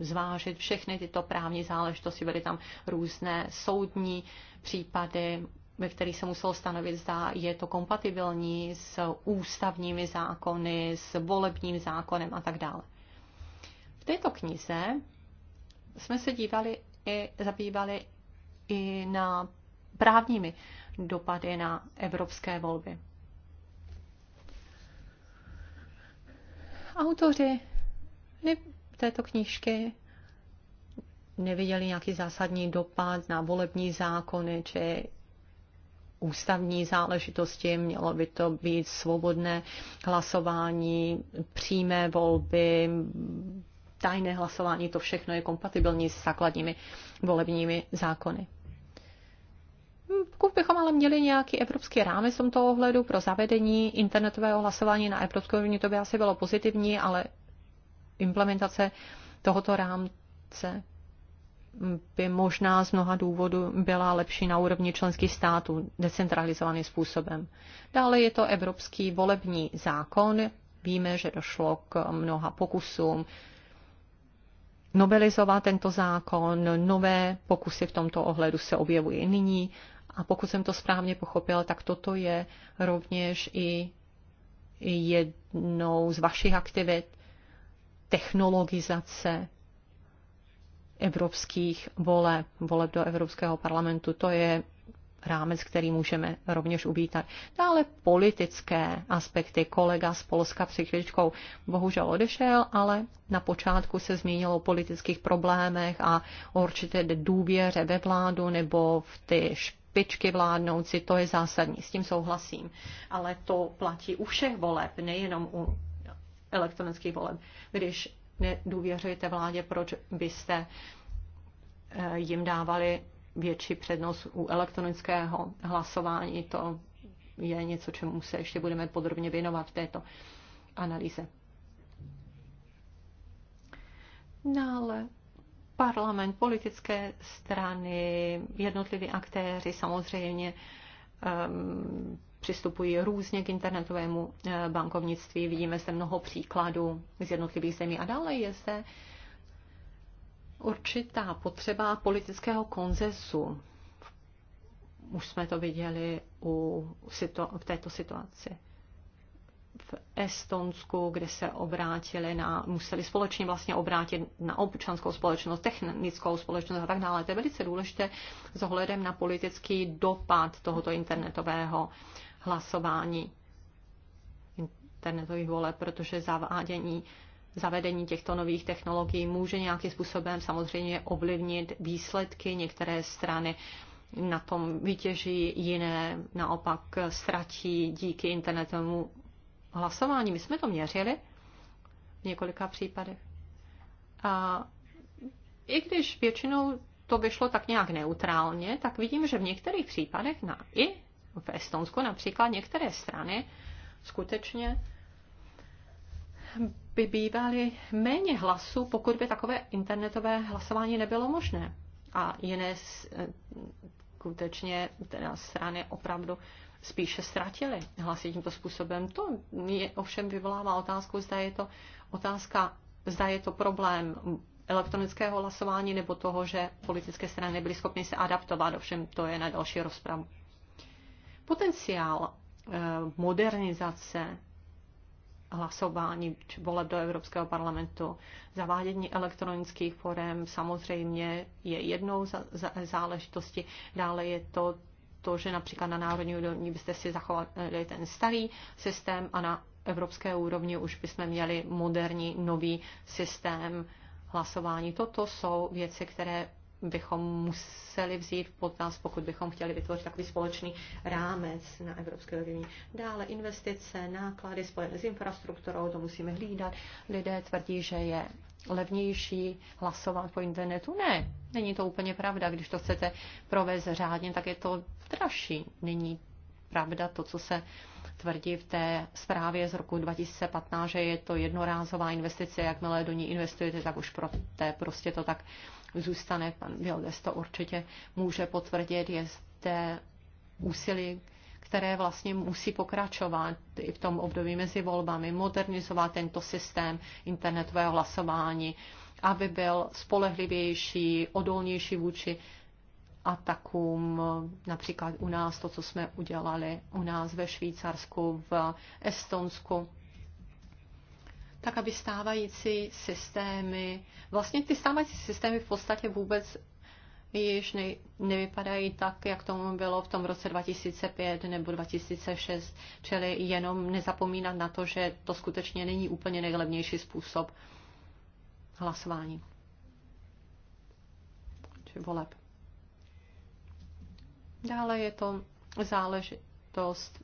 zvážit všechny tyto právní záležitosti. Byly tam různé soudní případy, ve kterých se muselo stanovit, zda je to kompatibilní s ústavními zákony, s volebním zákonem a tak dále této knize jsme se dívali i, zabývali i na právními dopady na evropské volby. Autoři této knížky neviděli nějaký zásadní dopad na volební zákony či ústavní záležitosti, mělo by to být svobodné hlasování, přímé volby, tajné hlasování, to všechno je kompatibilní s základními volebními zákony. Pokud bychom ale měli nějaký evropský rámec v tomto ohledu pro zavedení internetového hlasování na evropské úrovni, to by asi bylo pozitivní, ale implementace tohoto rámce by možná z mnoha důvodů byla lepší na úrovni členských států decentralizovaným způsobem. Dále je to evropský volební zákon. Víme, že došlo k mnoha pokusům novelizovat tento zákon, nové pokusy v tomto ohledu se objevují nyní a pokud jsem to správně pochopil, tak toto je rovněž i jednou z vašich aktivit technologizace evropských voleb, voleb do Evropského parlamentu. To je rámec, který můžeme rovněž uvítat. Dále politické aspekty. Kolega z Polska při chvíličkou bohužel odešel, ale na počátku se zmínilo o politických problémech a o určité důvěře ve vládu nebo v ty špičky vládnoucí. To je zásadní, s tím souhlasím. Ale to platí u všech voleb, nejenom u elektronických voleb. Když nedůvěřujete vládě, proč byste eh, jim dávali větší přednost u elektronického hlasování. To je něco, čemu se ještě budeme podrobně věnovat v této analýze. Dále parlament, politické strany, jednotliví aktéři samozřejmě um, přistupují různě k internetovému eh, bankovnictví. Vidíme zde mnoho příkladů z jednotlivých zemí. A dále je zde určitá potřeba politického konzesu. Už jsme to viděli u, situ- v této situaci v Estonsku, kde se obrátili na, museli společně vlastně obrátit na občanskou společnost, technickou společnost a tak dále. To je velice důležité s ohledem na politický dopad tohoto internetového hlasování internetových voleb, protože zavádění zavedení těchto nových technologií může nějakým způsobem samozřejmě ovlivnit výsledky některé strany na tom vytěží, jiné naopak ztratí díky internetovému hlasování. My jsme to měřili v několika případech. A i když většinou to vyšlo tak nějak neutrálně, tak vidím, že v některých případech, na, i v Estonsku například, některé strany skutečně by bývali méně hlasů, pokud by takové internetové hlasování nebylo možné. A jiné eh, skutečně teda strany opravdu spíše ztratily hlasy tímto způsobem. To je, ovšem vyvolává otázku, zda je to otázka, zda je to problém elektronického hlasování nebo toho, že politické strany nebyly schopny se adaptovat, ovšem to je na další rozpravu. Potenciál eh, modernizace hlasování voleb do Evropského parlamentu. Zavádění elektronických forem samozřejmě je jednou záležitosti. Dále je to to, že například na národní úrovni byste si zachovali ten starý systém a na evropské úrovni už bychom měli moderní, nový systém hlasování. Toto jsou věci, které bychom museli vzít v potaz, pokud bychom chtěli vytvořit takový společný rámec na evropské úrovni. Dále investice, náklady spojené s infrastrukturou, to musíme hlídat. Lidé tvrdí, že je levnější hlasovat po internetu. Ne, není to úplně pravda. Když to chcete provést řádně, tak je to dražší. Není pravda to, co se tvrdí v té zprávě z roku 2015, že je to jednorázová investice, jakmile do ní investujete, tak už pro té prostě to tak zůstane. Pan Vildes to určitě může potvrdit. Je zde úsilí, které vlastně musí pokračovat i v tom období mezi volbami, modernizovat tento systém internetového hlasování, aby byl spolehlivější, odolnější vůči atakům, například u nás, to, co jsme udělali u nás ve Švýcarsku, v Estonsku tak aby stávající systémy, vlastně ty stávající systémy v podstatě vůbec již ne, nevypadají tak, jak tomu bylo v tom roce 2005 nebo 2006, čili jenom nezapomínat na to, že to skutečně není úplně nejlevnější způsob hlasování. Či voleb. Dále je to záležitost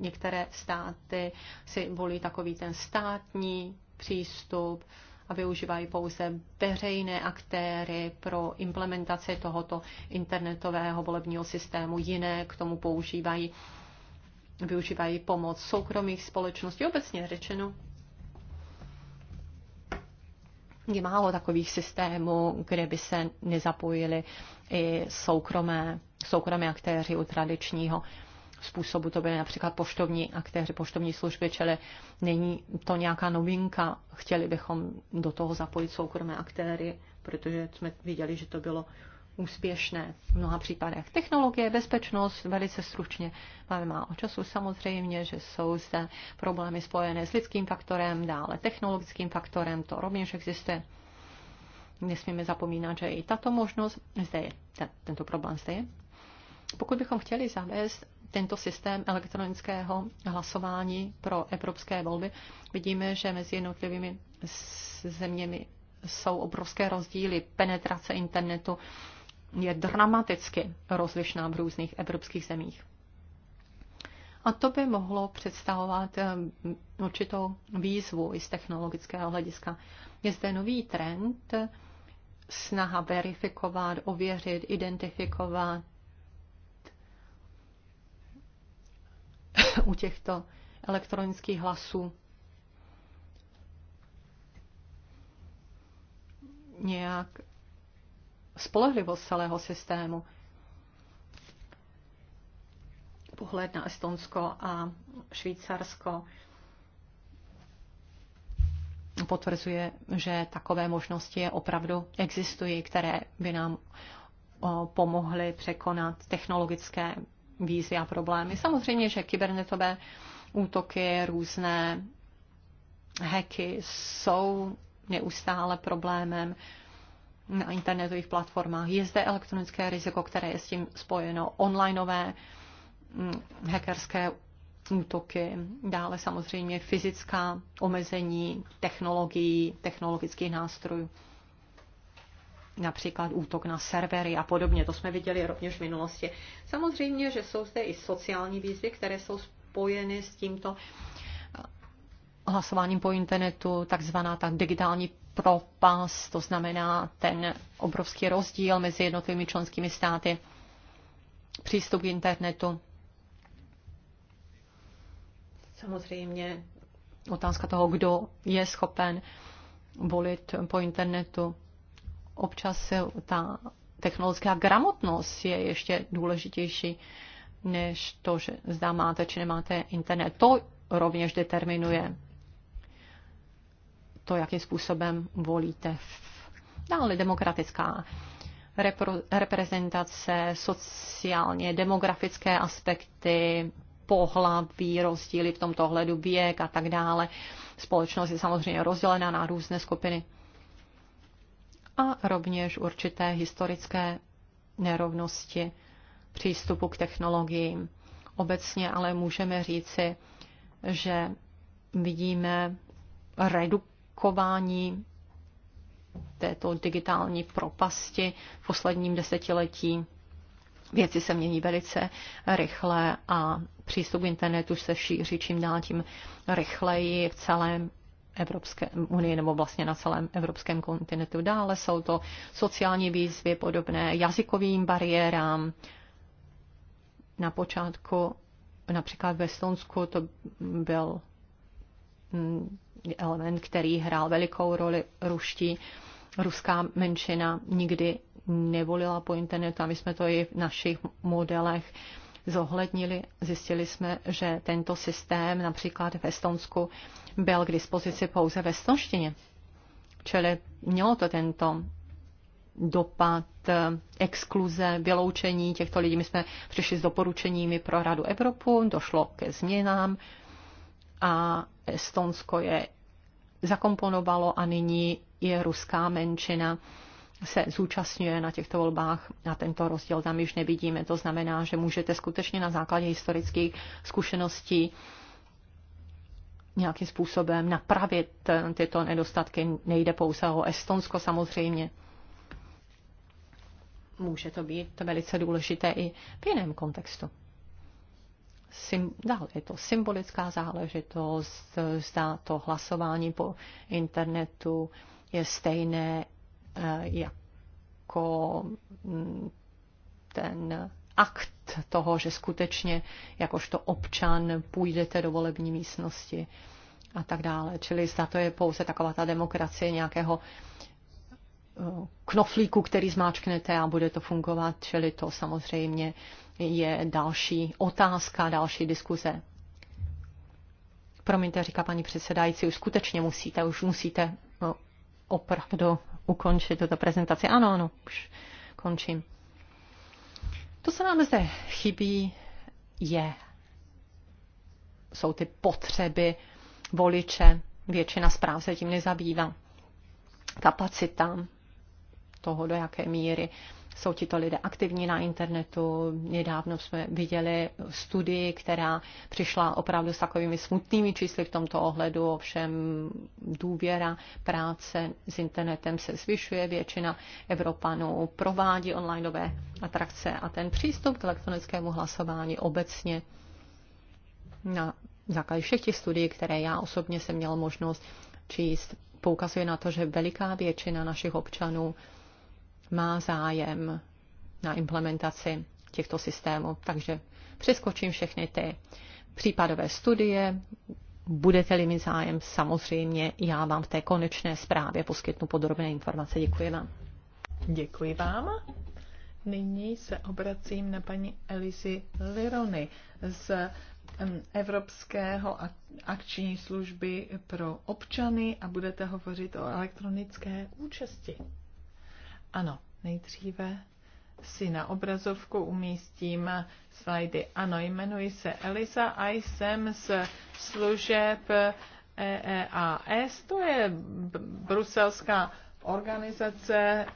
Některé státy si volí takový ten státní přístup a využívají pouze veřejné aktéry pro implementaci tohoto internetového volebního systému. Jiné k tomu používají využívají pomoc soukromých společností. Obecně řečeno, je málo takových systémů, kde by se nezapojili i soukromé, soukromé aktéři u tradičního způsobu to byly například poštovní aktéři, poštovní služby, čili není to nějaká novinka. Chtěli bychom do toho zapojit soukromé aktéry, protože jsme viděli, že to bylo úspěšné v mnoha případech. Technologie, bezpečnost, velice stručně máme málo času. Samozřejmě, že jsou zde problémy spojené s lidským faktorem, dále technologickým faktorem, to rovněž existuje. Nesmíme zapomínat, že i tato možnost zde je. tento problém zde je. Pokud bychom chtěli zavést tento systém elektronického hlasování pro evropské volby. Vidíme, že mezi jednotlivými zeměmi jsou obrovské rozdíly. Penetrace internetu je dramaticky rozlišná v různých evropských zemích. A to by mohlo představovat eh, určitou výzvu i z technologického hlediska. Je zde nový trend, snaha verifikovat, ověřit, identifikovat u těchto elektronických hlasů. Nějak spolehlivost celého systému. Pohled na Estonsko a Švýcarsko potvrzuje, že takové možnosti opravdu existují, které by nám pomohly překonat technologické výzvy a problémy. Samozřejmě, že kybernetové útoky, různé hacky jsou neustále problémem na internetových platformách. Je zde elektronické riziko, které je s tím spojeno, onlineové mm, hackerské útoky, dále samozřejmě fyzická omezení technologií, technologických nástrojů například útok na servery a podobně. To jsme viděli rovněž v minulosti. Samozřejmě, že jsou zde i sociální výzvy, které jsou spojeny s tímto eh, hlasováním po internetu, takzvaná ta digitální propast, to znamená ten obrovský rozdíl mezi jednotlivými členskými státy, přístup k internetu. Samozřejmě otázka toho, kdo je schopen volit po internetu, občas ta technologická gramotnost je ještě důležitější než to, že zda máte či nemáte internet. To rovněž determinuje to, jakým způsobem volíte. Dále demokratická reprezentace, sociálně, demografické aspekty, pohlaví, rozdíly v tomto ohledu, věk a tak dále. Společnost je samozřejmě rozdělená na různé skupiny a rovněž určité historické nerovnosti přístupu k technologiím. Obecně ale můžeme říci, že vidíme redukování této digitální propasti v posledním desetiletí. Věci se mění velice rychle a přístup k internetu se šíří čím dál tím rychleji v celém Evropské unii nebo vlastně na celém evropském kontinentu. Dále jsou to sociální výzvy podobné jazykovým bariérám. Na počátku například ve Slonsku to byl mm, element, který hrál velikou roli ruští. Ruská menšina nikdy nevolila po internetu a my jsme to i v našich modelech zohlednili, zjistili jsme, že tento systém například v Estonsku byl k dispozici pouze ve estonštině. Čili mělo to tento dopad eh, exkluze, vyloučení těchto lidí. My jsme přišli s doporučeními pro Radu Evropu, došlo ke změnám a Estonsko je zakomponovalo a nyní je ruská menšina se zúčastňuje na těchto volbách a tento rozdíl tam již nevidíme. To znamená, že můžete skutečně na základě historických zkušeností nějakým způsobem napravit tyto nedostatky. Nejde pouze o Estonsko samozřejmě. Může to být velice důležité i v jiném kontextu. Sim, dál je to symbolická záležitost, zda to hlasování po internetu je stejné Eh, jako mm, ten akt toho, že skutečně jakožto občan půjdete do volební místnosti a tak dále. Čili zda to je pouze taková ta demokracie nějakého eh, knoflíku, který zmáčknete a bude to fungovat, čili to samozřejmě je další otázka, další diskuze. Promiňte, říká paní předsedající, už skutečně musíte, už musíte no, opravdu ukončit tuto prezentaci. Ano, ano, už končím. To, co nám zde chybí, je, jsou ty potřeby voliče. Většina zpráv se tím nezabývá. Kapacita toho, do jaké míry jsou tito lidé aktivní na internetu. Nedávno jsme viděli studii, která přišla opravdu s takovými smutnými čísly v tomto ohledu. Ovšem důvěra práce s internetem se zvyšuje. Většina Evropanů provádí onlineové atrakce a ten přístup k elektronickému hlasování obecně na základě všech těch studií, které já osobně jsem měl možnost číst, poukazuje na to, že veliká většina našich občanů má zájem na implementaci těchto systémů. Takže přeskočím všechny ty případové studie. Budete-li mít zájem, samozřejmě já vám v té konečné zprávě poskytnu podrobné informace. Děkuji vám. Děkuji vám. Nyní se obracím na paní Elisi Lirony z Evropského akční služby pro občany a budete hovořit o elektronické účasti. Ano, nejdříve si na obrazovku umístím slajdy. Ano, jmenuji se Eliza a jsem z služeb EEAS, to je bruselská organizace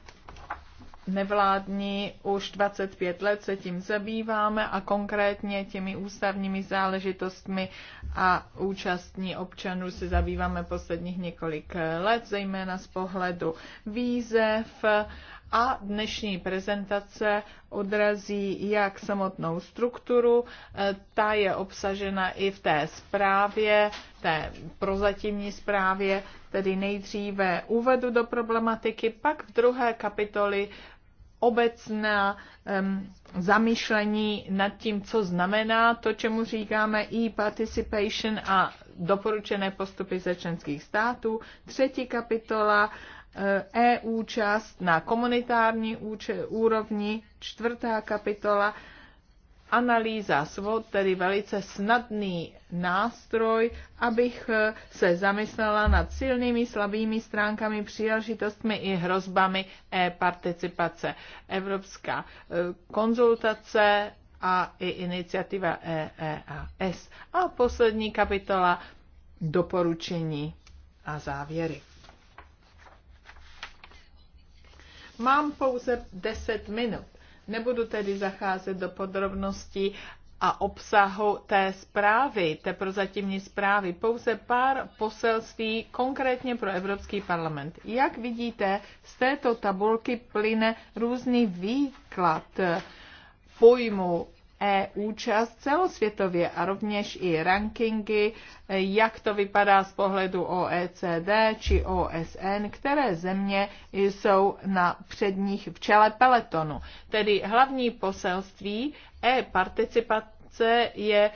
nevládní, už 25 let se tím zabýváme a konkrétně těmi ústavními záležitostmi a účastní občanů se zabýváme posledních několik let, zejména z pohledu výzev a dnešní prezentace odrazí jak samotnou strukturu, ta je obsažena i v té zprávě, té prozatímní zprávě, tedy nejdříve úvedu do problematiky, pak v druhé kapitoly obecná um, zamýšlení nad tím, co znamená to, čemu říkáme e-participation a doporučené postupy ze členských států. Třetí kapitola e-účast eh, e na komunitární úrovni, čtvrtá kapitola analýza SWOT, tedy velice snadný nástroj, abych se zamyslela nad silnými, slabými stránkami, příležitostmi i hrozbami e-participace. Evropská e, konzultace a i iniciativa EEAS. A poslední kapitola doporučení a závěry. Mám pouze 10 minut Nebudu tedy zacházet do podrobností a obsahu té zprávy, té prozatímní zprávy, pouze pár poselství konkrétně pro Evropský parlament. Jak vidíte, z této tabulky plyne různý výklad pojmu e-účast celosvětově a rovněž i rankingy, jak to vypadá z pohledu OECD či OSN, které země jsou na předních v čele peletonu. Tedy hlavní poselství e-participace je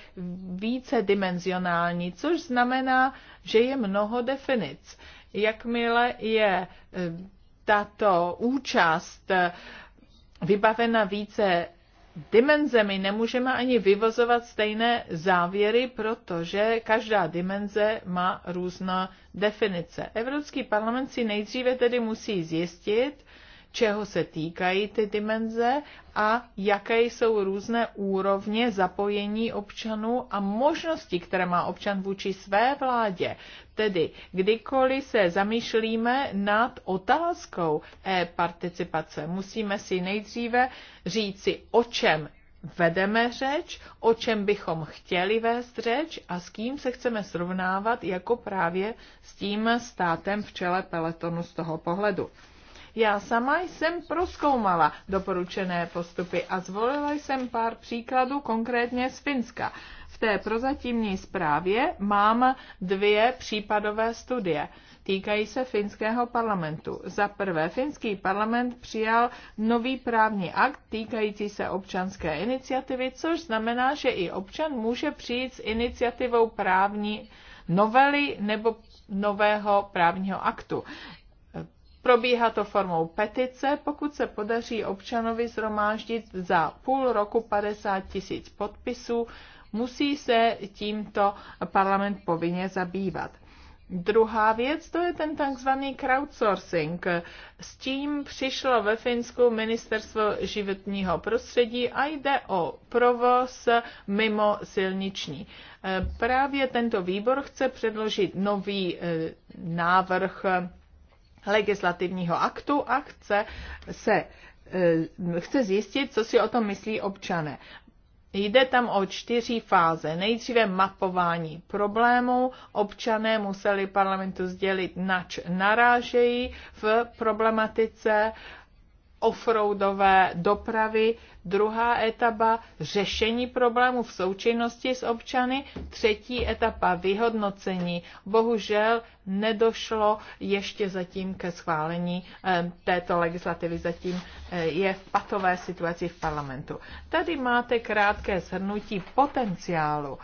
více dimenzionální, což znamená, že je mnoho definic. Jakmile je e, tato účast e, vybavena více dimenzemi nemůžeme ani vyvozovat stejné závěry, protože každá dimenze má různá definice. Evropský parlament si nejdříve tedy musí zjistit, čeho se týkají ty dimenze a jaké jsou různé úrovně zapojení občanů a možnosti, které má občan vůči své vládě. Tedy kdykoliv se zamýšlíme nad otázkou e-participace, musíme si nejdříve říci, o čem vedeme řeč, o čem bychom chtěli vést řeč a s kým se chceme srovnávat jako právě s tím státem v čele peletonu z toho pohledu. Já sama jsem proskoumala doporučené postupy a zvolila jsem pár příkladů konkrétně z Finska. V té prozatímní zprávě mám dvě případové studie. Týkají se finského parlamentu. Za prvé, finský parlament přijal nový právní akt týkající se občanské iniciativy, což znamená, že i občan může přijít s iniciativou právní novely nebo nového právního aktu. Probíhá to formou petice, pokud se podaří občanovi zhromáždit za půl roku 50 tisíc podpisů, musí se tímto parlament povinně zabývat. Druhá věc, to je ten takzvaný crowdsourcing. S tím přišlo ve Finsku ministerstvo životního prostředí a jde o provoz mimo silniční. Právě tento výbor chce předložit nový eh, návrh legislativního aktu a chce se eh, chce zjistit, co si o tom myslí občané. Jde tam o čtyři fáze. Nejdříve mapování problémů. Občané museli parlamentu sdělit, nač narážejí v problematice offroadové dopravy, druhá etapa řešení problémů v součinnosti s občany, třetí etapa vyhodnocení. Bohužel nedošlo ještě zatím ke schválení eh, této legislativy, zatím eh, je v patové situaci v parlamentu. Tady máte krátké shrnutí potenciálu,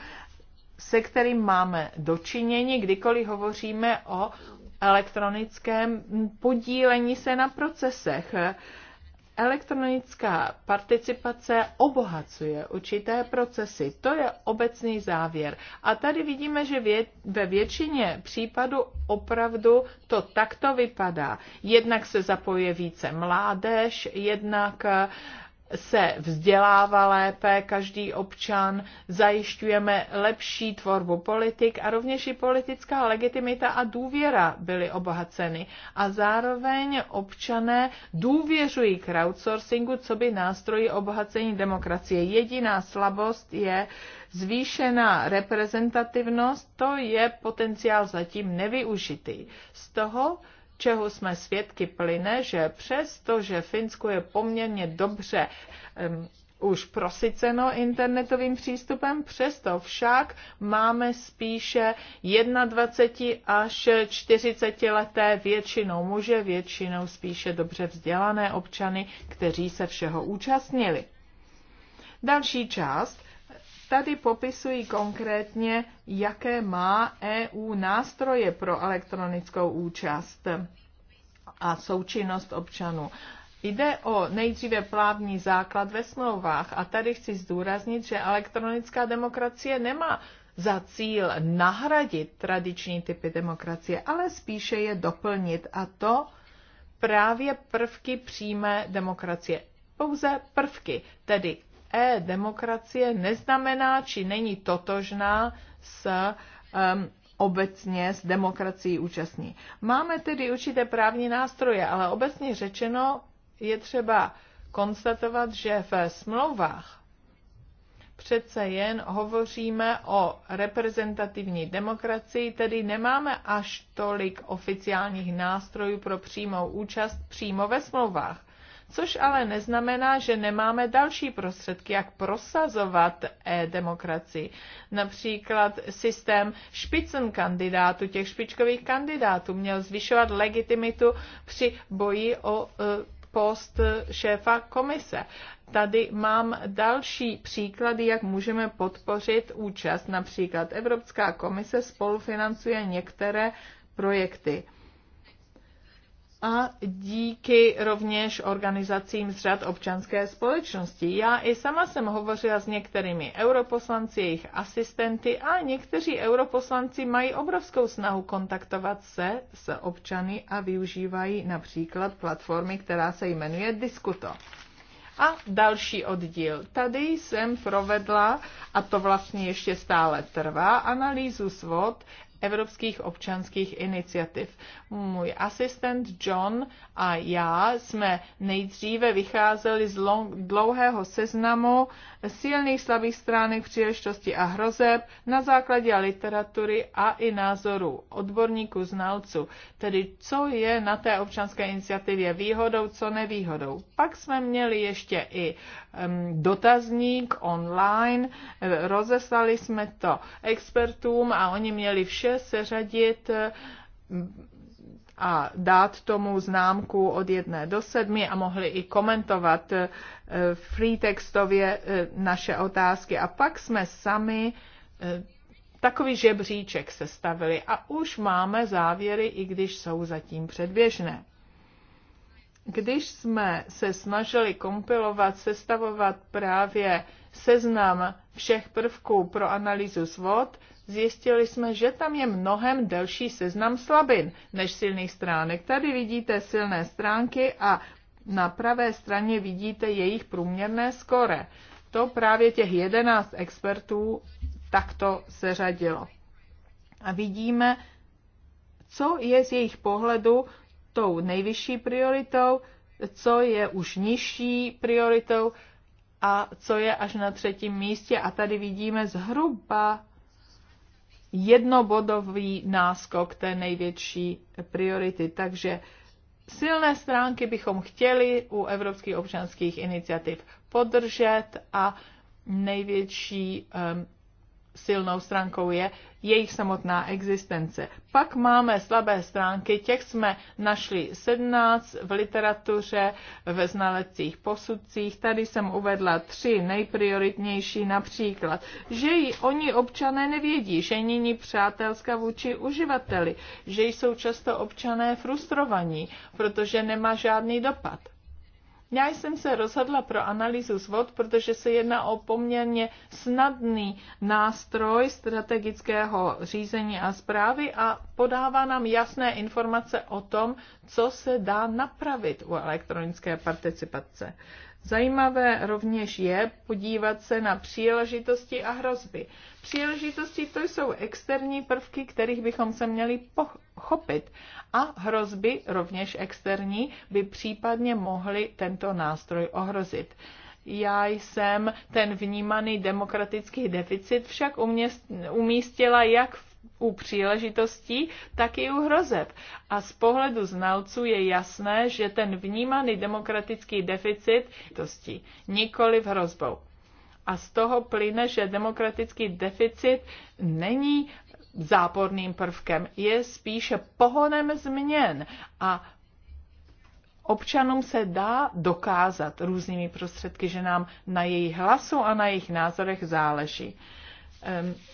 se kterým máme dočinění, kdykoliv hovoříme o elektronickém podílení se na procesech. Elektronická participace obohacuje určité procesy. To je obecný závěr. A tady vidíme, že vě- ve většině případů opravdu to takto vypadá. Jednak se zapojuje více mládež, jednak se vzdělává lépe každý občan, zajišťujeme lepší tvorbu politik a rovněž i politická legitimita a důvěra byly obohaceny. A zároveň občané důvěřují crowdsourcingu, co by nástroji obohacení demokracie. Jediná slabost je zvýšená reprezentativnost, to je potenciál zatím nevyužitý. Z toho čeho jsme svědky plyne, že přesto, že Finsko je poměrně dobře um, už prosyceno internetovým přístupem, přesto však máme spíše 21 až 40 leté většinou muže, většinou spíše dobře vzdělané občany, kteří se všeho účastnili. Další část Tady popisují konkrétně, jaké má EU nástroje pro elektronickou účast a součinnost občanů. Jde o nejdříve právní základ ve smlouvách a tady chci zdůraznit, že elektronická demokracie nemá za cíl nahradit tradiční typy demokracie, ale spíše je doplnit a to právě prvky přímé demokracie. Pouze prvky, tedy e-demokracie neznamená, či není totožná s um, obecně s demokracií účastní. Máme tedy určité právní nástroje, ale obecně řečeno je třeba konstatovat, že v smlouvách přece jen hovoříme o reprezentativní demokracii, tedy nemáme až tolik oficiálních nástrojů pro přímou účast přímo ve smlouvách což ale neznamená, že nemáme další prostředky, jak prosazovat e-demokracii. Například systém špicen kandidátů, těch špičkových kandidátů, měl zvyšovat legitimitu při boji o e, post šéfa komise. Tady mám další příklady, jak můžeme podpořit účast. Například Evropská komise spolufinancuje některé projekty a díky rovněž organizacím z řad občanské společnosti. Já i sama jsem hovořila s některými europoslanci, jejich asistenty a někteří europoslanci mají obrovskou snahu kontaktovat se s občany a využívají například platformy, která se jmenuje Diskuto. A další oddíl. Tady jsem provedla, a to vlastně ještě stále trvá, analýzu svod evropských občanských iniciativ. Můj asistent John a já jsme nejdříve vycházeli z dlouhého seznamu silných, slabých stránek, příležitosti a hrozeb na základě literatury a i názoru odborníků, znalců, tedy co je na té občanské iniciativě výhodou, co nevýhodou. Pak jsme měli ještě i um, dotazník online, rozeslali jsme to expertům a oni měli vše seřadit a dát tomu známku od jedné do sedmi a mohli i komentovat eh, free textově eh, naše otázky. A pak jsme sami eh, takový žebříček sestavili a už máme závěry, i když jsou zatím předběžné. Když jsme se snažili kompilovat, sestavovat právě seznam všech prvků pro analýzu svod, zjistili jsme, že tam je mnohem delší seznam slabin než silných stránek. Tady vidíte silné stránky a na pravé straně vidíte jejich průměrné skore. To právě těch 11 expertů takto seřadilo. A vidíme, co je z jejich pohledu tou nejvyšší prioritou, co je už nižší prioritou a co je až na třetím místě. A tady vidíme zhruba jednobodový náskok té největší priority. Takže silné stránky bychom chtěli u evropských občanských iniciativ podržet a největší um, silnou stránkou je jejich samotná existence. Pak máme slabé stránky, těch jsme našli 17 v literatuře, ve znalecích posudcích. Tady jsem uvedla tři nejprioritnější například, že ji oni občané nevědí, že není přátelská vůči uživateli, že jsou často občané frustrovaní, protože nemá žádný dopad já jsem se rozhodla pro analýzu zvod, protože se jedná o poměrně snadný nástroj strategického řízení a zprávy a podává nám jasné informace o tom, co se dá napravit u elektronické participace. Zajímavé rovněž je podívat se na příležitosti a hrozby. Příležitosti to jsou externí prvky, kterých bychom se měli pochopit a hrozby, rovněž externí, by případně mohly tento nástroj ohrozit já jsem ten vnímaný demokratický deficit však umístila jak v u příležitostí, tak i u hrozeb. A z pohledu znalců je jasné, že ten vnímaný demokratický deficit je nikoli v hrozbou. A z toho plyne, že demokratický deficit není záporným prvkem, je spíše pohonem změn a občanům se dá dokázat různými prostředky, že nám na jejich hlasu a na jejich názorech záleží.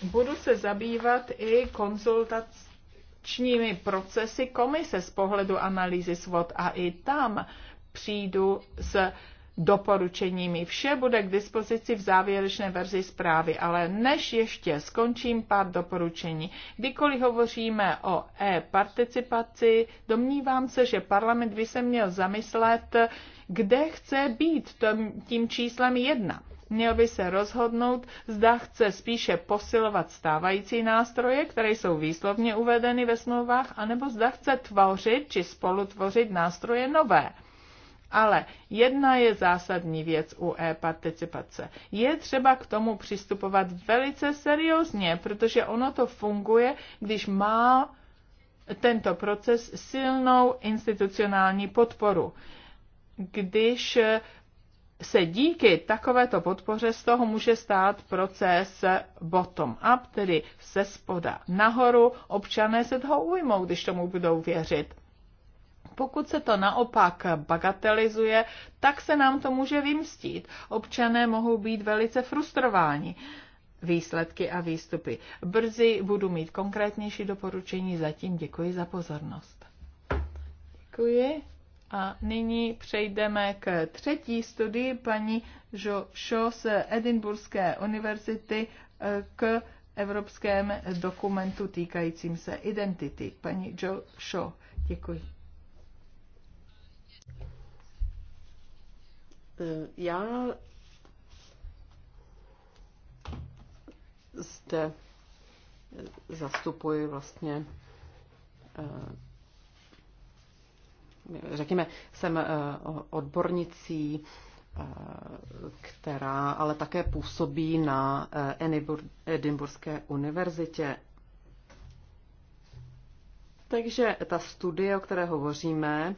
Budu se zabývat i konzultačními procesy komise z pohledu analýzy SWOT a i tam přijdu s doporučeními. Vše bude k dispozici v závěrečné verzi zprávy, ale než ještě skončím pár doporučení. Kdykoliv hovoříme o e-participaci, domnívám se, že parlament by se měl zamyslet, kde chce být tím číslem jedna Měl by se rozhodnout, zda chce spíše posilovat stávající nástroje, které jsou výslovně uvedeny ve smlouvách, anebo zda chce tvořit či spolutvořit nástroje nové. Ale jedna je zásadní věc u e-participace. Je třeba k tomu přistupovat velice seriózně, protože ono to funguje, když má tento proces silnou institucionální podporu. Když se díky takovéto podpoře z toho může stát proces bottom-up, tedy se spoda nahoru. Občané se toho ujmou, když tomu budou věřit. Pokud se to naopak bagatelizuje, tak se nám to může vymstít. Občané mohou být velice frustrováni. Výsledky a výstupy. Brzy budu mít konkrétnější doporučení, zatím děkuji za pozornost. Děkuji. A nyní přejdeme k třetí studii paní Jo Shaw z Edinburghské univerzity eh, k evropském dokumentu týkajícím se identity. Paní Jo Shaw, děkuji. Eh, já zde zastupuji vlastně eh, řekněme, jsem eh, odbornicí, eh, která ale také působí na eh, Edinburghské univerzitě. Takže ta studie, o které hovoříme,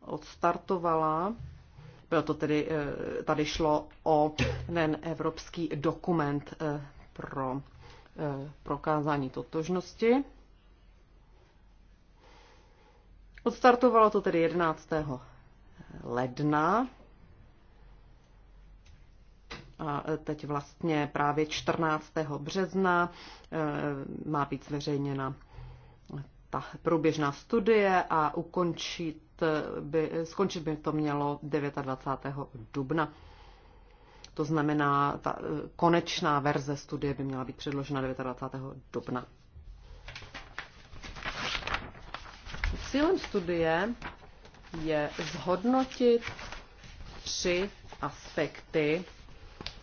odstartovala. Bylo to tedy, tady šlo o ten evropský dokument pro prokázání totožnosti. Odstartovalo to tedy 11. ledna. A e, teď vlastně právě 14. března e, má být zveřejněna ta průběžná studie a ukončit by, skončit by to mělo 29. dubna. To znamená, ta e, konečná verze studie by měla být předložena 29. dubna. Cílem studie je zhodnotit tři aspekty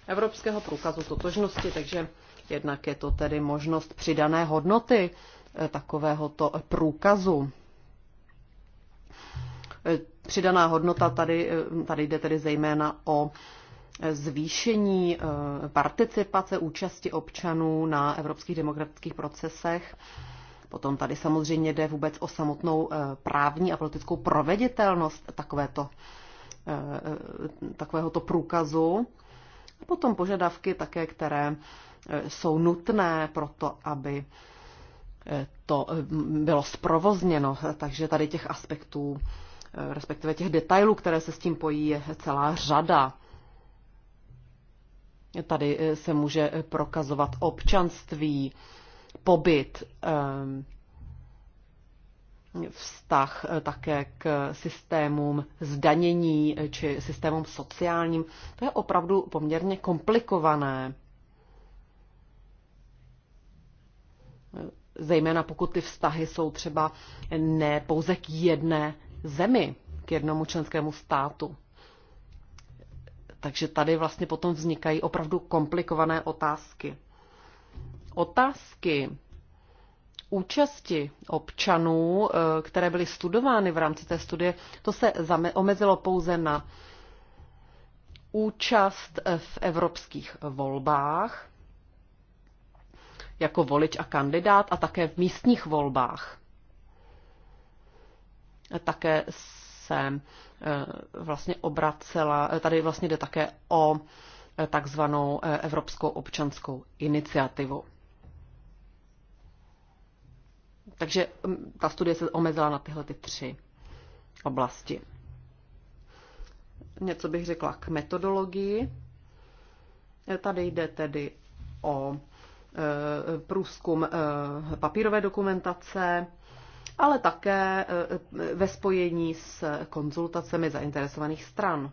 Evropského průkazu totožnosti, takže jednak je to tedy možnost přidané hodnoty eh, takovéhoto průkazu. Eh, přidaná hodnota tady, eh, tady jde tedy zejména o zvýšení participace účasti občanů na evropských demokratických procesech Potom tady samozřejmě jde vůbec o samotnou eh, právní a politickou proveditelnost takovéto, eh, takovéhoto průkazu. A potom požadavky také, které eh, jsou nutné pro to, aby to mm, bylo zprovozněno. Takže tady těch aspektů, respektive těch detailů, které se s tím pojí, je celá řada. Tady se může prokazovat občanství, pobyt, ehm, vztah eh, také k systémům zdanění eh, či systémům sociálním. To je opravdu poměrně komplikované. Eh, zejména pokud ty vztahy jsou třeba ne pouze k jedné zemi, k jednomu členskému státu. Takže tady vlastně potom vznikají opravdu komplikované otázky otázky účasti občanů, eh, které byly studovány v rámci té studie, to se omezilo pouze na účast eh, v evropských volbách jako volič a kandidát a také v místních volbách. Eh, také se vlastně obracela, tady vlastně jde také o takzvanou Evropskou občanskou iniciativu. Takže mm, ta studie se omezila na tyhle ty tři oblasti. Něco bych řekla k metodologii. E, tady jde tedy o e, průzkum e, papírové dokumentace, ale také ve spojení s konzultacemi zainteresovaných stran.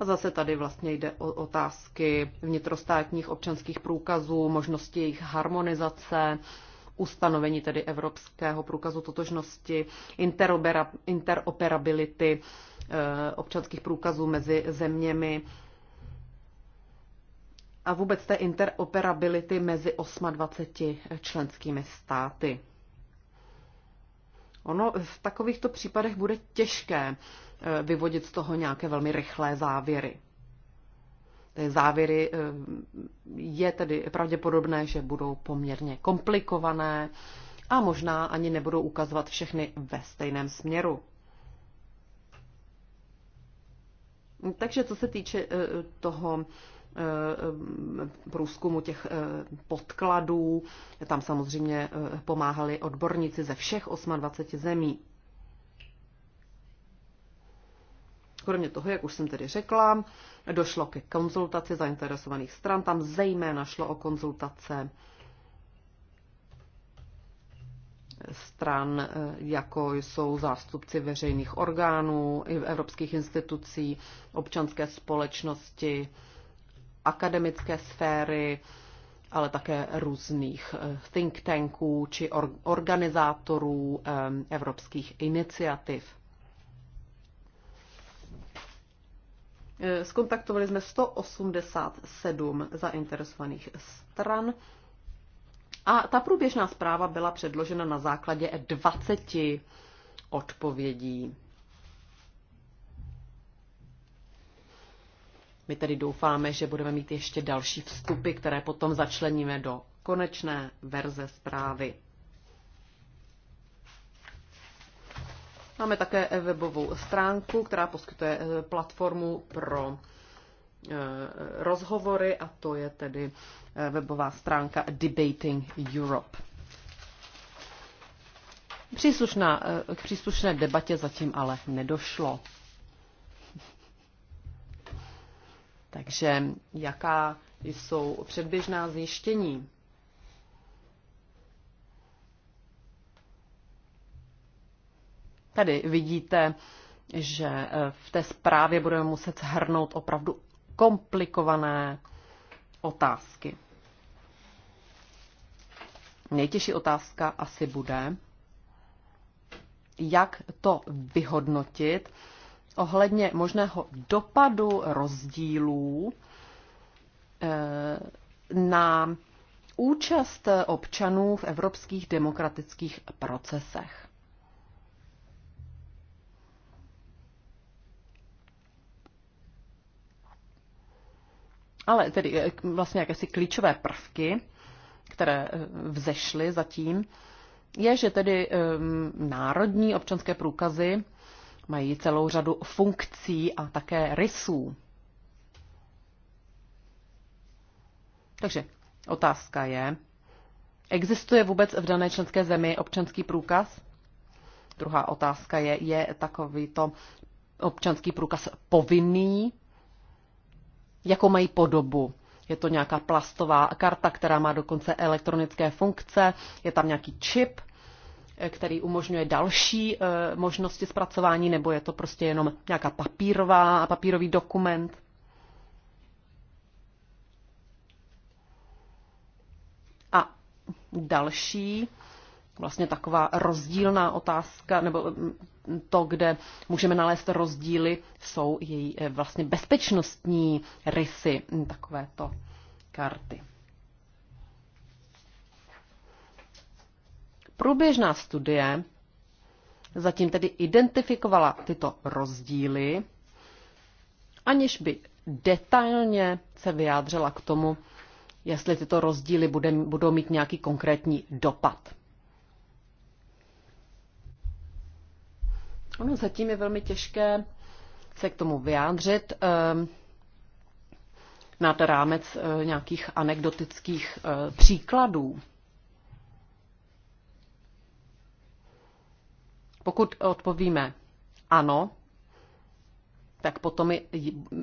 A zase tady vlastně jde o otázky vnitrostátních občanských průkazů, možnosti jejich harmonizace, ustanovení tedy Evropského průkazu totožnosti, interoperability eh, občanských průkazů mezi zeměmi a vůbec té interoperability mezi 28 členskými státy. Ono v takovýchto případech bude těžké Eh, vyvodit z toho nějaké velmi rychlé závěry. Ty závěry eh, je tedy pravděpodobné, že budou poměrně komplikované a možná ani nebudou ukazovat všechny ve stejném směru. Takže co se týče eh, toho průzkumu těch podkladů, tam samozřejmě pomáhali odborníci ze všech 28 zemí. kromě toho, jak už jsem tedy řekla, došlo ke konzultaci zainteresovaných stran. Tam zejména šlo o konzultace stran, eh, jako jsou zástupci veřejných orgánů, evropských institucí, občanské společnosti, akademické sféry, ale také různých eh, think tanků či organizátorů eh, evropských iniciativ. Eh, skontaktovali jsme 187 zainteresovaných stran a ta průběžná zpráva byla předložena na základě 20 odpovědí. My tedy doufáme, že budeme mít ještě další vstupy, které potom začleníme do konečné verze zprávy. Máme také webovou stránku, která poskytuje eh, platformu pro eh, rozhovory a to je tedy eh, webová stránka Debating Europe. Příslušná, k příslušné debatě zatím ale nedošlo. Takže jaká jsou předběžná zjištění? Tady vidíte, že eh, v té zprávě budeme muset shrnout opravdu komplikované otázky. Nejtěžší otázka asi bude, jak to vyhodnotit ohledně možného dopadu rozdílů eh, na účast občanů v evropských demokratických procesech. ale tedy eh, vlastně jakési klíčové prvky, které eh, vzešly zatím, je, že tedy ehm, národní občanské průkazy mají celou řadu funkcí a také rysů. Takže otázka je, existuje vůbec v dané členské zemi občanský průkaz? Druhá otázka je, je takovýto občanský průkaz povinný jakou mají podobu. Je to nějaká plastová karta, která má dokonce elektronické funkce, je tam nějaký čip, eh, který umožňuje další eh, možnosti zpracování, nebo je to prostě jenom nějaká papírová, papírový dokument. A další vlastně taková rozdílná otázka, nebo mm, to, kde můžeme nalézt rozdíly, jsou její eh, vlastně bezpečnostní rysy mm, takovéto karty. Průběžná studie zatím tedy identifikovala tyto rozdíly, aniž by detailně se vyjádřila k tomu, jestli tyto rozdíly bude, budou mít nějaký konkrétní dopad. Ono zatím je velmi těžké se k tomu vyjádřit ehm, nad rámec eh, nějakých anekdotických eh, příkladů. Pokud odpovíme ano, tak potom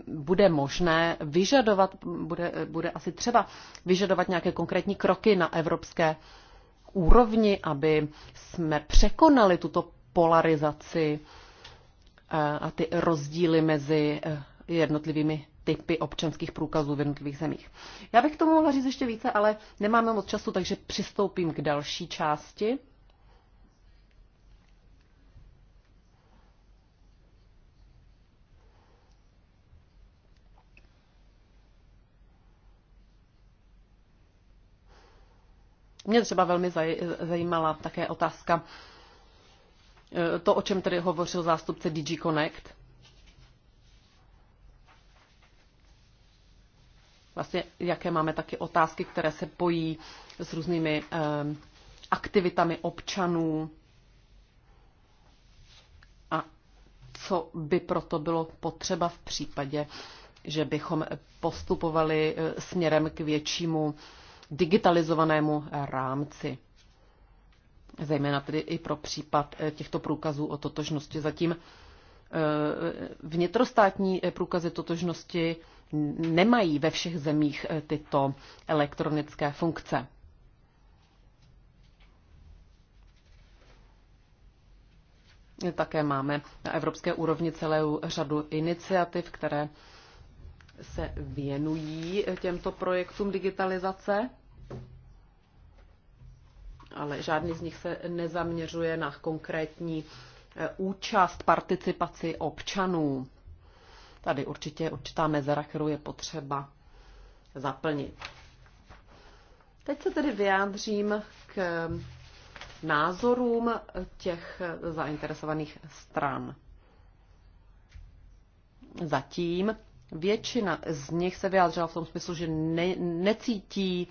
bude možné vyžadovat, bude, bude asi třeba vyžadovat nějaké konkrétní kroky na evropské úrovni, aby jsme překonali tuto polarizaci eh, a ty rozdíly mezi eh, jednotlivými typy občanských průkazů v jednotlivých zemích. Já bych k tomu mohla říct ještě více, ale nemáme moc času, takže přistoupím k další části. Mě třeba velmi zajímala také otázka Eh, to, o čem tady hovořil zástupce DG Connect. Vlastně, jaké máme taky otázky, které se pojí s různými eh, aktivitami občanů a co by proto bylo potřeba v případě, že bychom postupovali eh, směrem k většímu digitalizovanému rámci zejména tedy i pro případ eh, těchto průkazů o totožnosti. Zatím eh, vnitrostátní eh, průkazy totožnosti nemají ve všech zemích tyto elektronické funkce. Také máme na evropské úrovni celou řadu iniciativ, které se věnují těmto projektům digitalizace ale žádný z nich se nezaměřuje na konkrétní eh, účast, participaci občanů. Tady určitě určitá mezera, kterou je potřeba zaplnit. Teď se tedy vyjádřím k názorům těch zainteresovaných stran. Zatím většina z nich se vyjádřila v tom smyslu, že ne, necítí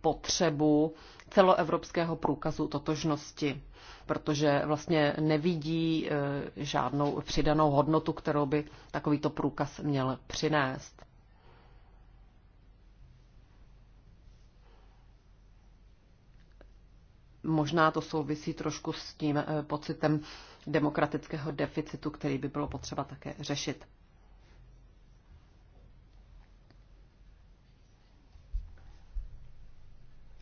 potřebu celoevropského průkazu totožnosti, protože vlastně nevidí e, žádnou přidanou hodnotu, kterou by takovýto průkaz měl přinést. Možná to souvisí trošku s tím e, pocitem demokratického deficitu, který by bylo potřeba také řešit.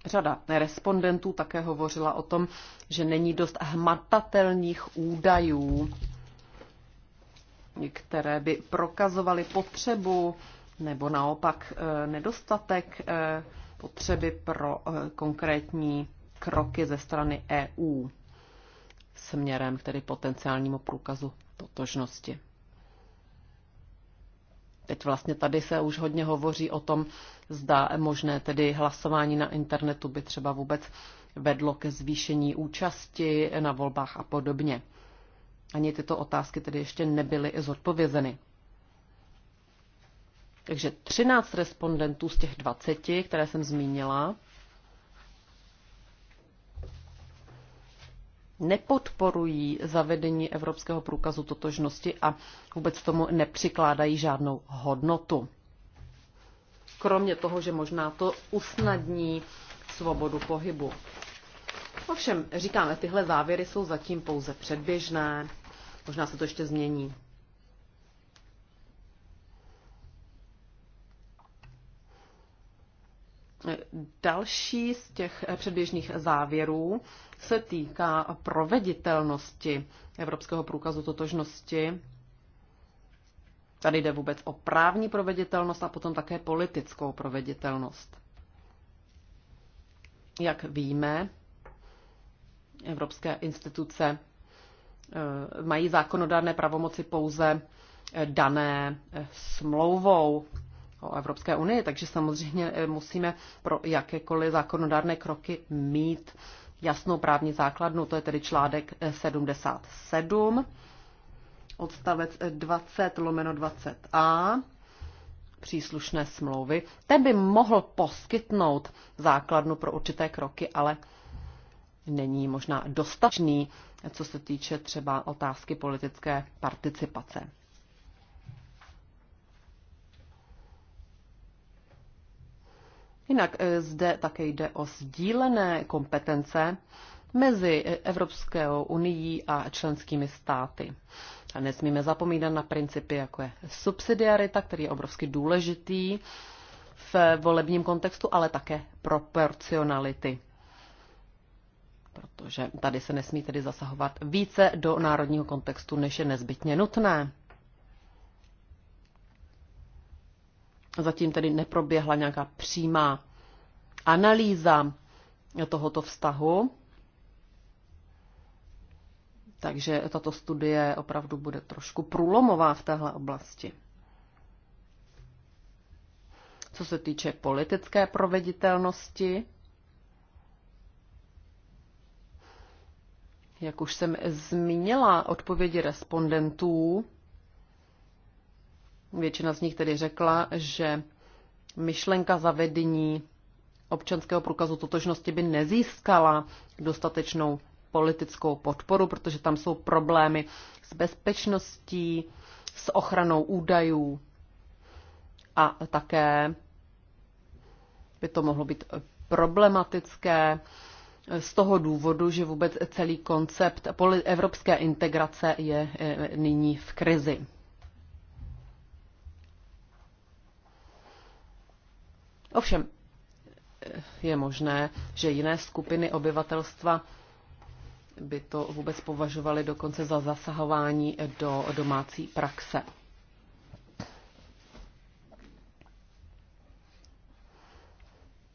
Řada respondentů také hovořila o tom, že není dost hmatatelných údajů, které by prokazovaly potřebu nebo naopak eh, nedostatek eh, potřeby pro eh, konkrétní kroky ze strany EU směrem k tedy potenciálnímu průkazu totožnosti. Teď vlastně tady se už hodně hovoří o tom, zda možné tedy hlasování na internetu by třeba vůbec vedlo ke zvýšení účasti na volbách a podobně. Ani tyto otázky tedy ještě nebyly zodpovězeny. Takže 13 respondentů z těch 20, které jsem zmínila, nepodporují zavedení Evropského průkazu totožnosti a vůbec tomu nepřikládají žádnou hodnotu. Kromě toho, že možná to usnadní svobodu pohybu. Ovšem, říkáme, tyhle závěry jsou zatím pouze předběžné, možná se to ještě změní. Další z těch předběžných závěrů se týká proveditelnosti Evropského průkazu totožnosti. Tady jde vůbec o právní proveditelnost a potom také politickou proveditelnost. Jak víme, evropské instituce eh, mají zákonodárné pravomoci pouze eh, dané eh, smlouvou o Evropské unii, takže samozřejmě eh, musíme pro jakékoliv zákonodárné kroky mít jasnou právní základnu, to je tedy článek 77, eh, odstavec 20 eh, lomeno 20a příslušné smlouvy. Ten by mohl poskytnout základnu pro určité kroky, ale není možná dostatečný, co se týče třeba otázky politické participace. Jinak eh, zde také jde o sdílené kompetence mezi eh, Evropskou unii a členskými státy. A nesmíme zapomínat na principy, jako je subsidiarita, který je obrovsky důležitý v eh, volebním kontextu, ale také proporcionality. Protože tady se nesmí tedy zasahovat více do národního kontextu, než je nezbytně nutné. Zatím tedy neproběhla nějaká přímá analýza tohoto vztahu. Takže tato studie opravdu bude trošku průlomová v téhle oblasti. Co se týče politické proveditelnosti, jak už jsem zmínila odpovědi respondentů, Většina z nich tedy řekla, že myšlenka zavedení občanského průkazu totožnosti by nezískala dostatečnou politickou podporu, protože tam jsou problémy s bezpečností, s ochranou údajů a také by to mohlo být problematické z toho důvodu, že vůbec celý koncept evropské integrace je e, e, nyní v krizi. Ovšem, eh, je možné, že jiné skupiny obyvatelstva by to vůbec považovali dokonce za zasahování do domácí praxe.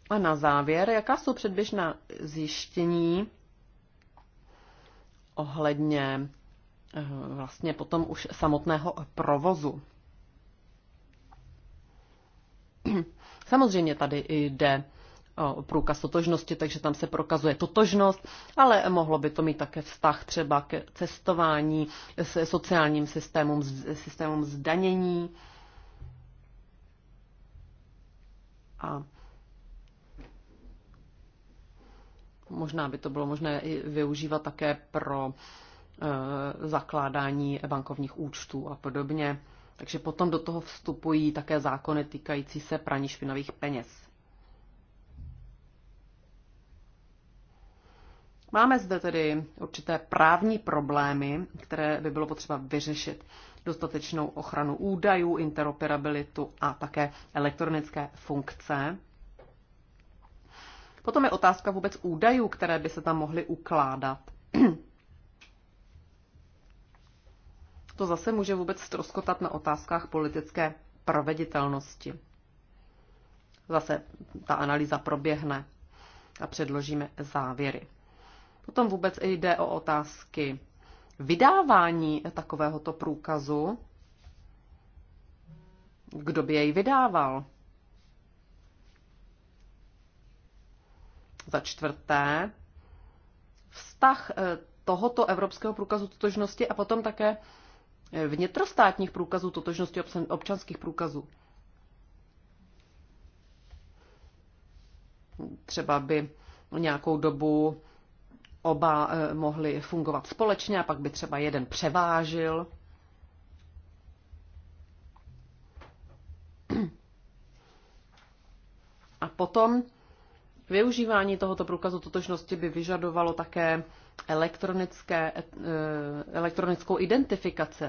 A na závěr, jaká jsou předběžná zjištění ohledně eh, vlastně potom už samotného provozu? Samozřejmě tady jde o průkaz totožnosti, takže tam se prokazuje totožnost, ale mohlo by to mít také vztah třeba k cestování, se sociálním systémům, systémům zdanění. A možná by to bylo možné využívat také pro eh, zakládání bankovních účtů a podobně. Takže potom do toho vstupují také zákony týkající se praní špinavých peněz. Máme zde tedy určité právní problémy, které by bylo potřeba vyřešit. Dostatečnou ochranu údajů, interoperabilitu a také elektronické funkce. Potom je otázka vůbec údajů, které by se tam mohly ukládat to zase může vůbec stroskotat na otázkách politické proveditelnosti. Zase ta analýza proběhne a předložíme závěry. Potom vůbec jde o otázky vydávání takovéhoto průkazu. Kdo by jej vydával? Za čtvrté, vztah eh, tohoto evropského průkazu totožnosti a potom také vnitrostátních průkazů totožnosti občanských průkazů. Třeba by nějakou dobu oba eh, mohli fungovat společně a pak by třeba jeden převážil. A potom Využívání tohoto průkazu totožnosti by vyžadovalo také elektronické, eh, elektronickou identifikaci.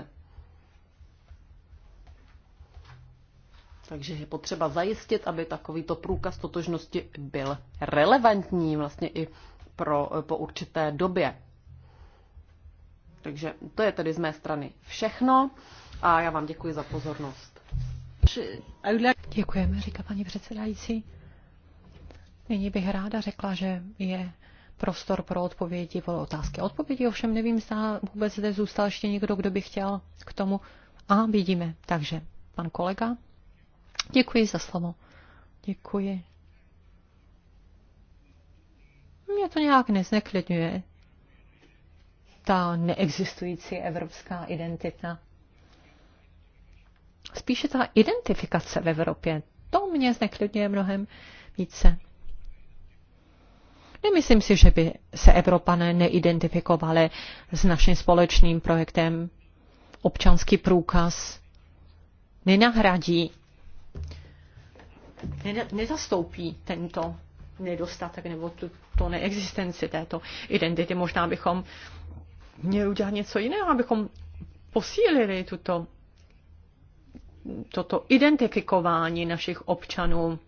Takže je potřeba zajistit, aby takovýto průkaz totožnosti byl relevantní vlastně i pro, eh, po určité době. Takže to je tedy z mé strany všechno a já vám děkuji za pozornost. Děkujeme, říká paní předsedající. Nyní bych ráda řekla, že je prostor pro odpovědi pro otázky. Odpovědi ovšem nevím, zda vůbec zde zůstal ještě někdo, kdo by chtěl k tomu. A vidíme. Takže pan kolega, děkuji za slovo. Děkuji. Mě to nějak nezneklidňuje. Ta neexistující evropská identita. Spíše ta identifikace v Evropě, to mě zneklidňuje mnohem více. Nemyslím si, že by se Evropané neidentifikovali s naším společným projektem. Občanský průkaz nenahradí, nezastoupí tento nedostatek nebo tu, to neexistenci této identity. Možná bychom měli udělat něco jiného, abychom posílili tuto, toto identifikování našich občanů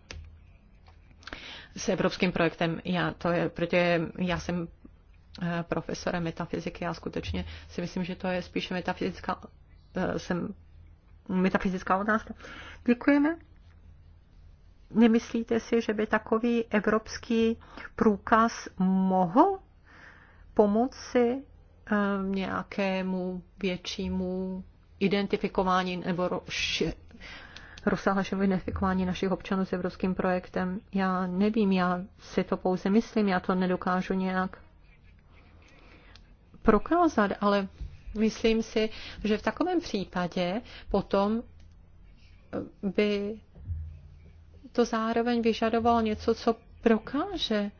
s evropským projektem. Já, to je, protože já jsem eh, profesorem metafyziky, já skutečně si myslím, že to je spíše metafyzická, eh, jsem, metafyzická otázka. Děkujeme. Nemyslíte si, že by takový evropský průkaz mohl pomoci eh, nějakému většímu identifikování nebo rozsáhle identifikování našich občanů s evropským projektem. Já nevím, já si to pouze myslím, já to nedokážu nějak prokázat, ale myslím si, že v takovém případě potom by to zároveň vyžadovalo něco, co prokáže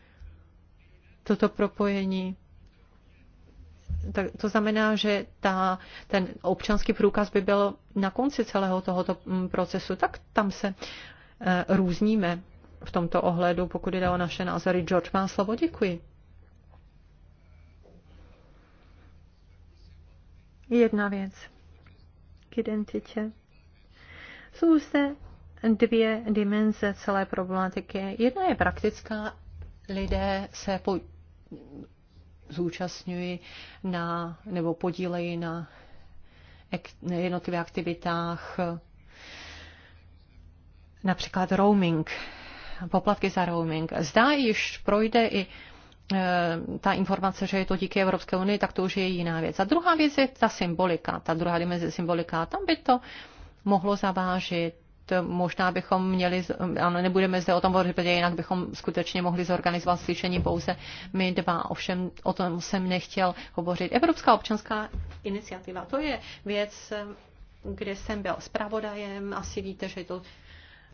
toto propojení to znamená, že ta, ten občanský průkaz by byl na konci celého tohoto mm, procesu, tak tam se eh, různíme v tomto ohledu, pokud jde o naše názory. George má slovo, děkuji. Jedna věc k identitě. Jsou zde dvě dimenze celé problematiky. Jedna je praktická. Lidé se po, zúčastňuji na, nebo podílejí na jednotlivých aktivitách, například roaming, poplatky za roaming. Zdá již projde i e, ta informace, že je to díky Evropské unii, tak to už je jiná věc. A druhá věc je ta symbolika, ta druhá dimenze symbolika. Tam by to mohlo zavážit možná bychom měli, ano, nebudeme zde o tom hovořit, protože jinak bychom skutečně mohli zorganizovat slyšení pouze my dva. Ovšem o tom jsem nechtěl hovořit. Evropská občanská iniciativa, to je věc, kde jsem byl zpravodajem. Asi víte, že je to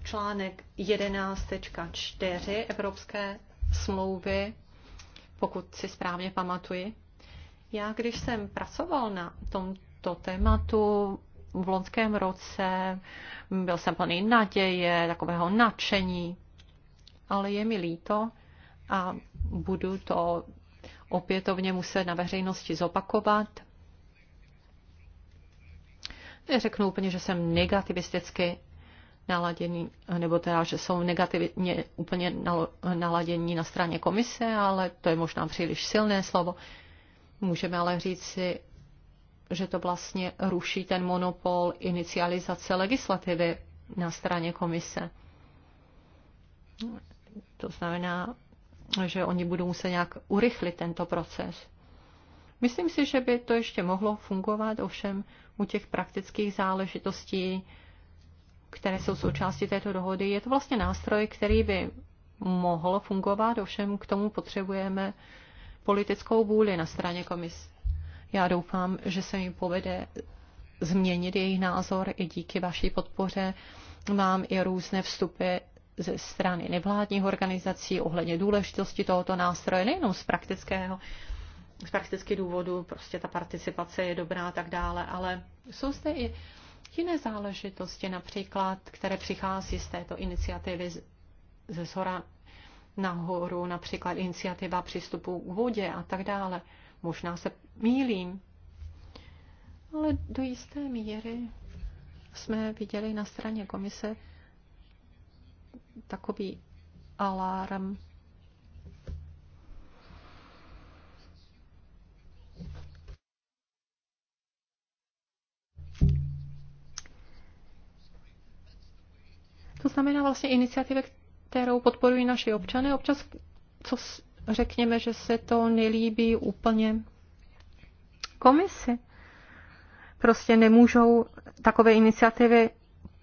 článek 11.4 Evropské smlouvy, pokud si správně pamatuji. Já, když jsem pracoval na tomto tématu, v loňském roce, byl jsem plný naděje, takového nadšení, ale je mi líto a budu to opětovně muset na veřejnosti zopakovat. Neřeknu úplně, že jsem negativisticky naladěný, nebo teda, že jsou negativně úplně naladění na straně komise, ale to je možná příliš silné slovo. Můžeme ale říct si, že to vlastně ruší ten monopol inicializace legislativy na straně komise. To znamená, že oni budou muset nějak urychlit tento proces. Myslím si, že by to ještě mohlo fungovat, ovšem u těch praktických záležitostí, které jsou součástí této dohody, je to vlastně nástroj, který by mohl fungovat, ovšem k tomu potřebujeme politickou vůli na straně komise. Já doufám, že se mi povede změnit jejich názor i díky vaší podpoře. Mám i různé vstupy ze strany nevládních organizací ohledně důležitosti tohoto nástroje, nejenom z praktického, z praktických důvodu prostě ta participace je dobrá a tak dále, ale jsou zde i jiné záležitosti, například, které přichází z této iniciativy ze zhora nahoru, například iniciativa přístupu k vodě a tak dále. Možná se mílím. Ale do jisté míry jsme viděli na straně komise takový alarm. To znamená vlastně iniciativy, kterou podporují naši občany. Občas, co řekněme, že se to nelíbí úplně komisi. Prostě nemůžou takové iniciativy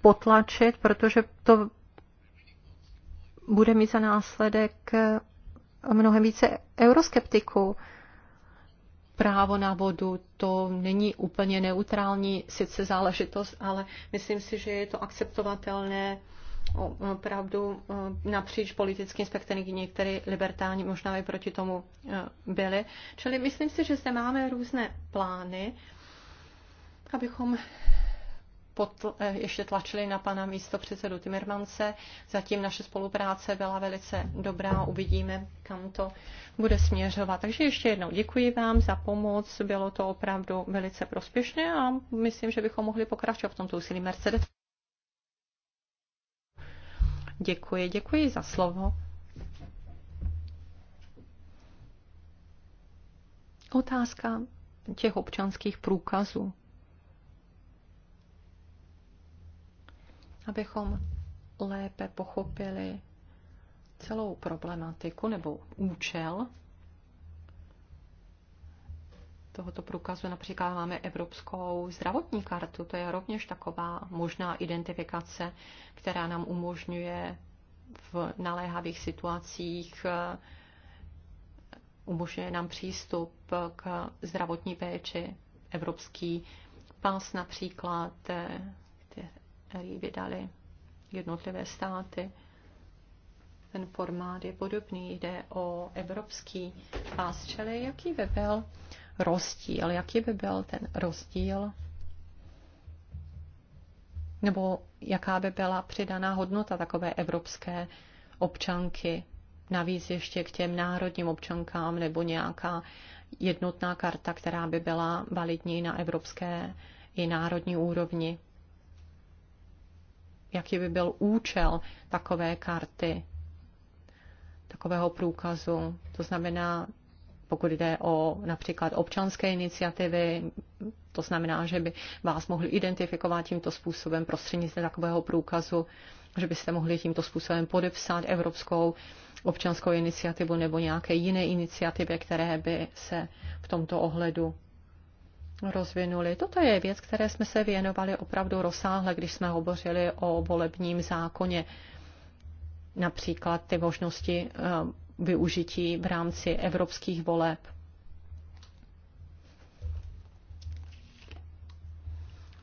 potlačit, protože to bude mít za následek eh, mnohem více euroskeptiků. Právo na vodu to není úplně neutrální sice záležitost, ale myslím si, že je to akceptovatelné opravdu eh, napříč politickým spektrem některé libertáni možná i proti tomu eh, byli. Čili myslím si, že zde máme různé plány, abychom potl- eh, ještě tlačili na pana místo předsedu Timmermanse. Zatím naše spolupráce byla velice dobrá, uvidíme, kam to bude směřovat. Takže ještě jednou děkuji vám za pomoc, bylo to opravdu velice prospěšné a myslím, že bychom mohli pokračovat v tomto úsilí Mercedes. Děkuji, děkuji za slovo. Otázka těch občanských průkazů. Abychom lépe pochopili celou problematiku nebo účel tohoto průkazu například máme evropskou zdravotní kartu. To je rovněž taková možná identifikace, která nám umožňuje v naléhavých situacích eh, umožňuje nám přístup k zdravotní péči. Evropský pas například, eh, který vydali jednotlivé státy. Ten formát je podobný, jde o evropský pas. Čili jaký by byl rozdíl. Jaký by byl ten rozdíl? Nebo jaká by byla přidaná hodnota takové evropské občanky? Navíc ještě k těm národním občankám nebo nějaká jednotná karta, která by byla validní na evropské i národní úrovni. Jaký by byl účel takové karty, takového průkazu? To znamená, pokud jde o například občanské iniciativy, to znamená, že by vás mohli identifikovat tímto způsobem prostřednictvím takového průkazu, že byste mohli tímto způsobem podepsat evropskou občanskou iniciativu nebo nějaké jiné iniciativy, které by se v tomto ohledu rozvinuli. Toto je věc, které jsme se věnovali opravdu rozsáhle, když jsme hovořili o volebním zákoně. Například ty možnosti eh, využití v rámci evropských voleb.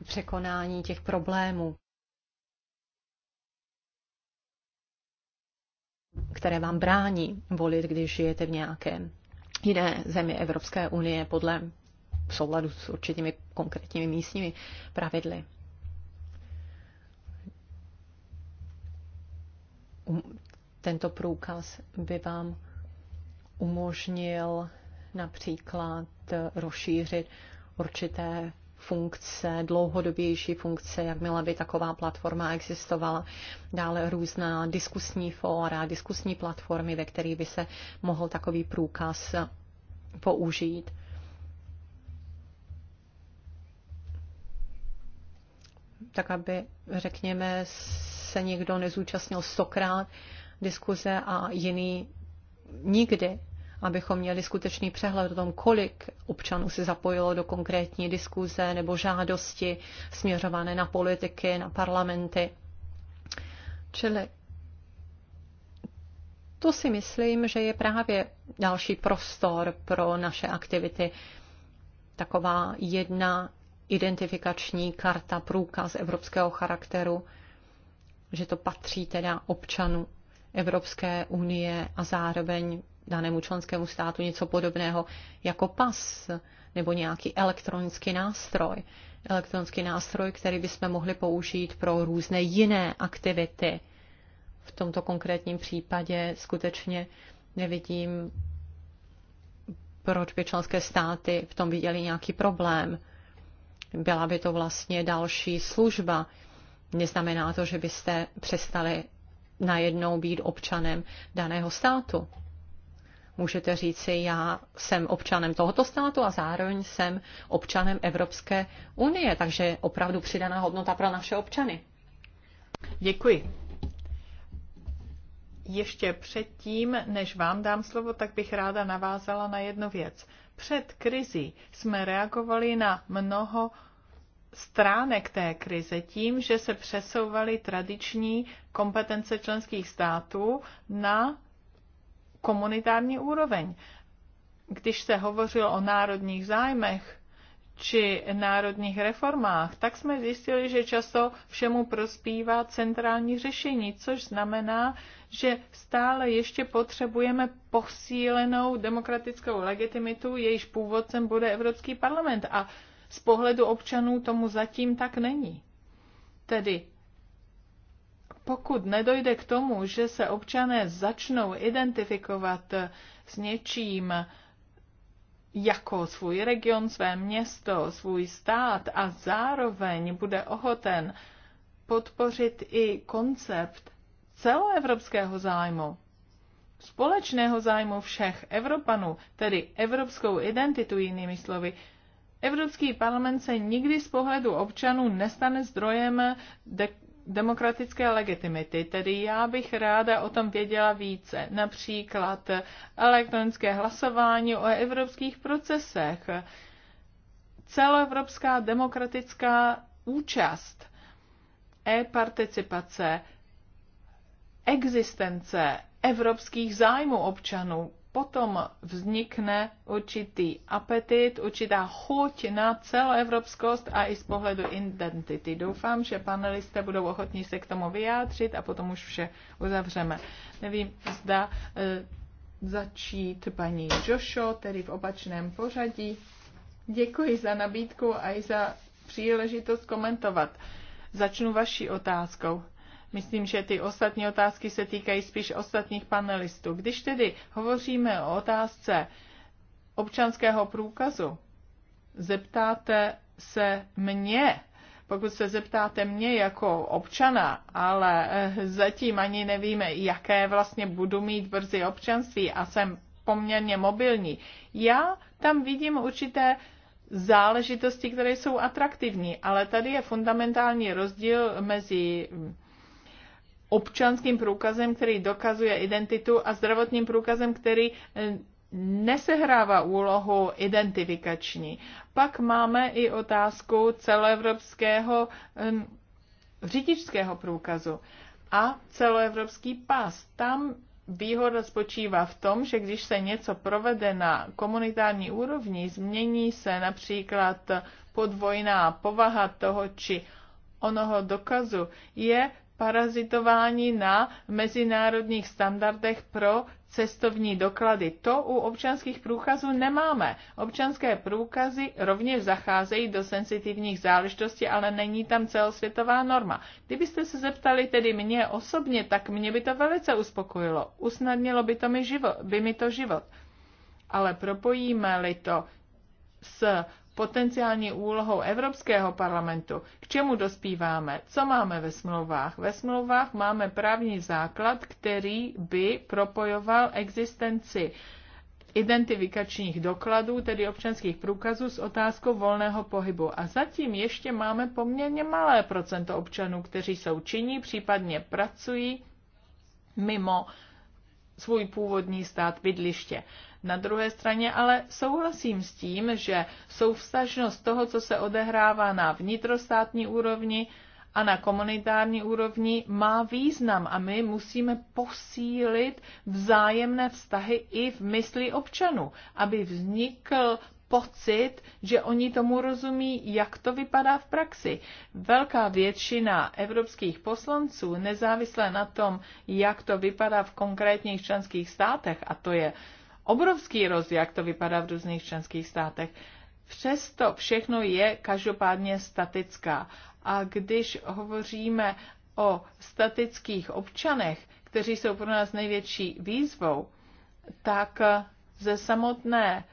Překonání těch problémů, které vám brání volit, když žijete v nějaké jiné zemi Evropské unie podle souladu s určitými konkrétními místními pravidly. Tento průkaz by vám umožnil například rozšířit určité funkce, dlouhodobější funkce, jakmile by taková platforma existovala. Dále různá diskusní fóra, diskusní platformy, ve kterých by se mohl takový průkaz použít. Tak, aby, řekněme, se někdo nezúčastnil stokrát diskuze a jiný nikdy, abychom měli skutečný přehled o tom, kolik občanů se zapojilo do konkrétní diskuze nebo žádosti směřované na politiky, na parlamenty. Čili to si myslím, že je právě další prostor pro naše aktivity. Taková jedna identifikační karta, průkaz evropského charakteru, že to patří teda občanům Evropské unie a zároveň danému členskému státu něco podobného jako pas nebo nějaký elektronický nástroj. Elektronický nástroj, který bychom mohli použít pro různé jiné aktivity. V tomto konkrétním případě skutečně nevidím, proč by členské státy v tom viděli nějaký problém. Byla by to vlastně další služba. Neznamená to, že byste přestali najednou být občanem daného státu. Můžete říci, já jsem občanem tohoto státu a zároveň jsem občanem Evropské unie, takže opravdu přidaná hodnota pro naše občany. Děkuji. Ještě předtím, než vám dám slovo, tak bych ráda navázala na jednu věc. Před krizí jsme reagovali na mnoho stránek té krize tím, že se přesouvaly tradiční kompetence členských států na komunitární úroveň. Když se hovořilo o národních zájmech či národních reformách, tak jsme zjistili, že často všemu prospívá centrální řešení, což znamená, že stále ještě potřebujeme posílenou demokratickou legitimitu, jejíž původcem bude Evropský parlament. A z pohledu občanů tomu zatím tak není. Tedy pokud nedojde k tomu, že se občané začnou identifikovat s něčím jako svůj region, své město, svůj stát a zároveň bude ochoten podpořit i koncept celoevropského zájmu, společného zájmu všech Evropanů, tedy evropskou identitu jinými slovy, Evropský parlament se nikdy z pohledu občanů nestane zdrojem de- demokratické legitimity, tedy já bych ráda o tom věděla více. Například elektronické hlasování o evropských procesech, celoevropská demokratická účast, e-participace, existence evropských zájmů občanů, potom vznikne určitý apetit, určitá chuť na Evropskost a i z pohledu identity. Doufám, že panelisté budou ochotní se k tomu vyjádřit a potom už vše uzavřeme. Nevím, zda e, začít paní Jošo, tedy v opačném pořadí. Děkuji za nabídku a i za příležitost komentovat. Začnu vaší otázkou. Myslím, že ty ostatní otázky se týkají spíš ostatních panelistů. Když tedy hovoříme o otázce občanského průkazu, zeptáte se mě, pokud se zeptáte mě jako občana, ale eh, zatím ani nevíme, jaké vlastně budu mít brzy občanství a jsem poměrně mobilní, já tam vidím určité záležitosti, které jsou atraktivní, ale tady je fundamentální rozdíl mezi hm, občanským průkazem, který dokazuje identitu a zdravotním průkazem, který eh, nesehrává úlohu identifikační. Pak máme i otázku celoevropského řidičského průkazu a celoevropský pas. Tam výhoda spočívá v tom, že když se něco provede na komunitární úrovni, změní se například podvojná povaha toho či onoho dokazu, je parazitování na mezinárodních standardech pro cestovní doklady. To u občanských průkazů nemáme. Občanské průkazy rovněž zacházejí do sensitivních záležitostí, ale není tam celosvětová norma. Kdybyste se zeptali tedy mě osobně, tak mě by to velice uspokojilo. Usnadnilo by, to mi, život, by mi to život. Ale propojíme-li to s potenciální úlohou Evropského parlamentu, k čemu dospíváme, co máme ve smlouvách. Ve smlouvách máme právní základ, který by propojoval existenci identifikačních dokladů, tedy občanských průkazů, s otázkou volného pohybu. A zatím ještě máme poměrně malé procento občanů, kteří jsou činní, případně pracují mimo svůj původní stát bydliště. Na druhé straně ale souhlasím s tím, že souvstažnost toho, co se odehrává na vnitrostátní úrovni a na komunitární úrovni, má význam a my musíme posílit vzájemné vztahy i v mysli občanů, aby vznikl pocit, že oni tomu rozumí, jak to vypadá v praxi. Velká většina evropských poslanců, nezávisle na tom, jak to vypadá v konkrétních členských státech, a to je obrovský rozdíl, jak to vypadá v různých členských státech. Přesto všechno je každopádně statická. A když hovoříme o statických občanech, kteří jsou pro nás největší výzvou, tak ze samotné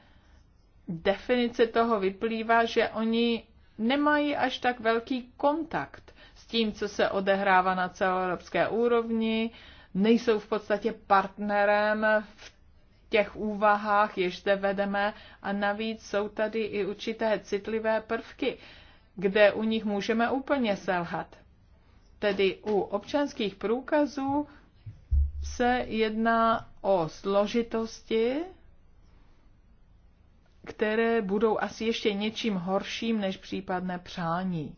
definice toho vyplývá, že oni nemají až tak velký kontakt s tím, co se odehrává na celoevropské úrovni, nejsou v podstatě partnerem v těch úvahách, jež zde vedeme, a navíc jsou tady i určité citlivé prvky, kde u nich můžeme úplně selhat. Tedy u občanských průkazů se jedná o složitosti, které budou asi ještě něčím horším než případné přání.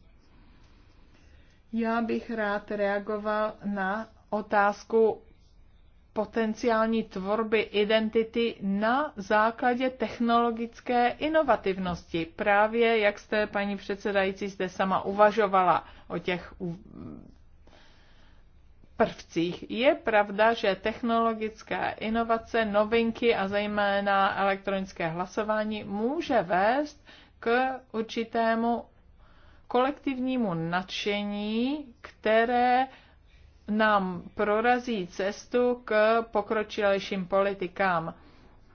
Já bych rád reagoval na otázku potenciální tvorby identity na základě technologické inovativnosti. Právě jak jste, paní předsedající, zde sama uvažovala o těch prvcích. Je pravda, že technologické inovace, novinky a zejména elektronické hlasování může vést k určitému kolektivnímu nadšení, které nám prorazí cestu k pokročilejším politikám.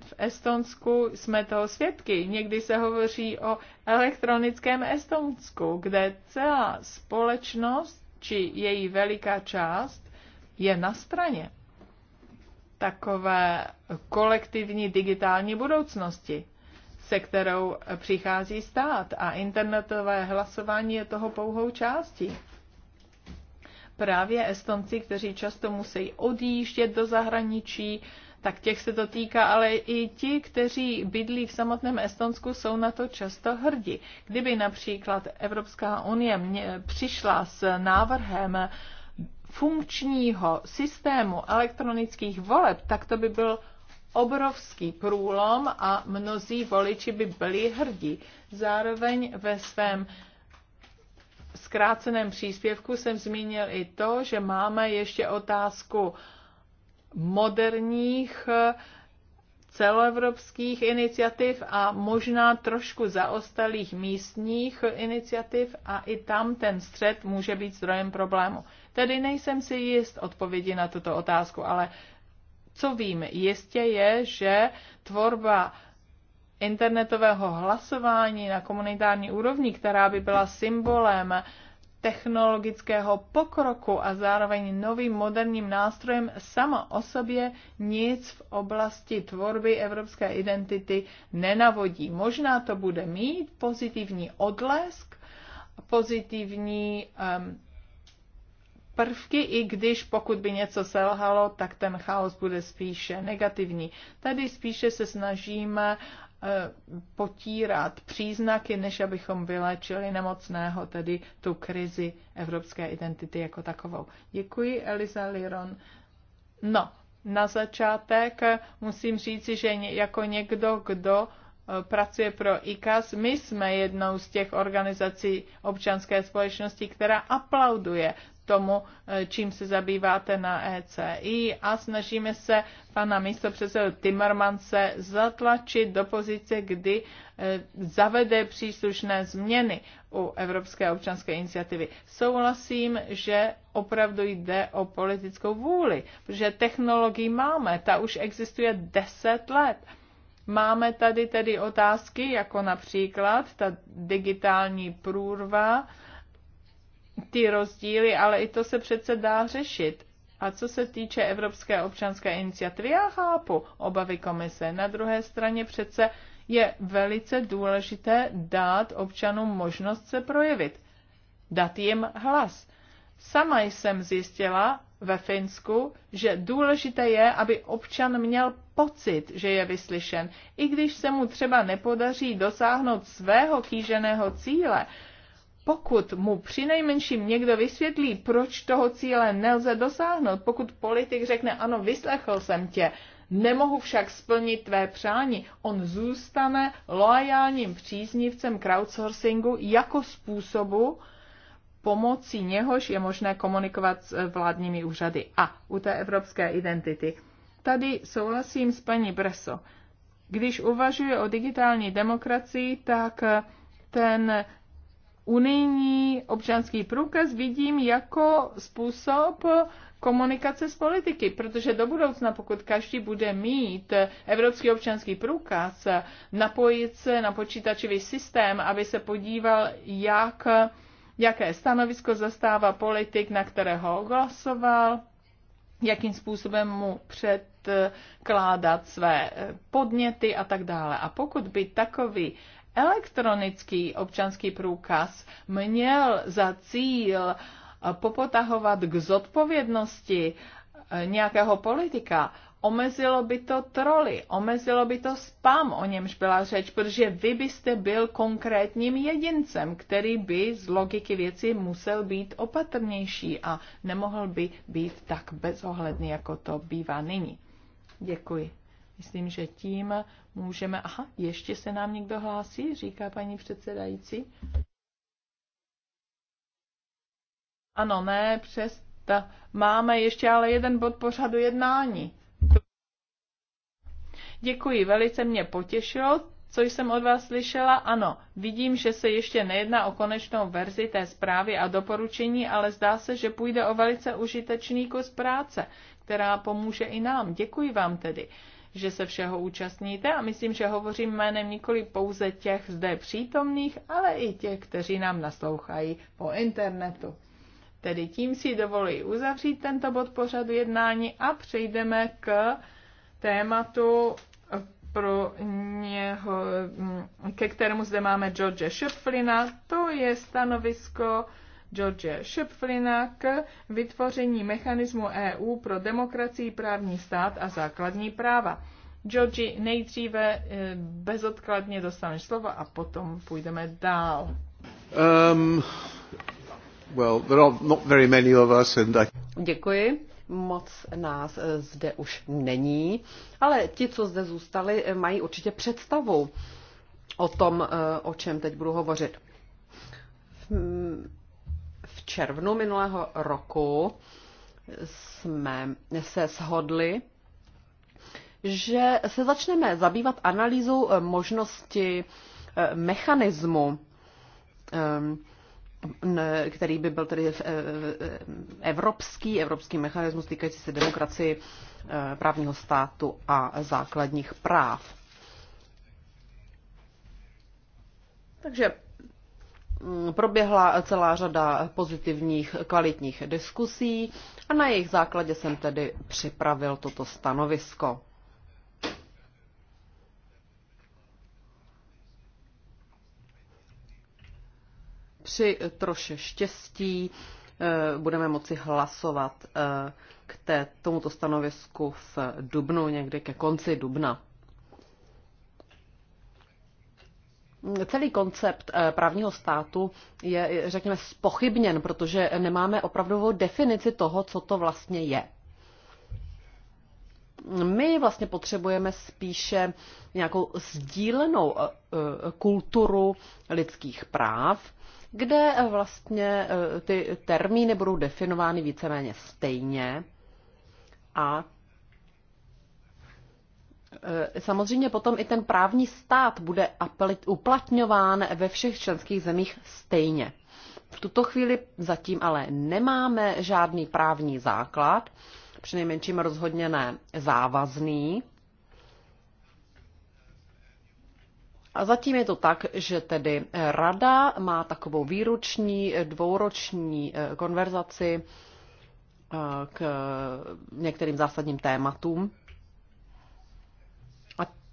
V Estonsku jsme toho svědky. Někdy se hovoří o elektronickém Estonsku, kde celá společnost či její veliká část je na straně takové kolektivní digitální budoucnosti, se kterou přichází stát a internetové hlasování je toho pouhou částí právě Estonci, kteří často musí odjíždět do zahraničí, tak těch se to týká, ale i ti, kteří bydlí v samotném Estonsku, jsou na to často hrdí. Kdyby například Evropská unie přišla s návrhem funkčního systému elektronických voleb, tak to by byl obrovský průlom a mnozí voliči by byli hrdí. Zároveň ve svém zkráceném příspěvku jsem zmínil i to, že máme ještě otázku moderních celoevropských iniciativ a možná trošku zaostalých místních iniciativ a i tam ten střed může být zdrojem problému. Tedy nejsem si jist odpovědi na tuto otázku, ale co vím jistě je, že tvorba internetového hlasování na komunitární úrovni, která by byla symbolem technologického pokroku a zároveň novým moderním nástrojem sama o sobě nic v oblasti tvorby evropské identity nenavodí. Možná to bude mít pozitivní odlesk, pozitivní um, prvky, i když pokud by něco selhalo, tak ten chaos bude spíše negativní. Tady spíše se snažíme Eh, potírat příznaky, než abychom vyléčili nemocného, tedy tu krizi evropské identity jako takovou. Děkuji, Eliza Liron. No, na začátek musím říci, že jako někdo, kdo eh, pracuje pro IKAS, My jsme jednou z těch organizací občanské společnosti, která aplauduje tomu, eh, čím se zabýváte na ECI a snažíme se pana místopředsedu Timmermanse zatlačit do pozice, kdy eh, zavede příslušné změny u Evropské občanské iniciativy. Souhlasím, že opravdu jde o politickou vůli, protože technologii máme, ta už existuje deset let. Máme tady tedy otázky, jako například ta digitální průrva, ty rozdíly, ale i to se přece dá řešit. A co se týče Evropské občanské iniciativy, já chápu obavy komise. Na druhé straně přece je velice důležité dát občanům možnost se projevit, dát jim hlas. Sama jsem zjistila ve Finsku, že důležité je, aby občan měl pocit, že je vyslyšen. I když se mu třeba nepodaří dosáhnout svého kýženého cíle, pokud mu přinejmenším někdo vysvětlí, proč toho cíle nelze dosáhnout, pokud politik řekne, ano, vyslechl jsem tě, nemohu však splnit tvé přání, on zůstane loajálním příznivcem crowdsourcingu jako způsobu, pomocí něhož je možné komunikovat s eh, vládními úřady. A u té evropské identity. Tady souhlasím s paní Breso. Když uvažuje o digitální demokracii, tak eh, ten unijní občanský průkaz vidím jako způsob komunikace s politiky, protože do budoucna, pokud každý bude mít evropský občanský průkaz, napojit se na počítačový systém, aby se podíval, jak, jaké stanovisko zastává politik, na kterého hlasoval, jakým způsobem mu předkládat své podněty a tak dále. A pokud by takový elektronický občanský průkaz měl za cíl popotahovat k zodpovědnosti eh, nějakého politika, omezilo by to troly, omezilo by to spam, o němž byla řeč, protože vy byste byl konkrétním jedincem, který by z logiky věci musel být opatrnější a nemohl by být tak bezohledný, jako to bývá nyní. Děkuji. Myslím, že tím můžeme... Aha, ještě se nám někdo hlásí, říká paní předsedající. Ano, ne, přes ta... Máme ještě ale jeden bod pořadu jednání. Děkuji, velice mě potěšilo, co jsem od vás slyšela. Ano, vidím, že se ještě nejedná o konečnou verzi té zprávy a doporučení, ale zdá se, že půjde o velice užitečný kus práce, která pomůže i nám. Děkuji vám tedy že se všeho účastníte a myslím, že hovořím jménem nikoli pouze těch zde přítomných, ale i těch, kteří nám naslouchají po internetu. Tedy tím si dovolí uzavřít tento bod pořadu jednání a přejdeme k tématu, pro něho, ke kterému zde máme George Schöpflina. To je stanovisko George Schöpflina k vytvoření mechanismu EU pro demokracii, právní stát a základní práva. Georgi, nejdříve eh, bezodkladně dostaneš slovo a potom půjdeme dál. Um, well, there are not very many of us and I... Děkuji. Moc nás eh, zde už není, ale ti, co zde zůstali, eh, mají určitě představu o tom, o čem teď budu hovořit červnu minulého roku jsme se shodli, že se začneme zabývat analýzou eh, možnosti eh, mechanismu, ehm, který by byl tedy eh, evropský, evropský mechanismus týkající se demokracii, právního státu a základních práv. Takže Mm, proběhla celá řada pozitivních kvalitních diskusí a na jejich základě jsem tedy připravil toto stanovisko. Při troše štěstí eh, budeme moci hlasovat eh, k té, tomuto stanovisku v dubnu, někdy ke konci dubna. celý koncept eh, právního státu je, řekněme, spochybněn, protože nemáme opravdovou definici toho, co to vlastně je. My vlastně potřebujeme spíše nějakou sdílenou eh, eh, kulturu lidských práv, kde vlastně ty termíny budou definovány víceméně stejně a Eh, samozřejmě potom i ten právní stát bude uplatňován ve všech členských zemích stejně. V tuto chvíli zatím ale nemáme žádný právní základ, přinejmenším rozhodně ne závazný. A zatím je to tak, že tedy rada má takovou výroční, dvouroční eh, konverzaci eh, k některým zásadním tématům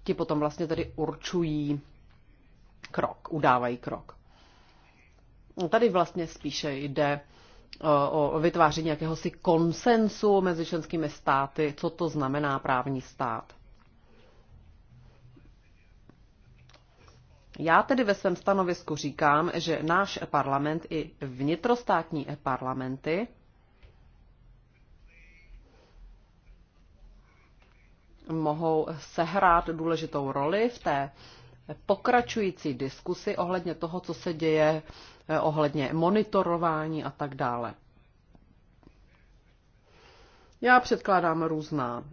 ti potom vlastně tedy určují krok, udávají krok. No, tady vlastně spíše jde eh, o vytváření jakéhosi konsensu mezi členskými státy, co to znamená právní stát. Já tedy ve svém stanovisku říkám, že náš parlament i vnitrostátní parlamenty mohou sehrát důležitou roli v té pokračující diskusi ohledně toho, co se děje, eh, ohledně monitorování a tak dále. Já předkládám různá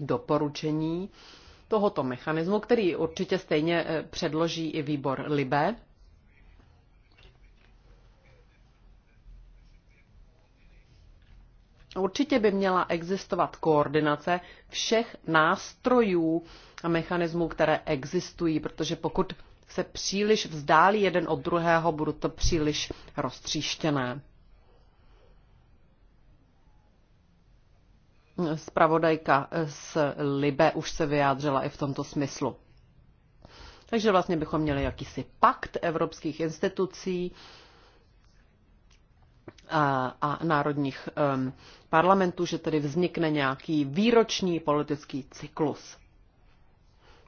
doporučení tohoto mechanismu, který určitě stejně eh, předloží i výbor LIBE. Určitě by měla existovat koordinace všech nástrojů a mechanismů, které existují, protože pokud se příliš vzdálí jeden od druhého, budou to příliš roztříštěné. Spravodajka z Libe už se vyjádřila i v tomto smyslu. Takže vlastně bychom měli jakýsi pakt evropských institucí, a, národních parlamentů, že tedy vznikne nějaký výroční politický cyklus.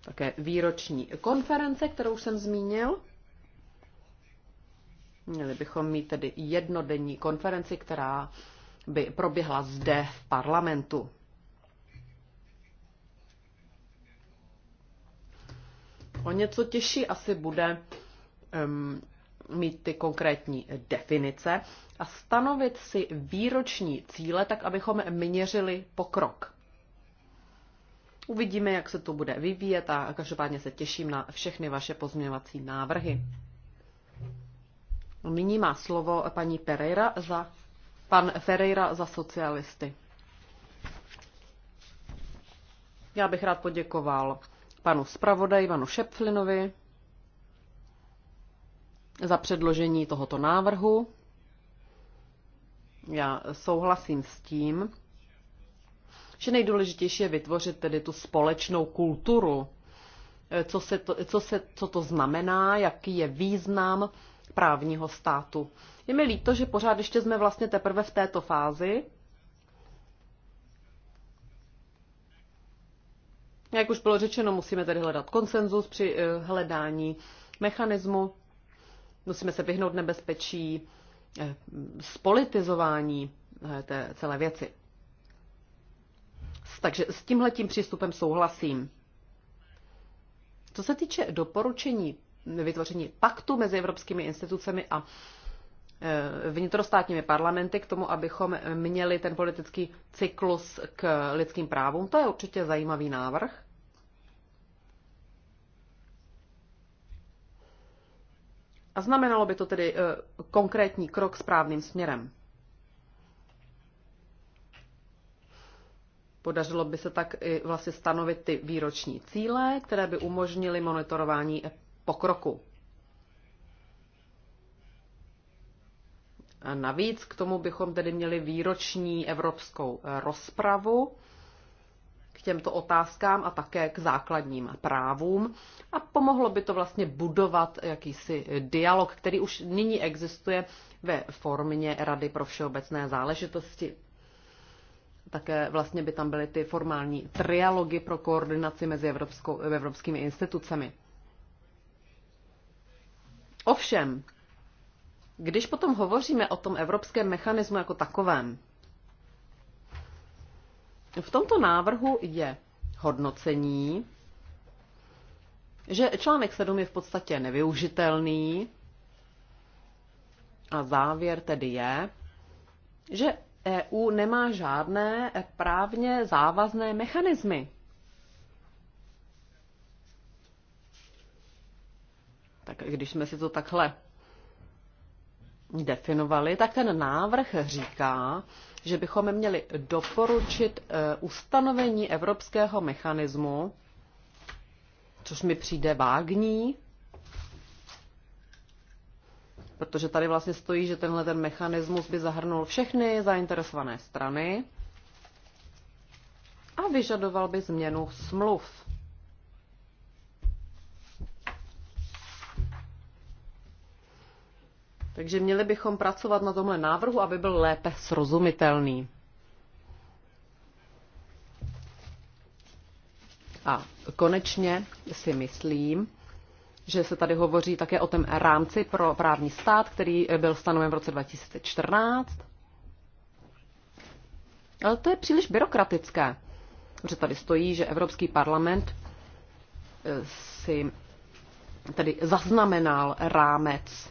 Také výroční konference, kterou jsem zmínil. Měli bychom mít tedy jednodenní konferenci, která by proběhla zde v parlamentu. O něco těžší asi bude um, mít ty konkrétní definice a stanovit si výroční cíle, tak abychom měřili pokrok. Uvidíme, jak se to bude vyvíjet a každopádně se těším na všechny vaše pozměňovací návrhy. Nyní má slovo paní Pereira za, pan Ferreira za socialisty. Já bych rád poděkoval panu zpravodaji, panu Šepflinovi, za předložení tohoto návrhu. Já souhlasím s tím, že nejdůležitější je vytvořit tedy tu společnou kulturu. Co, se to, co, se, co to znamená, jaký je význam právního státu. Je mi líto, že pořád ještě jsme vlastně teprve v této fázi. Jak už bylo řečeno, musíme tedy hledat konsenzus při eh, hledání mechanismu Musíme se vyhnout nebezpečí eh, spolitizování eh, té celé věci. Takže s tímhletím přístupem souhlasím. Co se týče doporučení vytvoření paktu mezi evropskými institucemi a eh, vnitrostátními parlamenty k tomu, abychom měli ten politický cyklus k lidským právům. To je určitě zajímavý návrh. A znamenalo by to tedy eh, konkrétní krok správným směrem. Podařilo by se tak i vlastně stanovit ty výroční cíle, které by umožnily monitorování pokroku. A navíc k tomu bychom tedy měli výroční evropskou eh, rozpravu, k těmto otázkám a také k základním právům a pomohlo by to vlastně budovat jakýsi dialog, který už nyní existuje ve formě Rady pro všeobecné záležitosti. Také vlastně by tam byly ty formální trialogy pro koordinaci mezi evropskou, evropskými institucemi. Ovšem, když potom hovoříme o tom evropském mechanismu jako takovém, v tomto návrhu je hodnocení, že článek 7 je v podstatě nevyužitelný a závěr tedy je, že EU nemá žádné právně závazné mechanismy. Tak když jsme si to takhle definovali, tak ten návrh říká, že bychom měli doporučit eh, ustanovení evropského mechanismu, což mi přijde vágní, protože tady vlastně stojí, že tenhle ten mechanismus by zahrnul všechny zainteresované strany a vyžadoval by změnu smluv. Takže měli bychom pracovat na tomhle návrhu, aby byl lépe srozumitelný. A konečně si myslím, že se tady hovoří také o tom rámci pro právní stát, který byl stanoven v roce 2014. Ale to je příliš byrokratické. Protože tady stojí, že Evropský parlament eh, si tedy zaznamenal rámec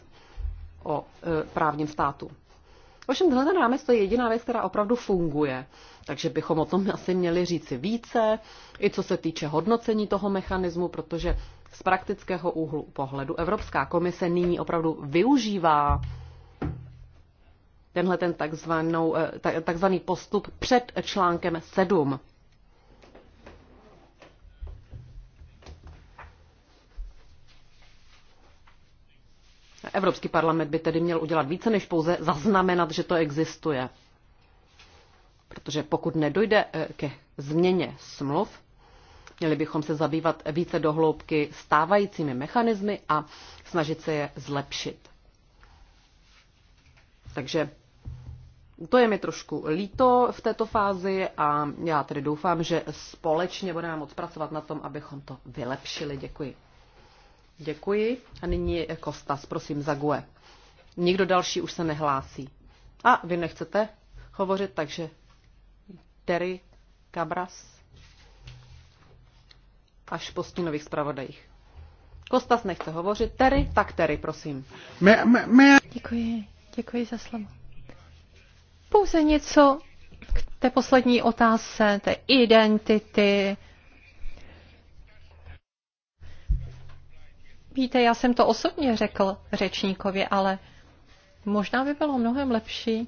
o e, právním státu. Ovšem tenhle ten rámec to je jediná věc, která opravdu funguje. Takže bychom o tom asi měli říci více, i co se týče hodnocení toho mechanismu, protože z praktického úhlu pohledu Evropská komise nyní opravdu využívá tenhle ten takzvanou, e, takzvaný postup před článkem 7. Evropský parlament by tedy měl udělat více, než pouze zaznamenat, že to existuje. Protože pokud nedojde eh, ke změně smluv, měli bychom se zabývat více dohloubky stávajícími mechanismy a snažit se je zlepšit. Takže to je mi trošku líto v této fázi a já tedy doufám, že společně budeme moc pracovat na tom, abychom to vylepšili. Děkuji. Děkuji. A nyní je Kostas, prosím, za gue. Nikdo další už se nehlásí. A vy nechcete hovořit, takže Terry Cabras až po stínových zpravodajích. Kostas nechce hovořit. Terry, tak Terry, prosím. Me, me, me. Děkuji, děkuji za slovo. Pouze něco k té poslední otázce, té identity, Víte, já jsem to osobně řekl řečníkovi, ale možná by bylo mnohem lepší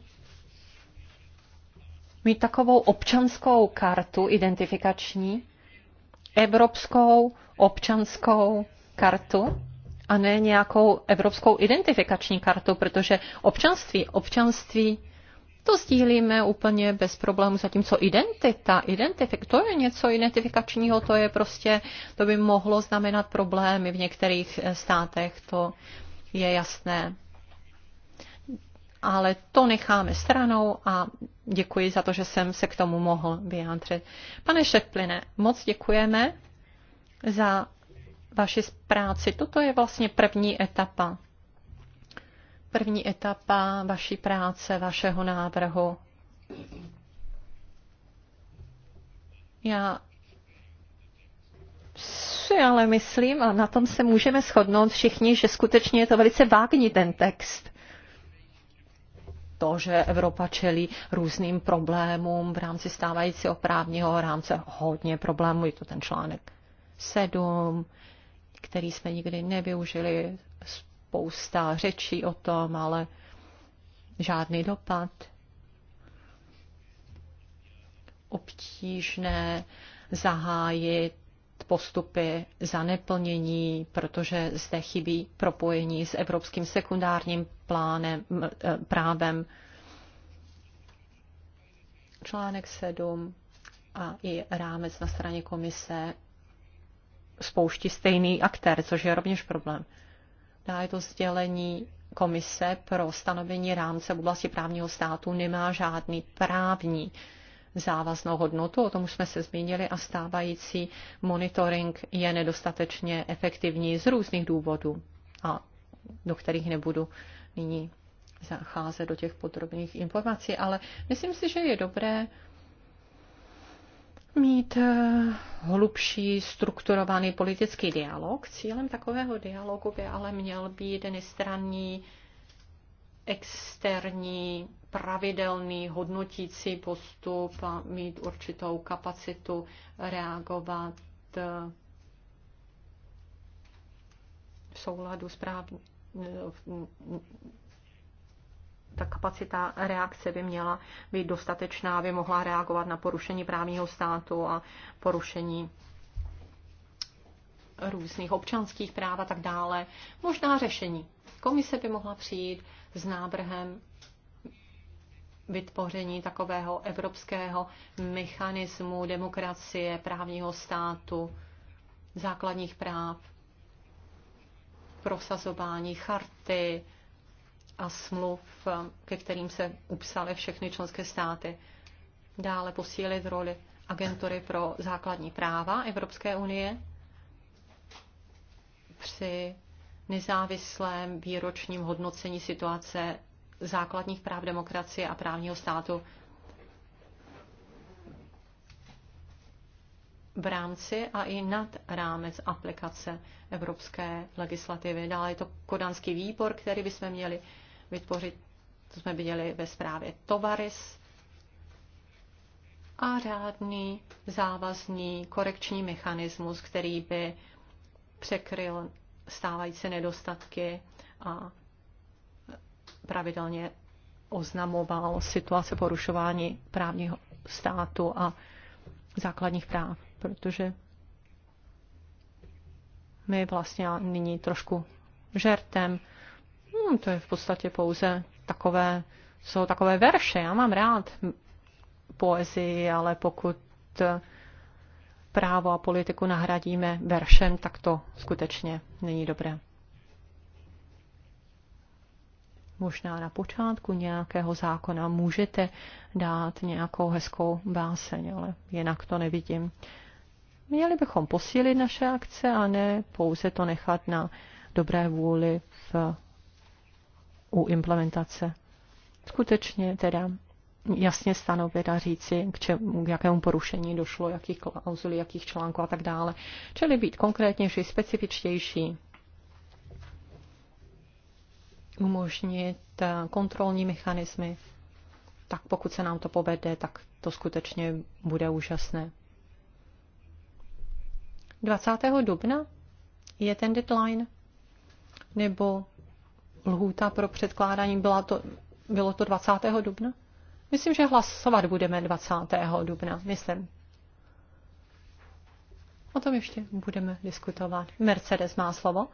mít takovou občanskou kartu identifikační, evropskou občanskou kartu a ne nějakou evropskou identifikační kartu, protože občanství, občanství to sdílíme úplně bez problémů, zatímco identita, identifik, to je něco identifikačního, to je prostě, to by mohlo znamenat problémy v některých eh, státech, to je jasné. Ale to necháme stranou a děkuji za to, že jsem se k tomu mohl vyjádřit. Pane Šepline, moc děkujeme za vaši práci. Toto je vlastně první etapa první etapa vaší práce, vašeho návrhu? Já si ale myslím, a na tom se můžeme shodnout všichni, že skutečně je to velice vágní ten text. To, že Evropa čelí různým problémům v rámci stávajícího právního rámce, hodně problémů, je to ten článek 7, který jsme nikdy nevyužili, spousta řečí o tom, ale žádný dopad. Obtížné zahájit postupy za neplnění, protože zde chybí propojení s evropským sekundárním plánem, e, právem. Článek 7 a i rámec na straně komise spouští stejný aktér, což je rovněž problém na to sdělení Komise pro stanovení rámce v oblasti právního státu nemá žádný právní závaznou hodnotu, o tom už jsme se zmínili, a stávající monitoring je nedostatečně efektivní z různých důvodů, a do kterých nebudu nyní zacházet do těch podrobných informací, ale myslím si, že je dobré mít eh, hlubší strukturovaný politický dialog. Cílem takového dialogu by ale měl být nestranný externí pravidelný hodnotící postup a mít určitou kapacitu reagovat eh, v souladu s právní ta kapacita reakce by měla být dostatečná, aby mohla reagovat na porušení právního státu a porušení různých občanských práv a tak dále. Možná řešení. Komise by mohla přijít s návrhem vytvoření takového evropského mechanismu demokracie, právního státu, základních práv, prosazování charty, a smluv, ke kterým se upsaly všechny členské státy. Dále posílit roli agentury pro základní práva Evropské unie při nezávislém výročním hodnocení situace základních práv demokracie a právního státu v rámci a i nad rámec aplikace evropské legislativy. Dále je to kodanský výbor, který bychom měli vytvořit, co jsme viděli ve zprávě Tovaris, a řádný závazný korekční mechanismus, který by překryl stávající nedostatky a pravidelně oznamoval situace porušování právního státu a základních práv, protože my vlastně nyní trošku žertem Hmm, to je v podstatě pouze takové, jsou takové verše. Já mám rád poezii, ale pokud eh, právo a politiku nahradíme veršem, tak to skutečně není dobré. Možná na počátku nějakého zákona můžete dát nějakou hezkou báseň, ale jinak to nevidím. Měli bychom posílit naše akce a ne pouze to nechat na dobré vůli v u implementace. Skutečně teda jasně stanovit a říci, k, čemu, k jakému porušení došlo, jakých klauzulí, jakých článků a tak dále. Čili být konkrétnější, specifičtější, umožnit eh, kontrolní mechanismy, tak pokud se nám to povede, tak to skutečně bude úžasné. 20. dubna je ten deadline, nebo lhůta pro předkládání byla to, bylo to 20. dubna? Myslím, že hlasovat budeme 20. dubna, myslím. O tom ještě budeme diskutovat. Mercedes má slovo.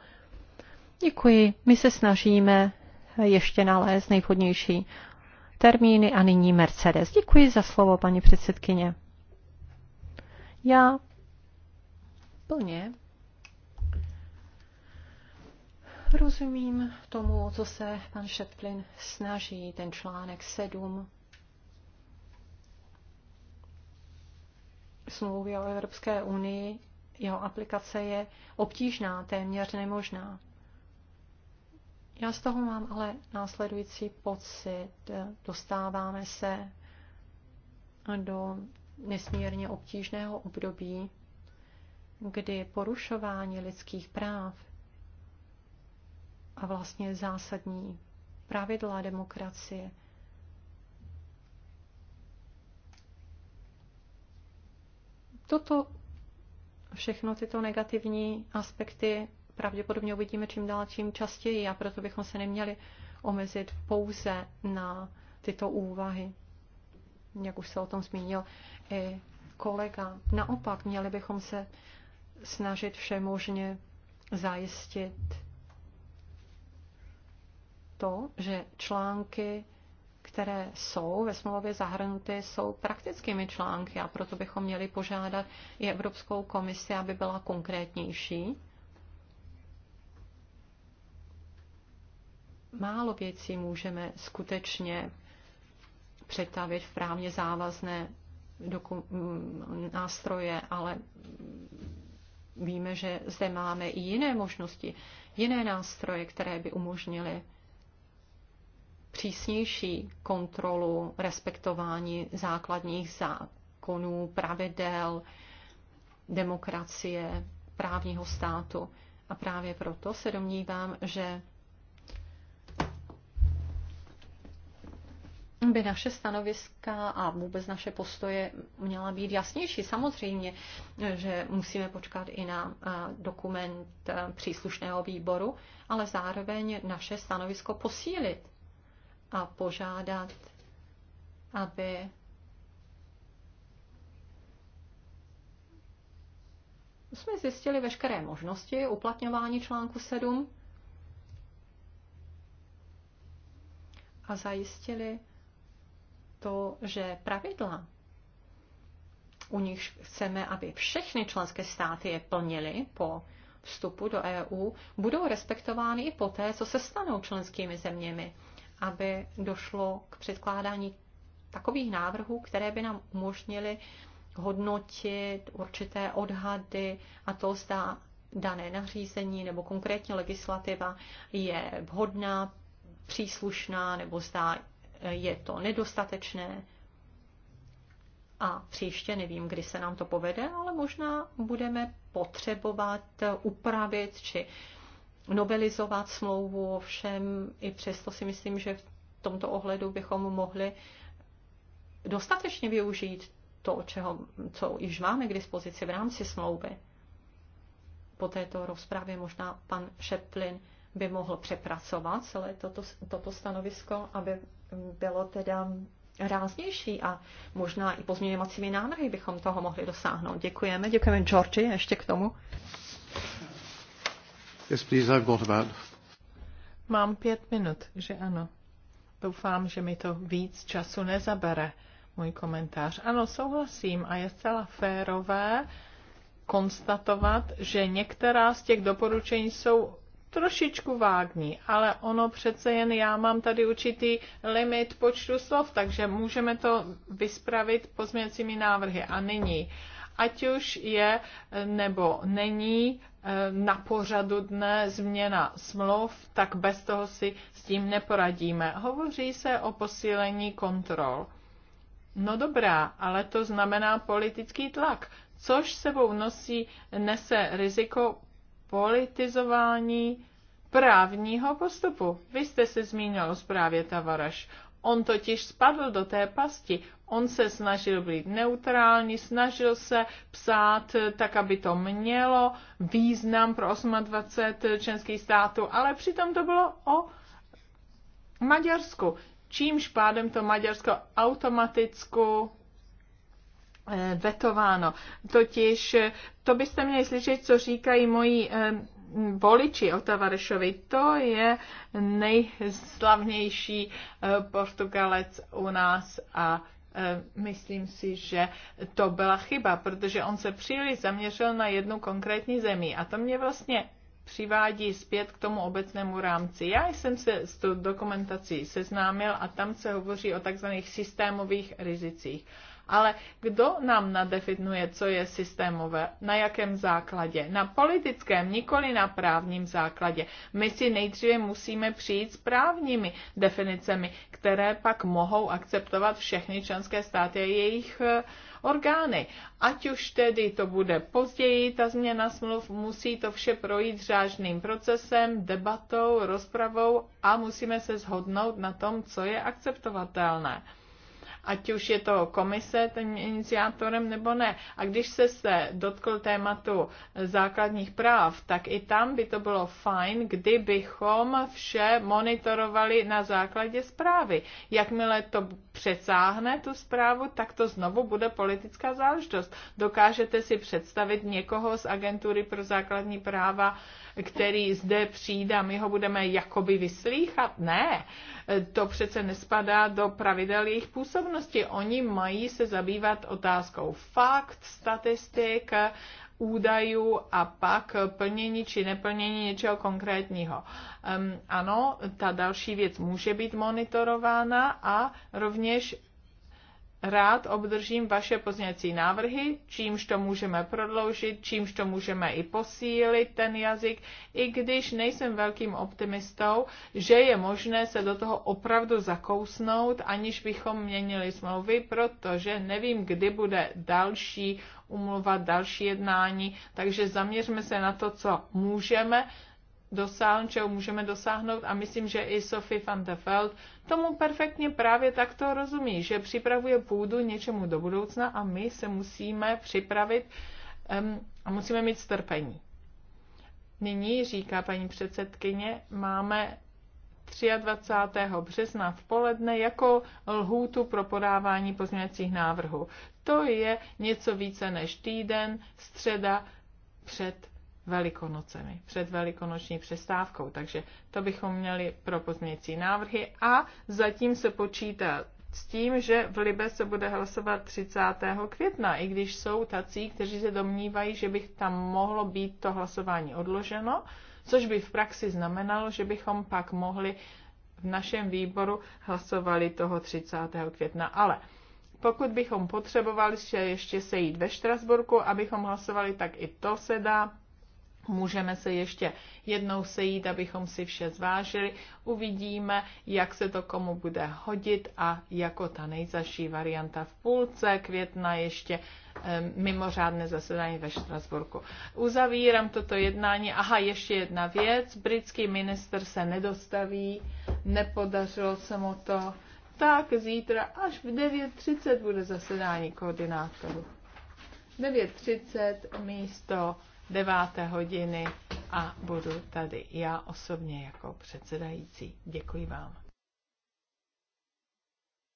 Děkuji. My se snažíme ještě nalézt nejvhodnější termíny a nyní Mercedes. Děkuji za slovo, paní předsedkyně. Já plně Rozumím tomu, co se pan Šeplin snaží, ten článek 7 smlouvy o Evropské unii, jeho aplikace je obtížná, téměř nemožná. Já z toho mám ale následující pocit. Dostáváme se do nesmírně obtížného období, kdy porušování lidských práv a vlastně zásadní pravidla demokracie. Toto všechno tyto negativní aspekty pravděpodobně uvidíme čím dál čím častěji a proto bychom se neměli omezit pouze na tyto úvahy. Jak už se o tom zmínil i kolega. Naopak, měli bychom se snažit všemožně zajistit to, že články, které jsou ve smlouvě zahrnuty, jsou praktickými články a proto bychom měli požádat i Evropskou komisi, aby byla konkrétnější. Málo věcí můžeme skutečně přetavit v právně závazné mm, nástroje, ale víme, že zde máme i jiné možnosti, jiné nástroje, které by umožnily přísnější kontrolu respektování základních zákonů, pravidel, demokracie, právního státu. A právě proto se domnívám, že by naše stanoviska a vůbec naše postoje měla být jasnější. Samozřejmě, že musíme počkat i na dokument příslušného výboru, ale zároveň naše stanovisko posílit a požádat, aby jsme zjistili veškeré možnosti uplatňování článku 7 a zajistili to, že pravidla, u nich chceme, aby všechny členské státy je plnily po vstupu do EU, budou respektovány i poté, co se stanou členskými zeměmi aby došlo k předkládání takových návrhů, které by nám umožnily hodnotit určité odhady a to zda dané nařízení nebo konkrétně legislativa je vhodná, příslušná nebo zda je to nedostatečné. A příště nevím, kdy se nám to povede, ale možná budeme potřebovat upravit či novelizovat smlouvu, všem, i přesto si myslím, že v tomto ohledu bychom mohli dostatečně využít to, čeho, co již máme k dispozici v rámci smlouvy. Po této rozpravě možná pan Šeplin by mohl přepracovat celé toto, toto stanovisko, aby bylo teda ráznější a možná i pozměňovacími návrhy bychom toho mohli dosáhnout. Děkujeme, děkujeme Georgi ještě k tomu. Yes, please, I've got about. Mám pět minut, že ano. Doufám, že mi to víc času nezabere, můj komentář. Ano, souhlasím a je zcela férové konstatovat, že některá z těch doporučení jsou trošičku vágní, ale ono přece jen já mám tady určitý limit počtu slov, takže můžeme to vyspravit pozměňovacími návrhy. A nyní, ať už je nebo není Eh, na pořadu dne změna smluv, tak bez toho si s tím neporadíme. Hovoří se o posílení kontrol. No dobrá, ale to znamená politický tlak, což sebou nosí, nese riziko politizování právního postupu. Vy jste se zmínil o zprávě Tavaraš On totiž spadl do té pasti. On se snažil být neutrální, snažil se psát tak, aby to mělo význam pro 28 členských států, ale přitom to bylo o Maďarsku. Čímž pádem to Maďarsko automaticky eh, vetováno. Totiž eh, to byste měli slyšet, co říkají moji eh, voliči Tavarešovi, To je nejslavnější eh, Portugalec u nás a eh, myslím si, že to byla chyba, protože on se příliš zaměřil na jednu konkrétní zemi. A to mě vlastně přivádí zpět k tomu obecnému rámci. Já jsem se s tou dokumentací seznámil a tam se hovoří o takzvaných systémových rizicích. Ale kdo nám nadefinuje, co je systémové? Na jakém základě? Na politickém, nikoli na právním základě. My si nejdříve musíme přijít s právními definicemi, které pak mohou akceptovat všechny členské státy a jejich eh, orgány. Ať už tedy to bude později, ta změna smluv musí to vše projít řážným procesem, debatou, rozpravou a musíme se shodnout na tom, co je akceptovatelné ať už je to komise ten iniciátorem nebo ne. A když se se dotkl tématu základních práv, tak i tam by to bylo fajn, kdybychom vše monitorovali na základě zprávy. Jakmile to přecáhne tu zprávu, tak to znovu bude politická záležitost. Dokážete si představit někoho z agentury pro základní práva, který zde přijde a my ho budeme jakoby vyslýchat? Ne, to přece nespadá do pravidel jejich působnosti. Oni mají se zabývat otázkou fakt, statistik údajů a pak plnění či neplnění něčeho konkrétního. Um, ano, ta další věc může být monitorována a rovněž rád obdržím vaše pozněcí návrhy, čímž to můžeme prodloužit, čímž to můžeme i posílit ten jazyk, i když nejsem velkým optimistou, že je možné se do toho opravdu zakousnout, aniž bychom měnili smlouvy, protože nevím, kdy bude další umluva, další jednání, takže zaměřme se na to, co můžeme, dosáhnout, čeho můžeme dosáhnout a myslím, že i Sophie van der Feld tomu perfektně právě takto rozumí, že připravuje půdu něčemu do budoucna a my se musíme připravit um, a musíme mít strpení. Nyní, říká paní předsedkyně, máme 23. března v poledne jako lhůtu pro podávání pozměňovacích návrhů. To je něco více než týden, středa před velikonocemi, před velikonoční přestávkou. Takže to bychom měli pro pozměnící návrhy a zatím se počítá s tím, že v Libe se bude hlasovat 30. května, i když jsou tací, kteří se domnívají, že bych tam mohlo být to hlasování odloženo, což by v praxi znamenalo, že bychom pak mohli v našem výboru hlasovali toho 30. května. Ale pokud bychom potřebovali ještě sejít ve Štrasburku, abychom hlasovali, tak i to se dá Můžeme se ještě jednou sejít, abychom si vše zvážili. Uvidíme, jak se to komu bude hodit a jako ta nejzaší varianta v půlce května ještě mimořádné zasedání ve Štrasburku. Uzavírám toto jednání. Aha, ještě jedna věc. Britský minister se nedostaví, nepodařilo se mu to. Tak zítra až v 9.30 bude zasedání koordinátorů. 9.30 místo 9. hodiny a budu tady já osobně jako předsedající. Děkuji vám.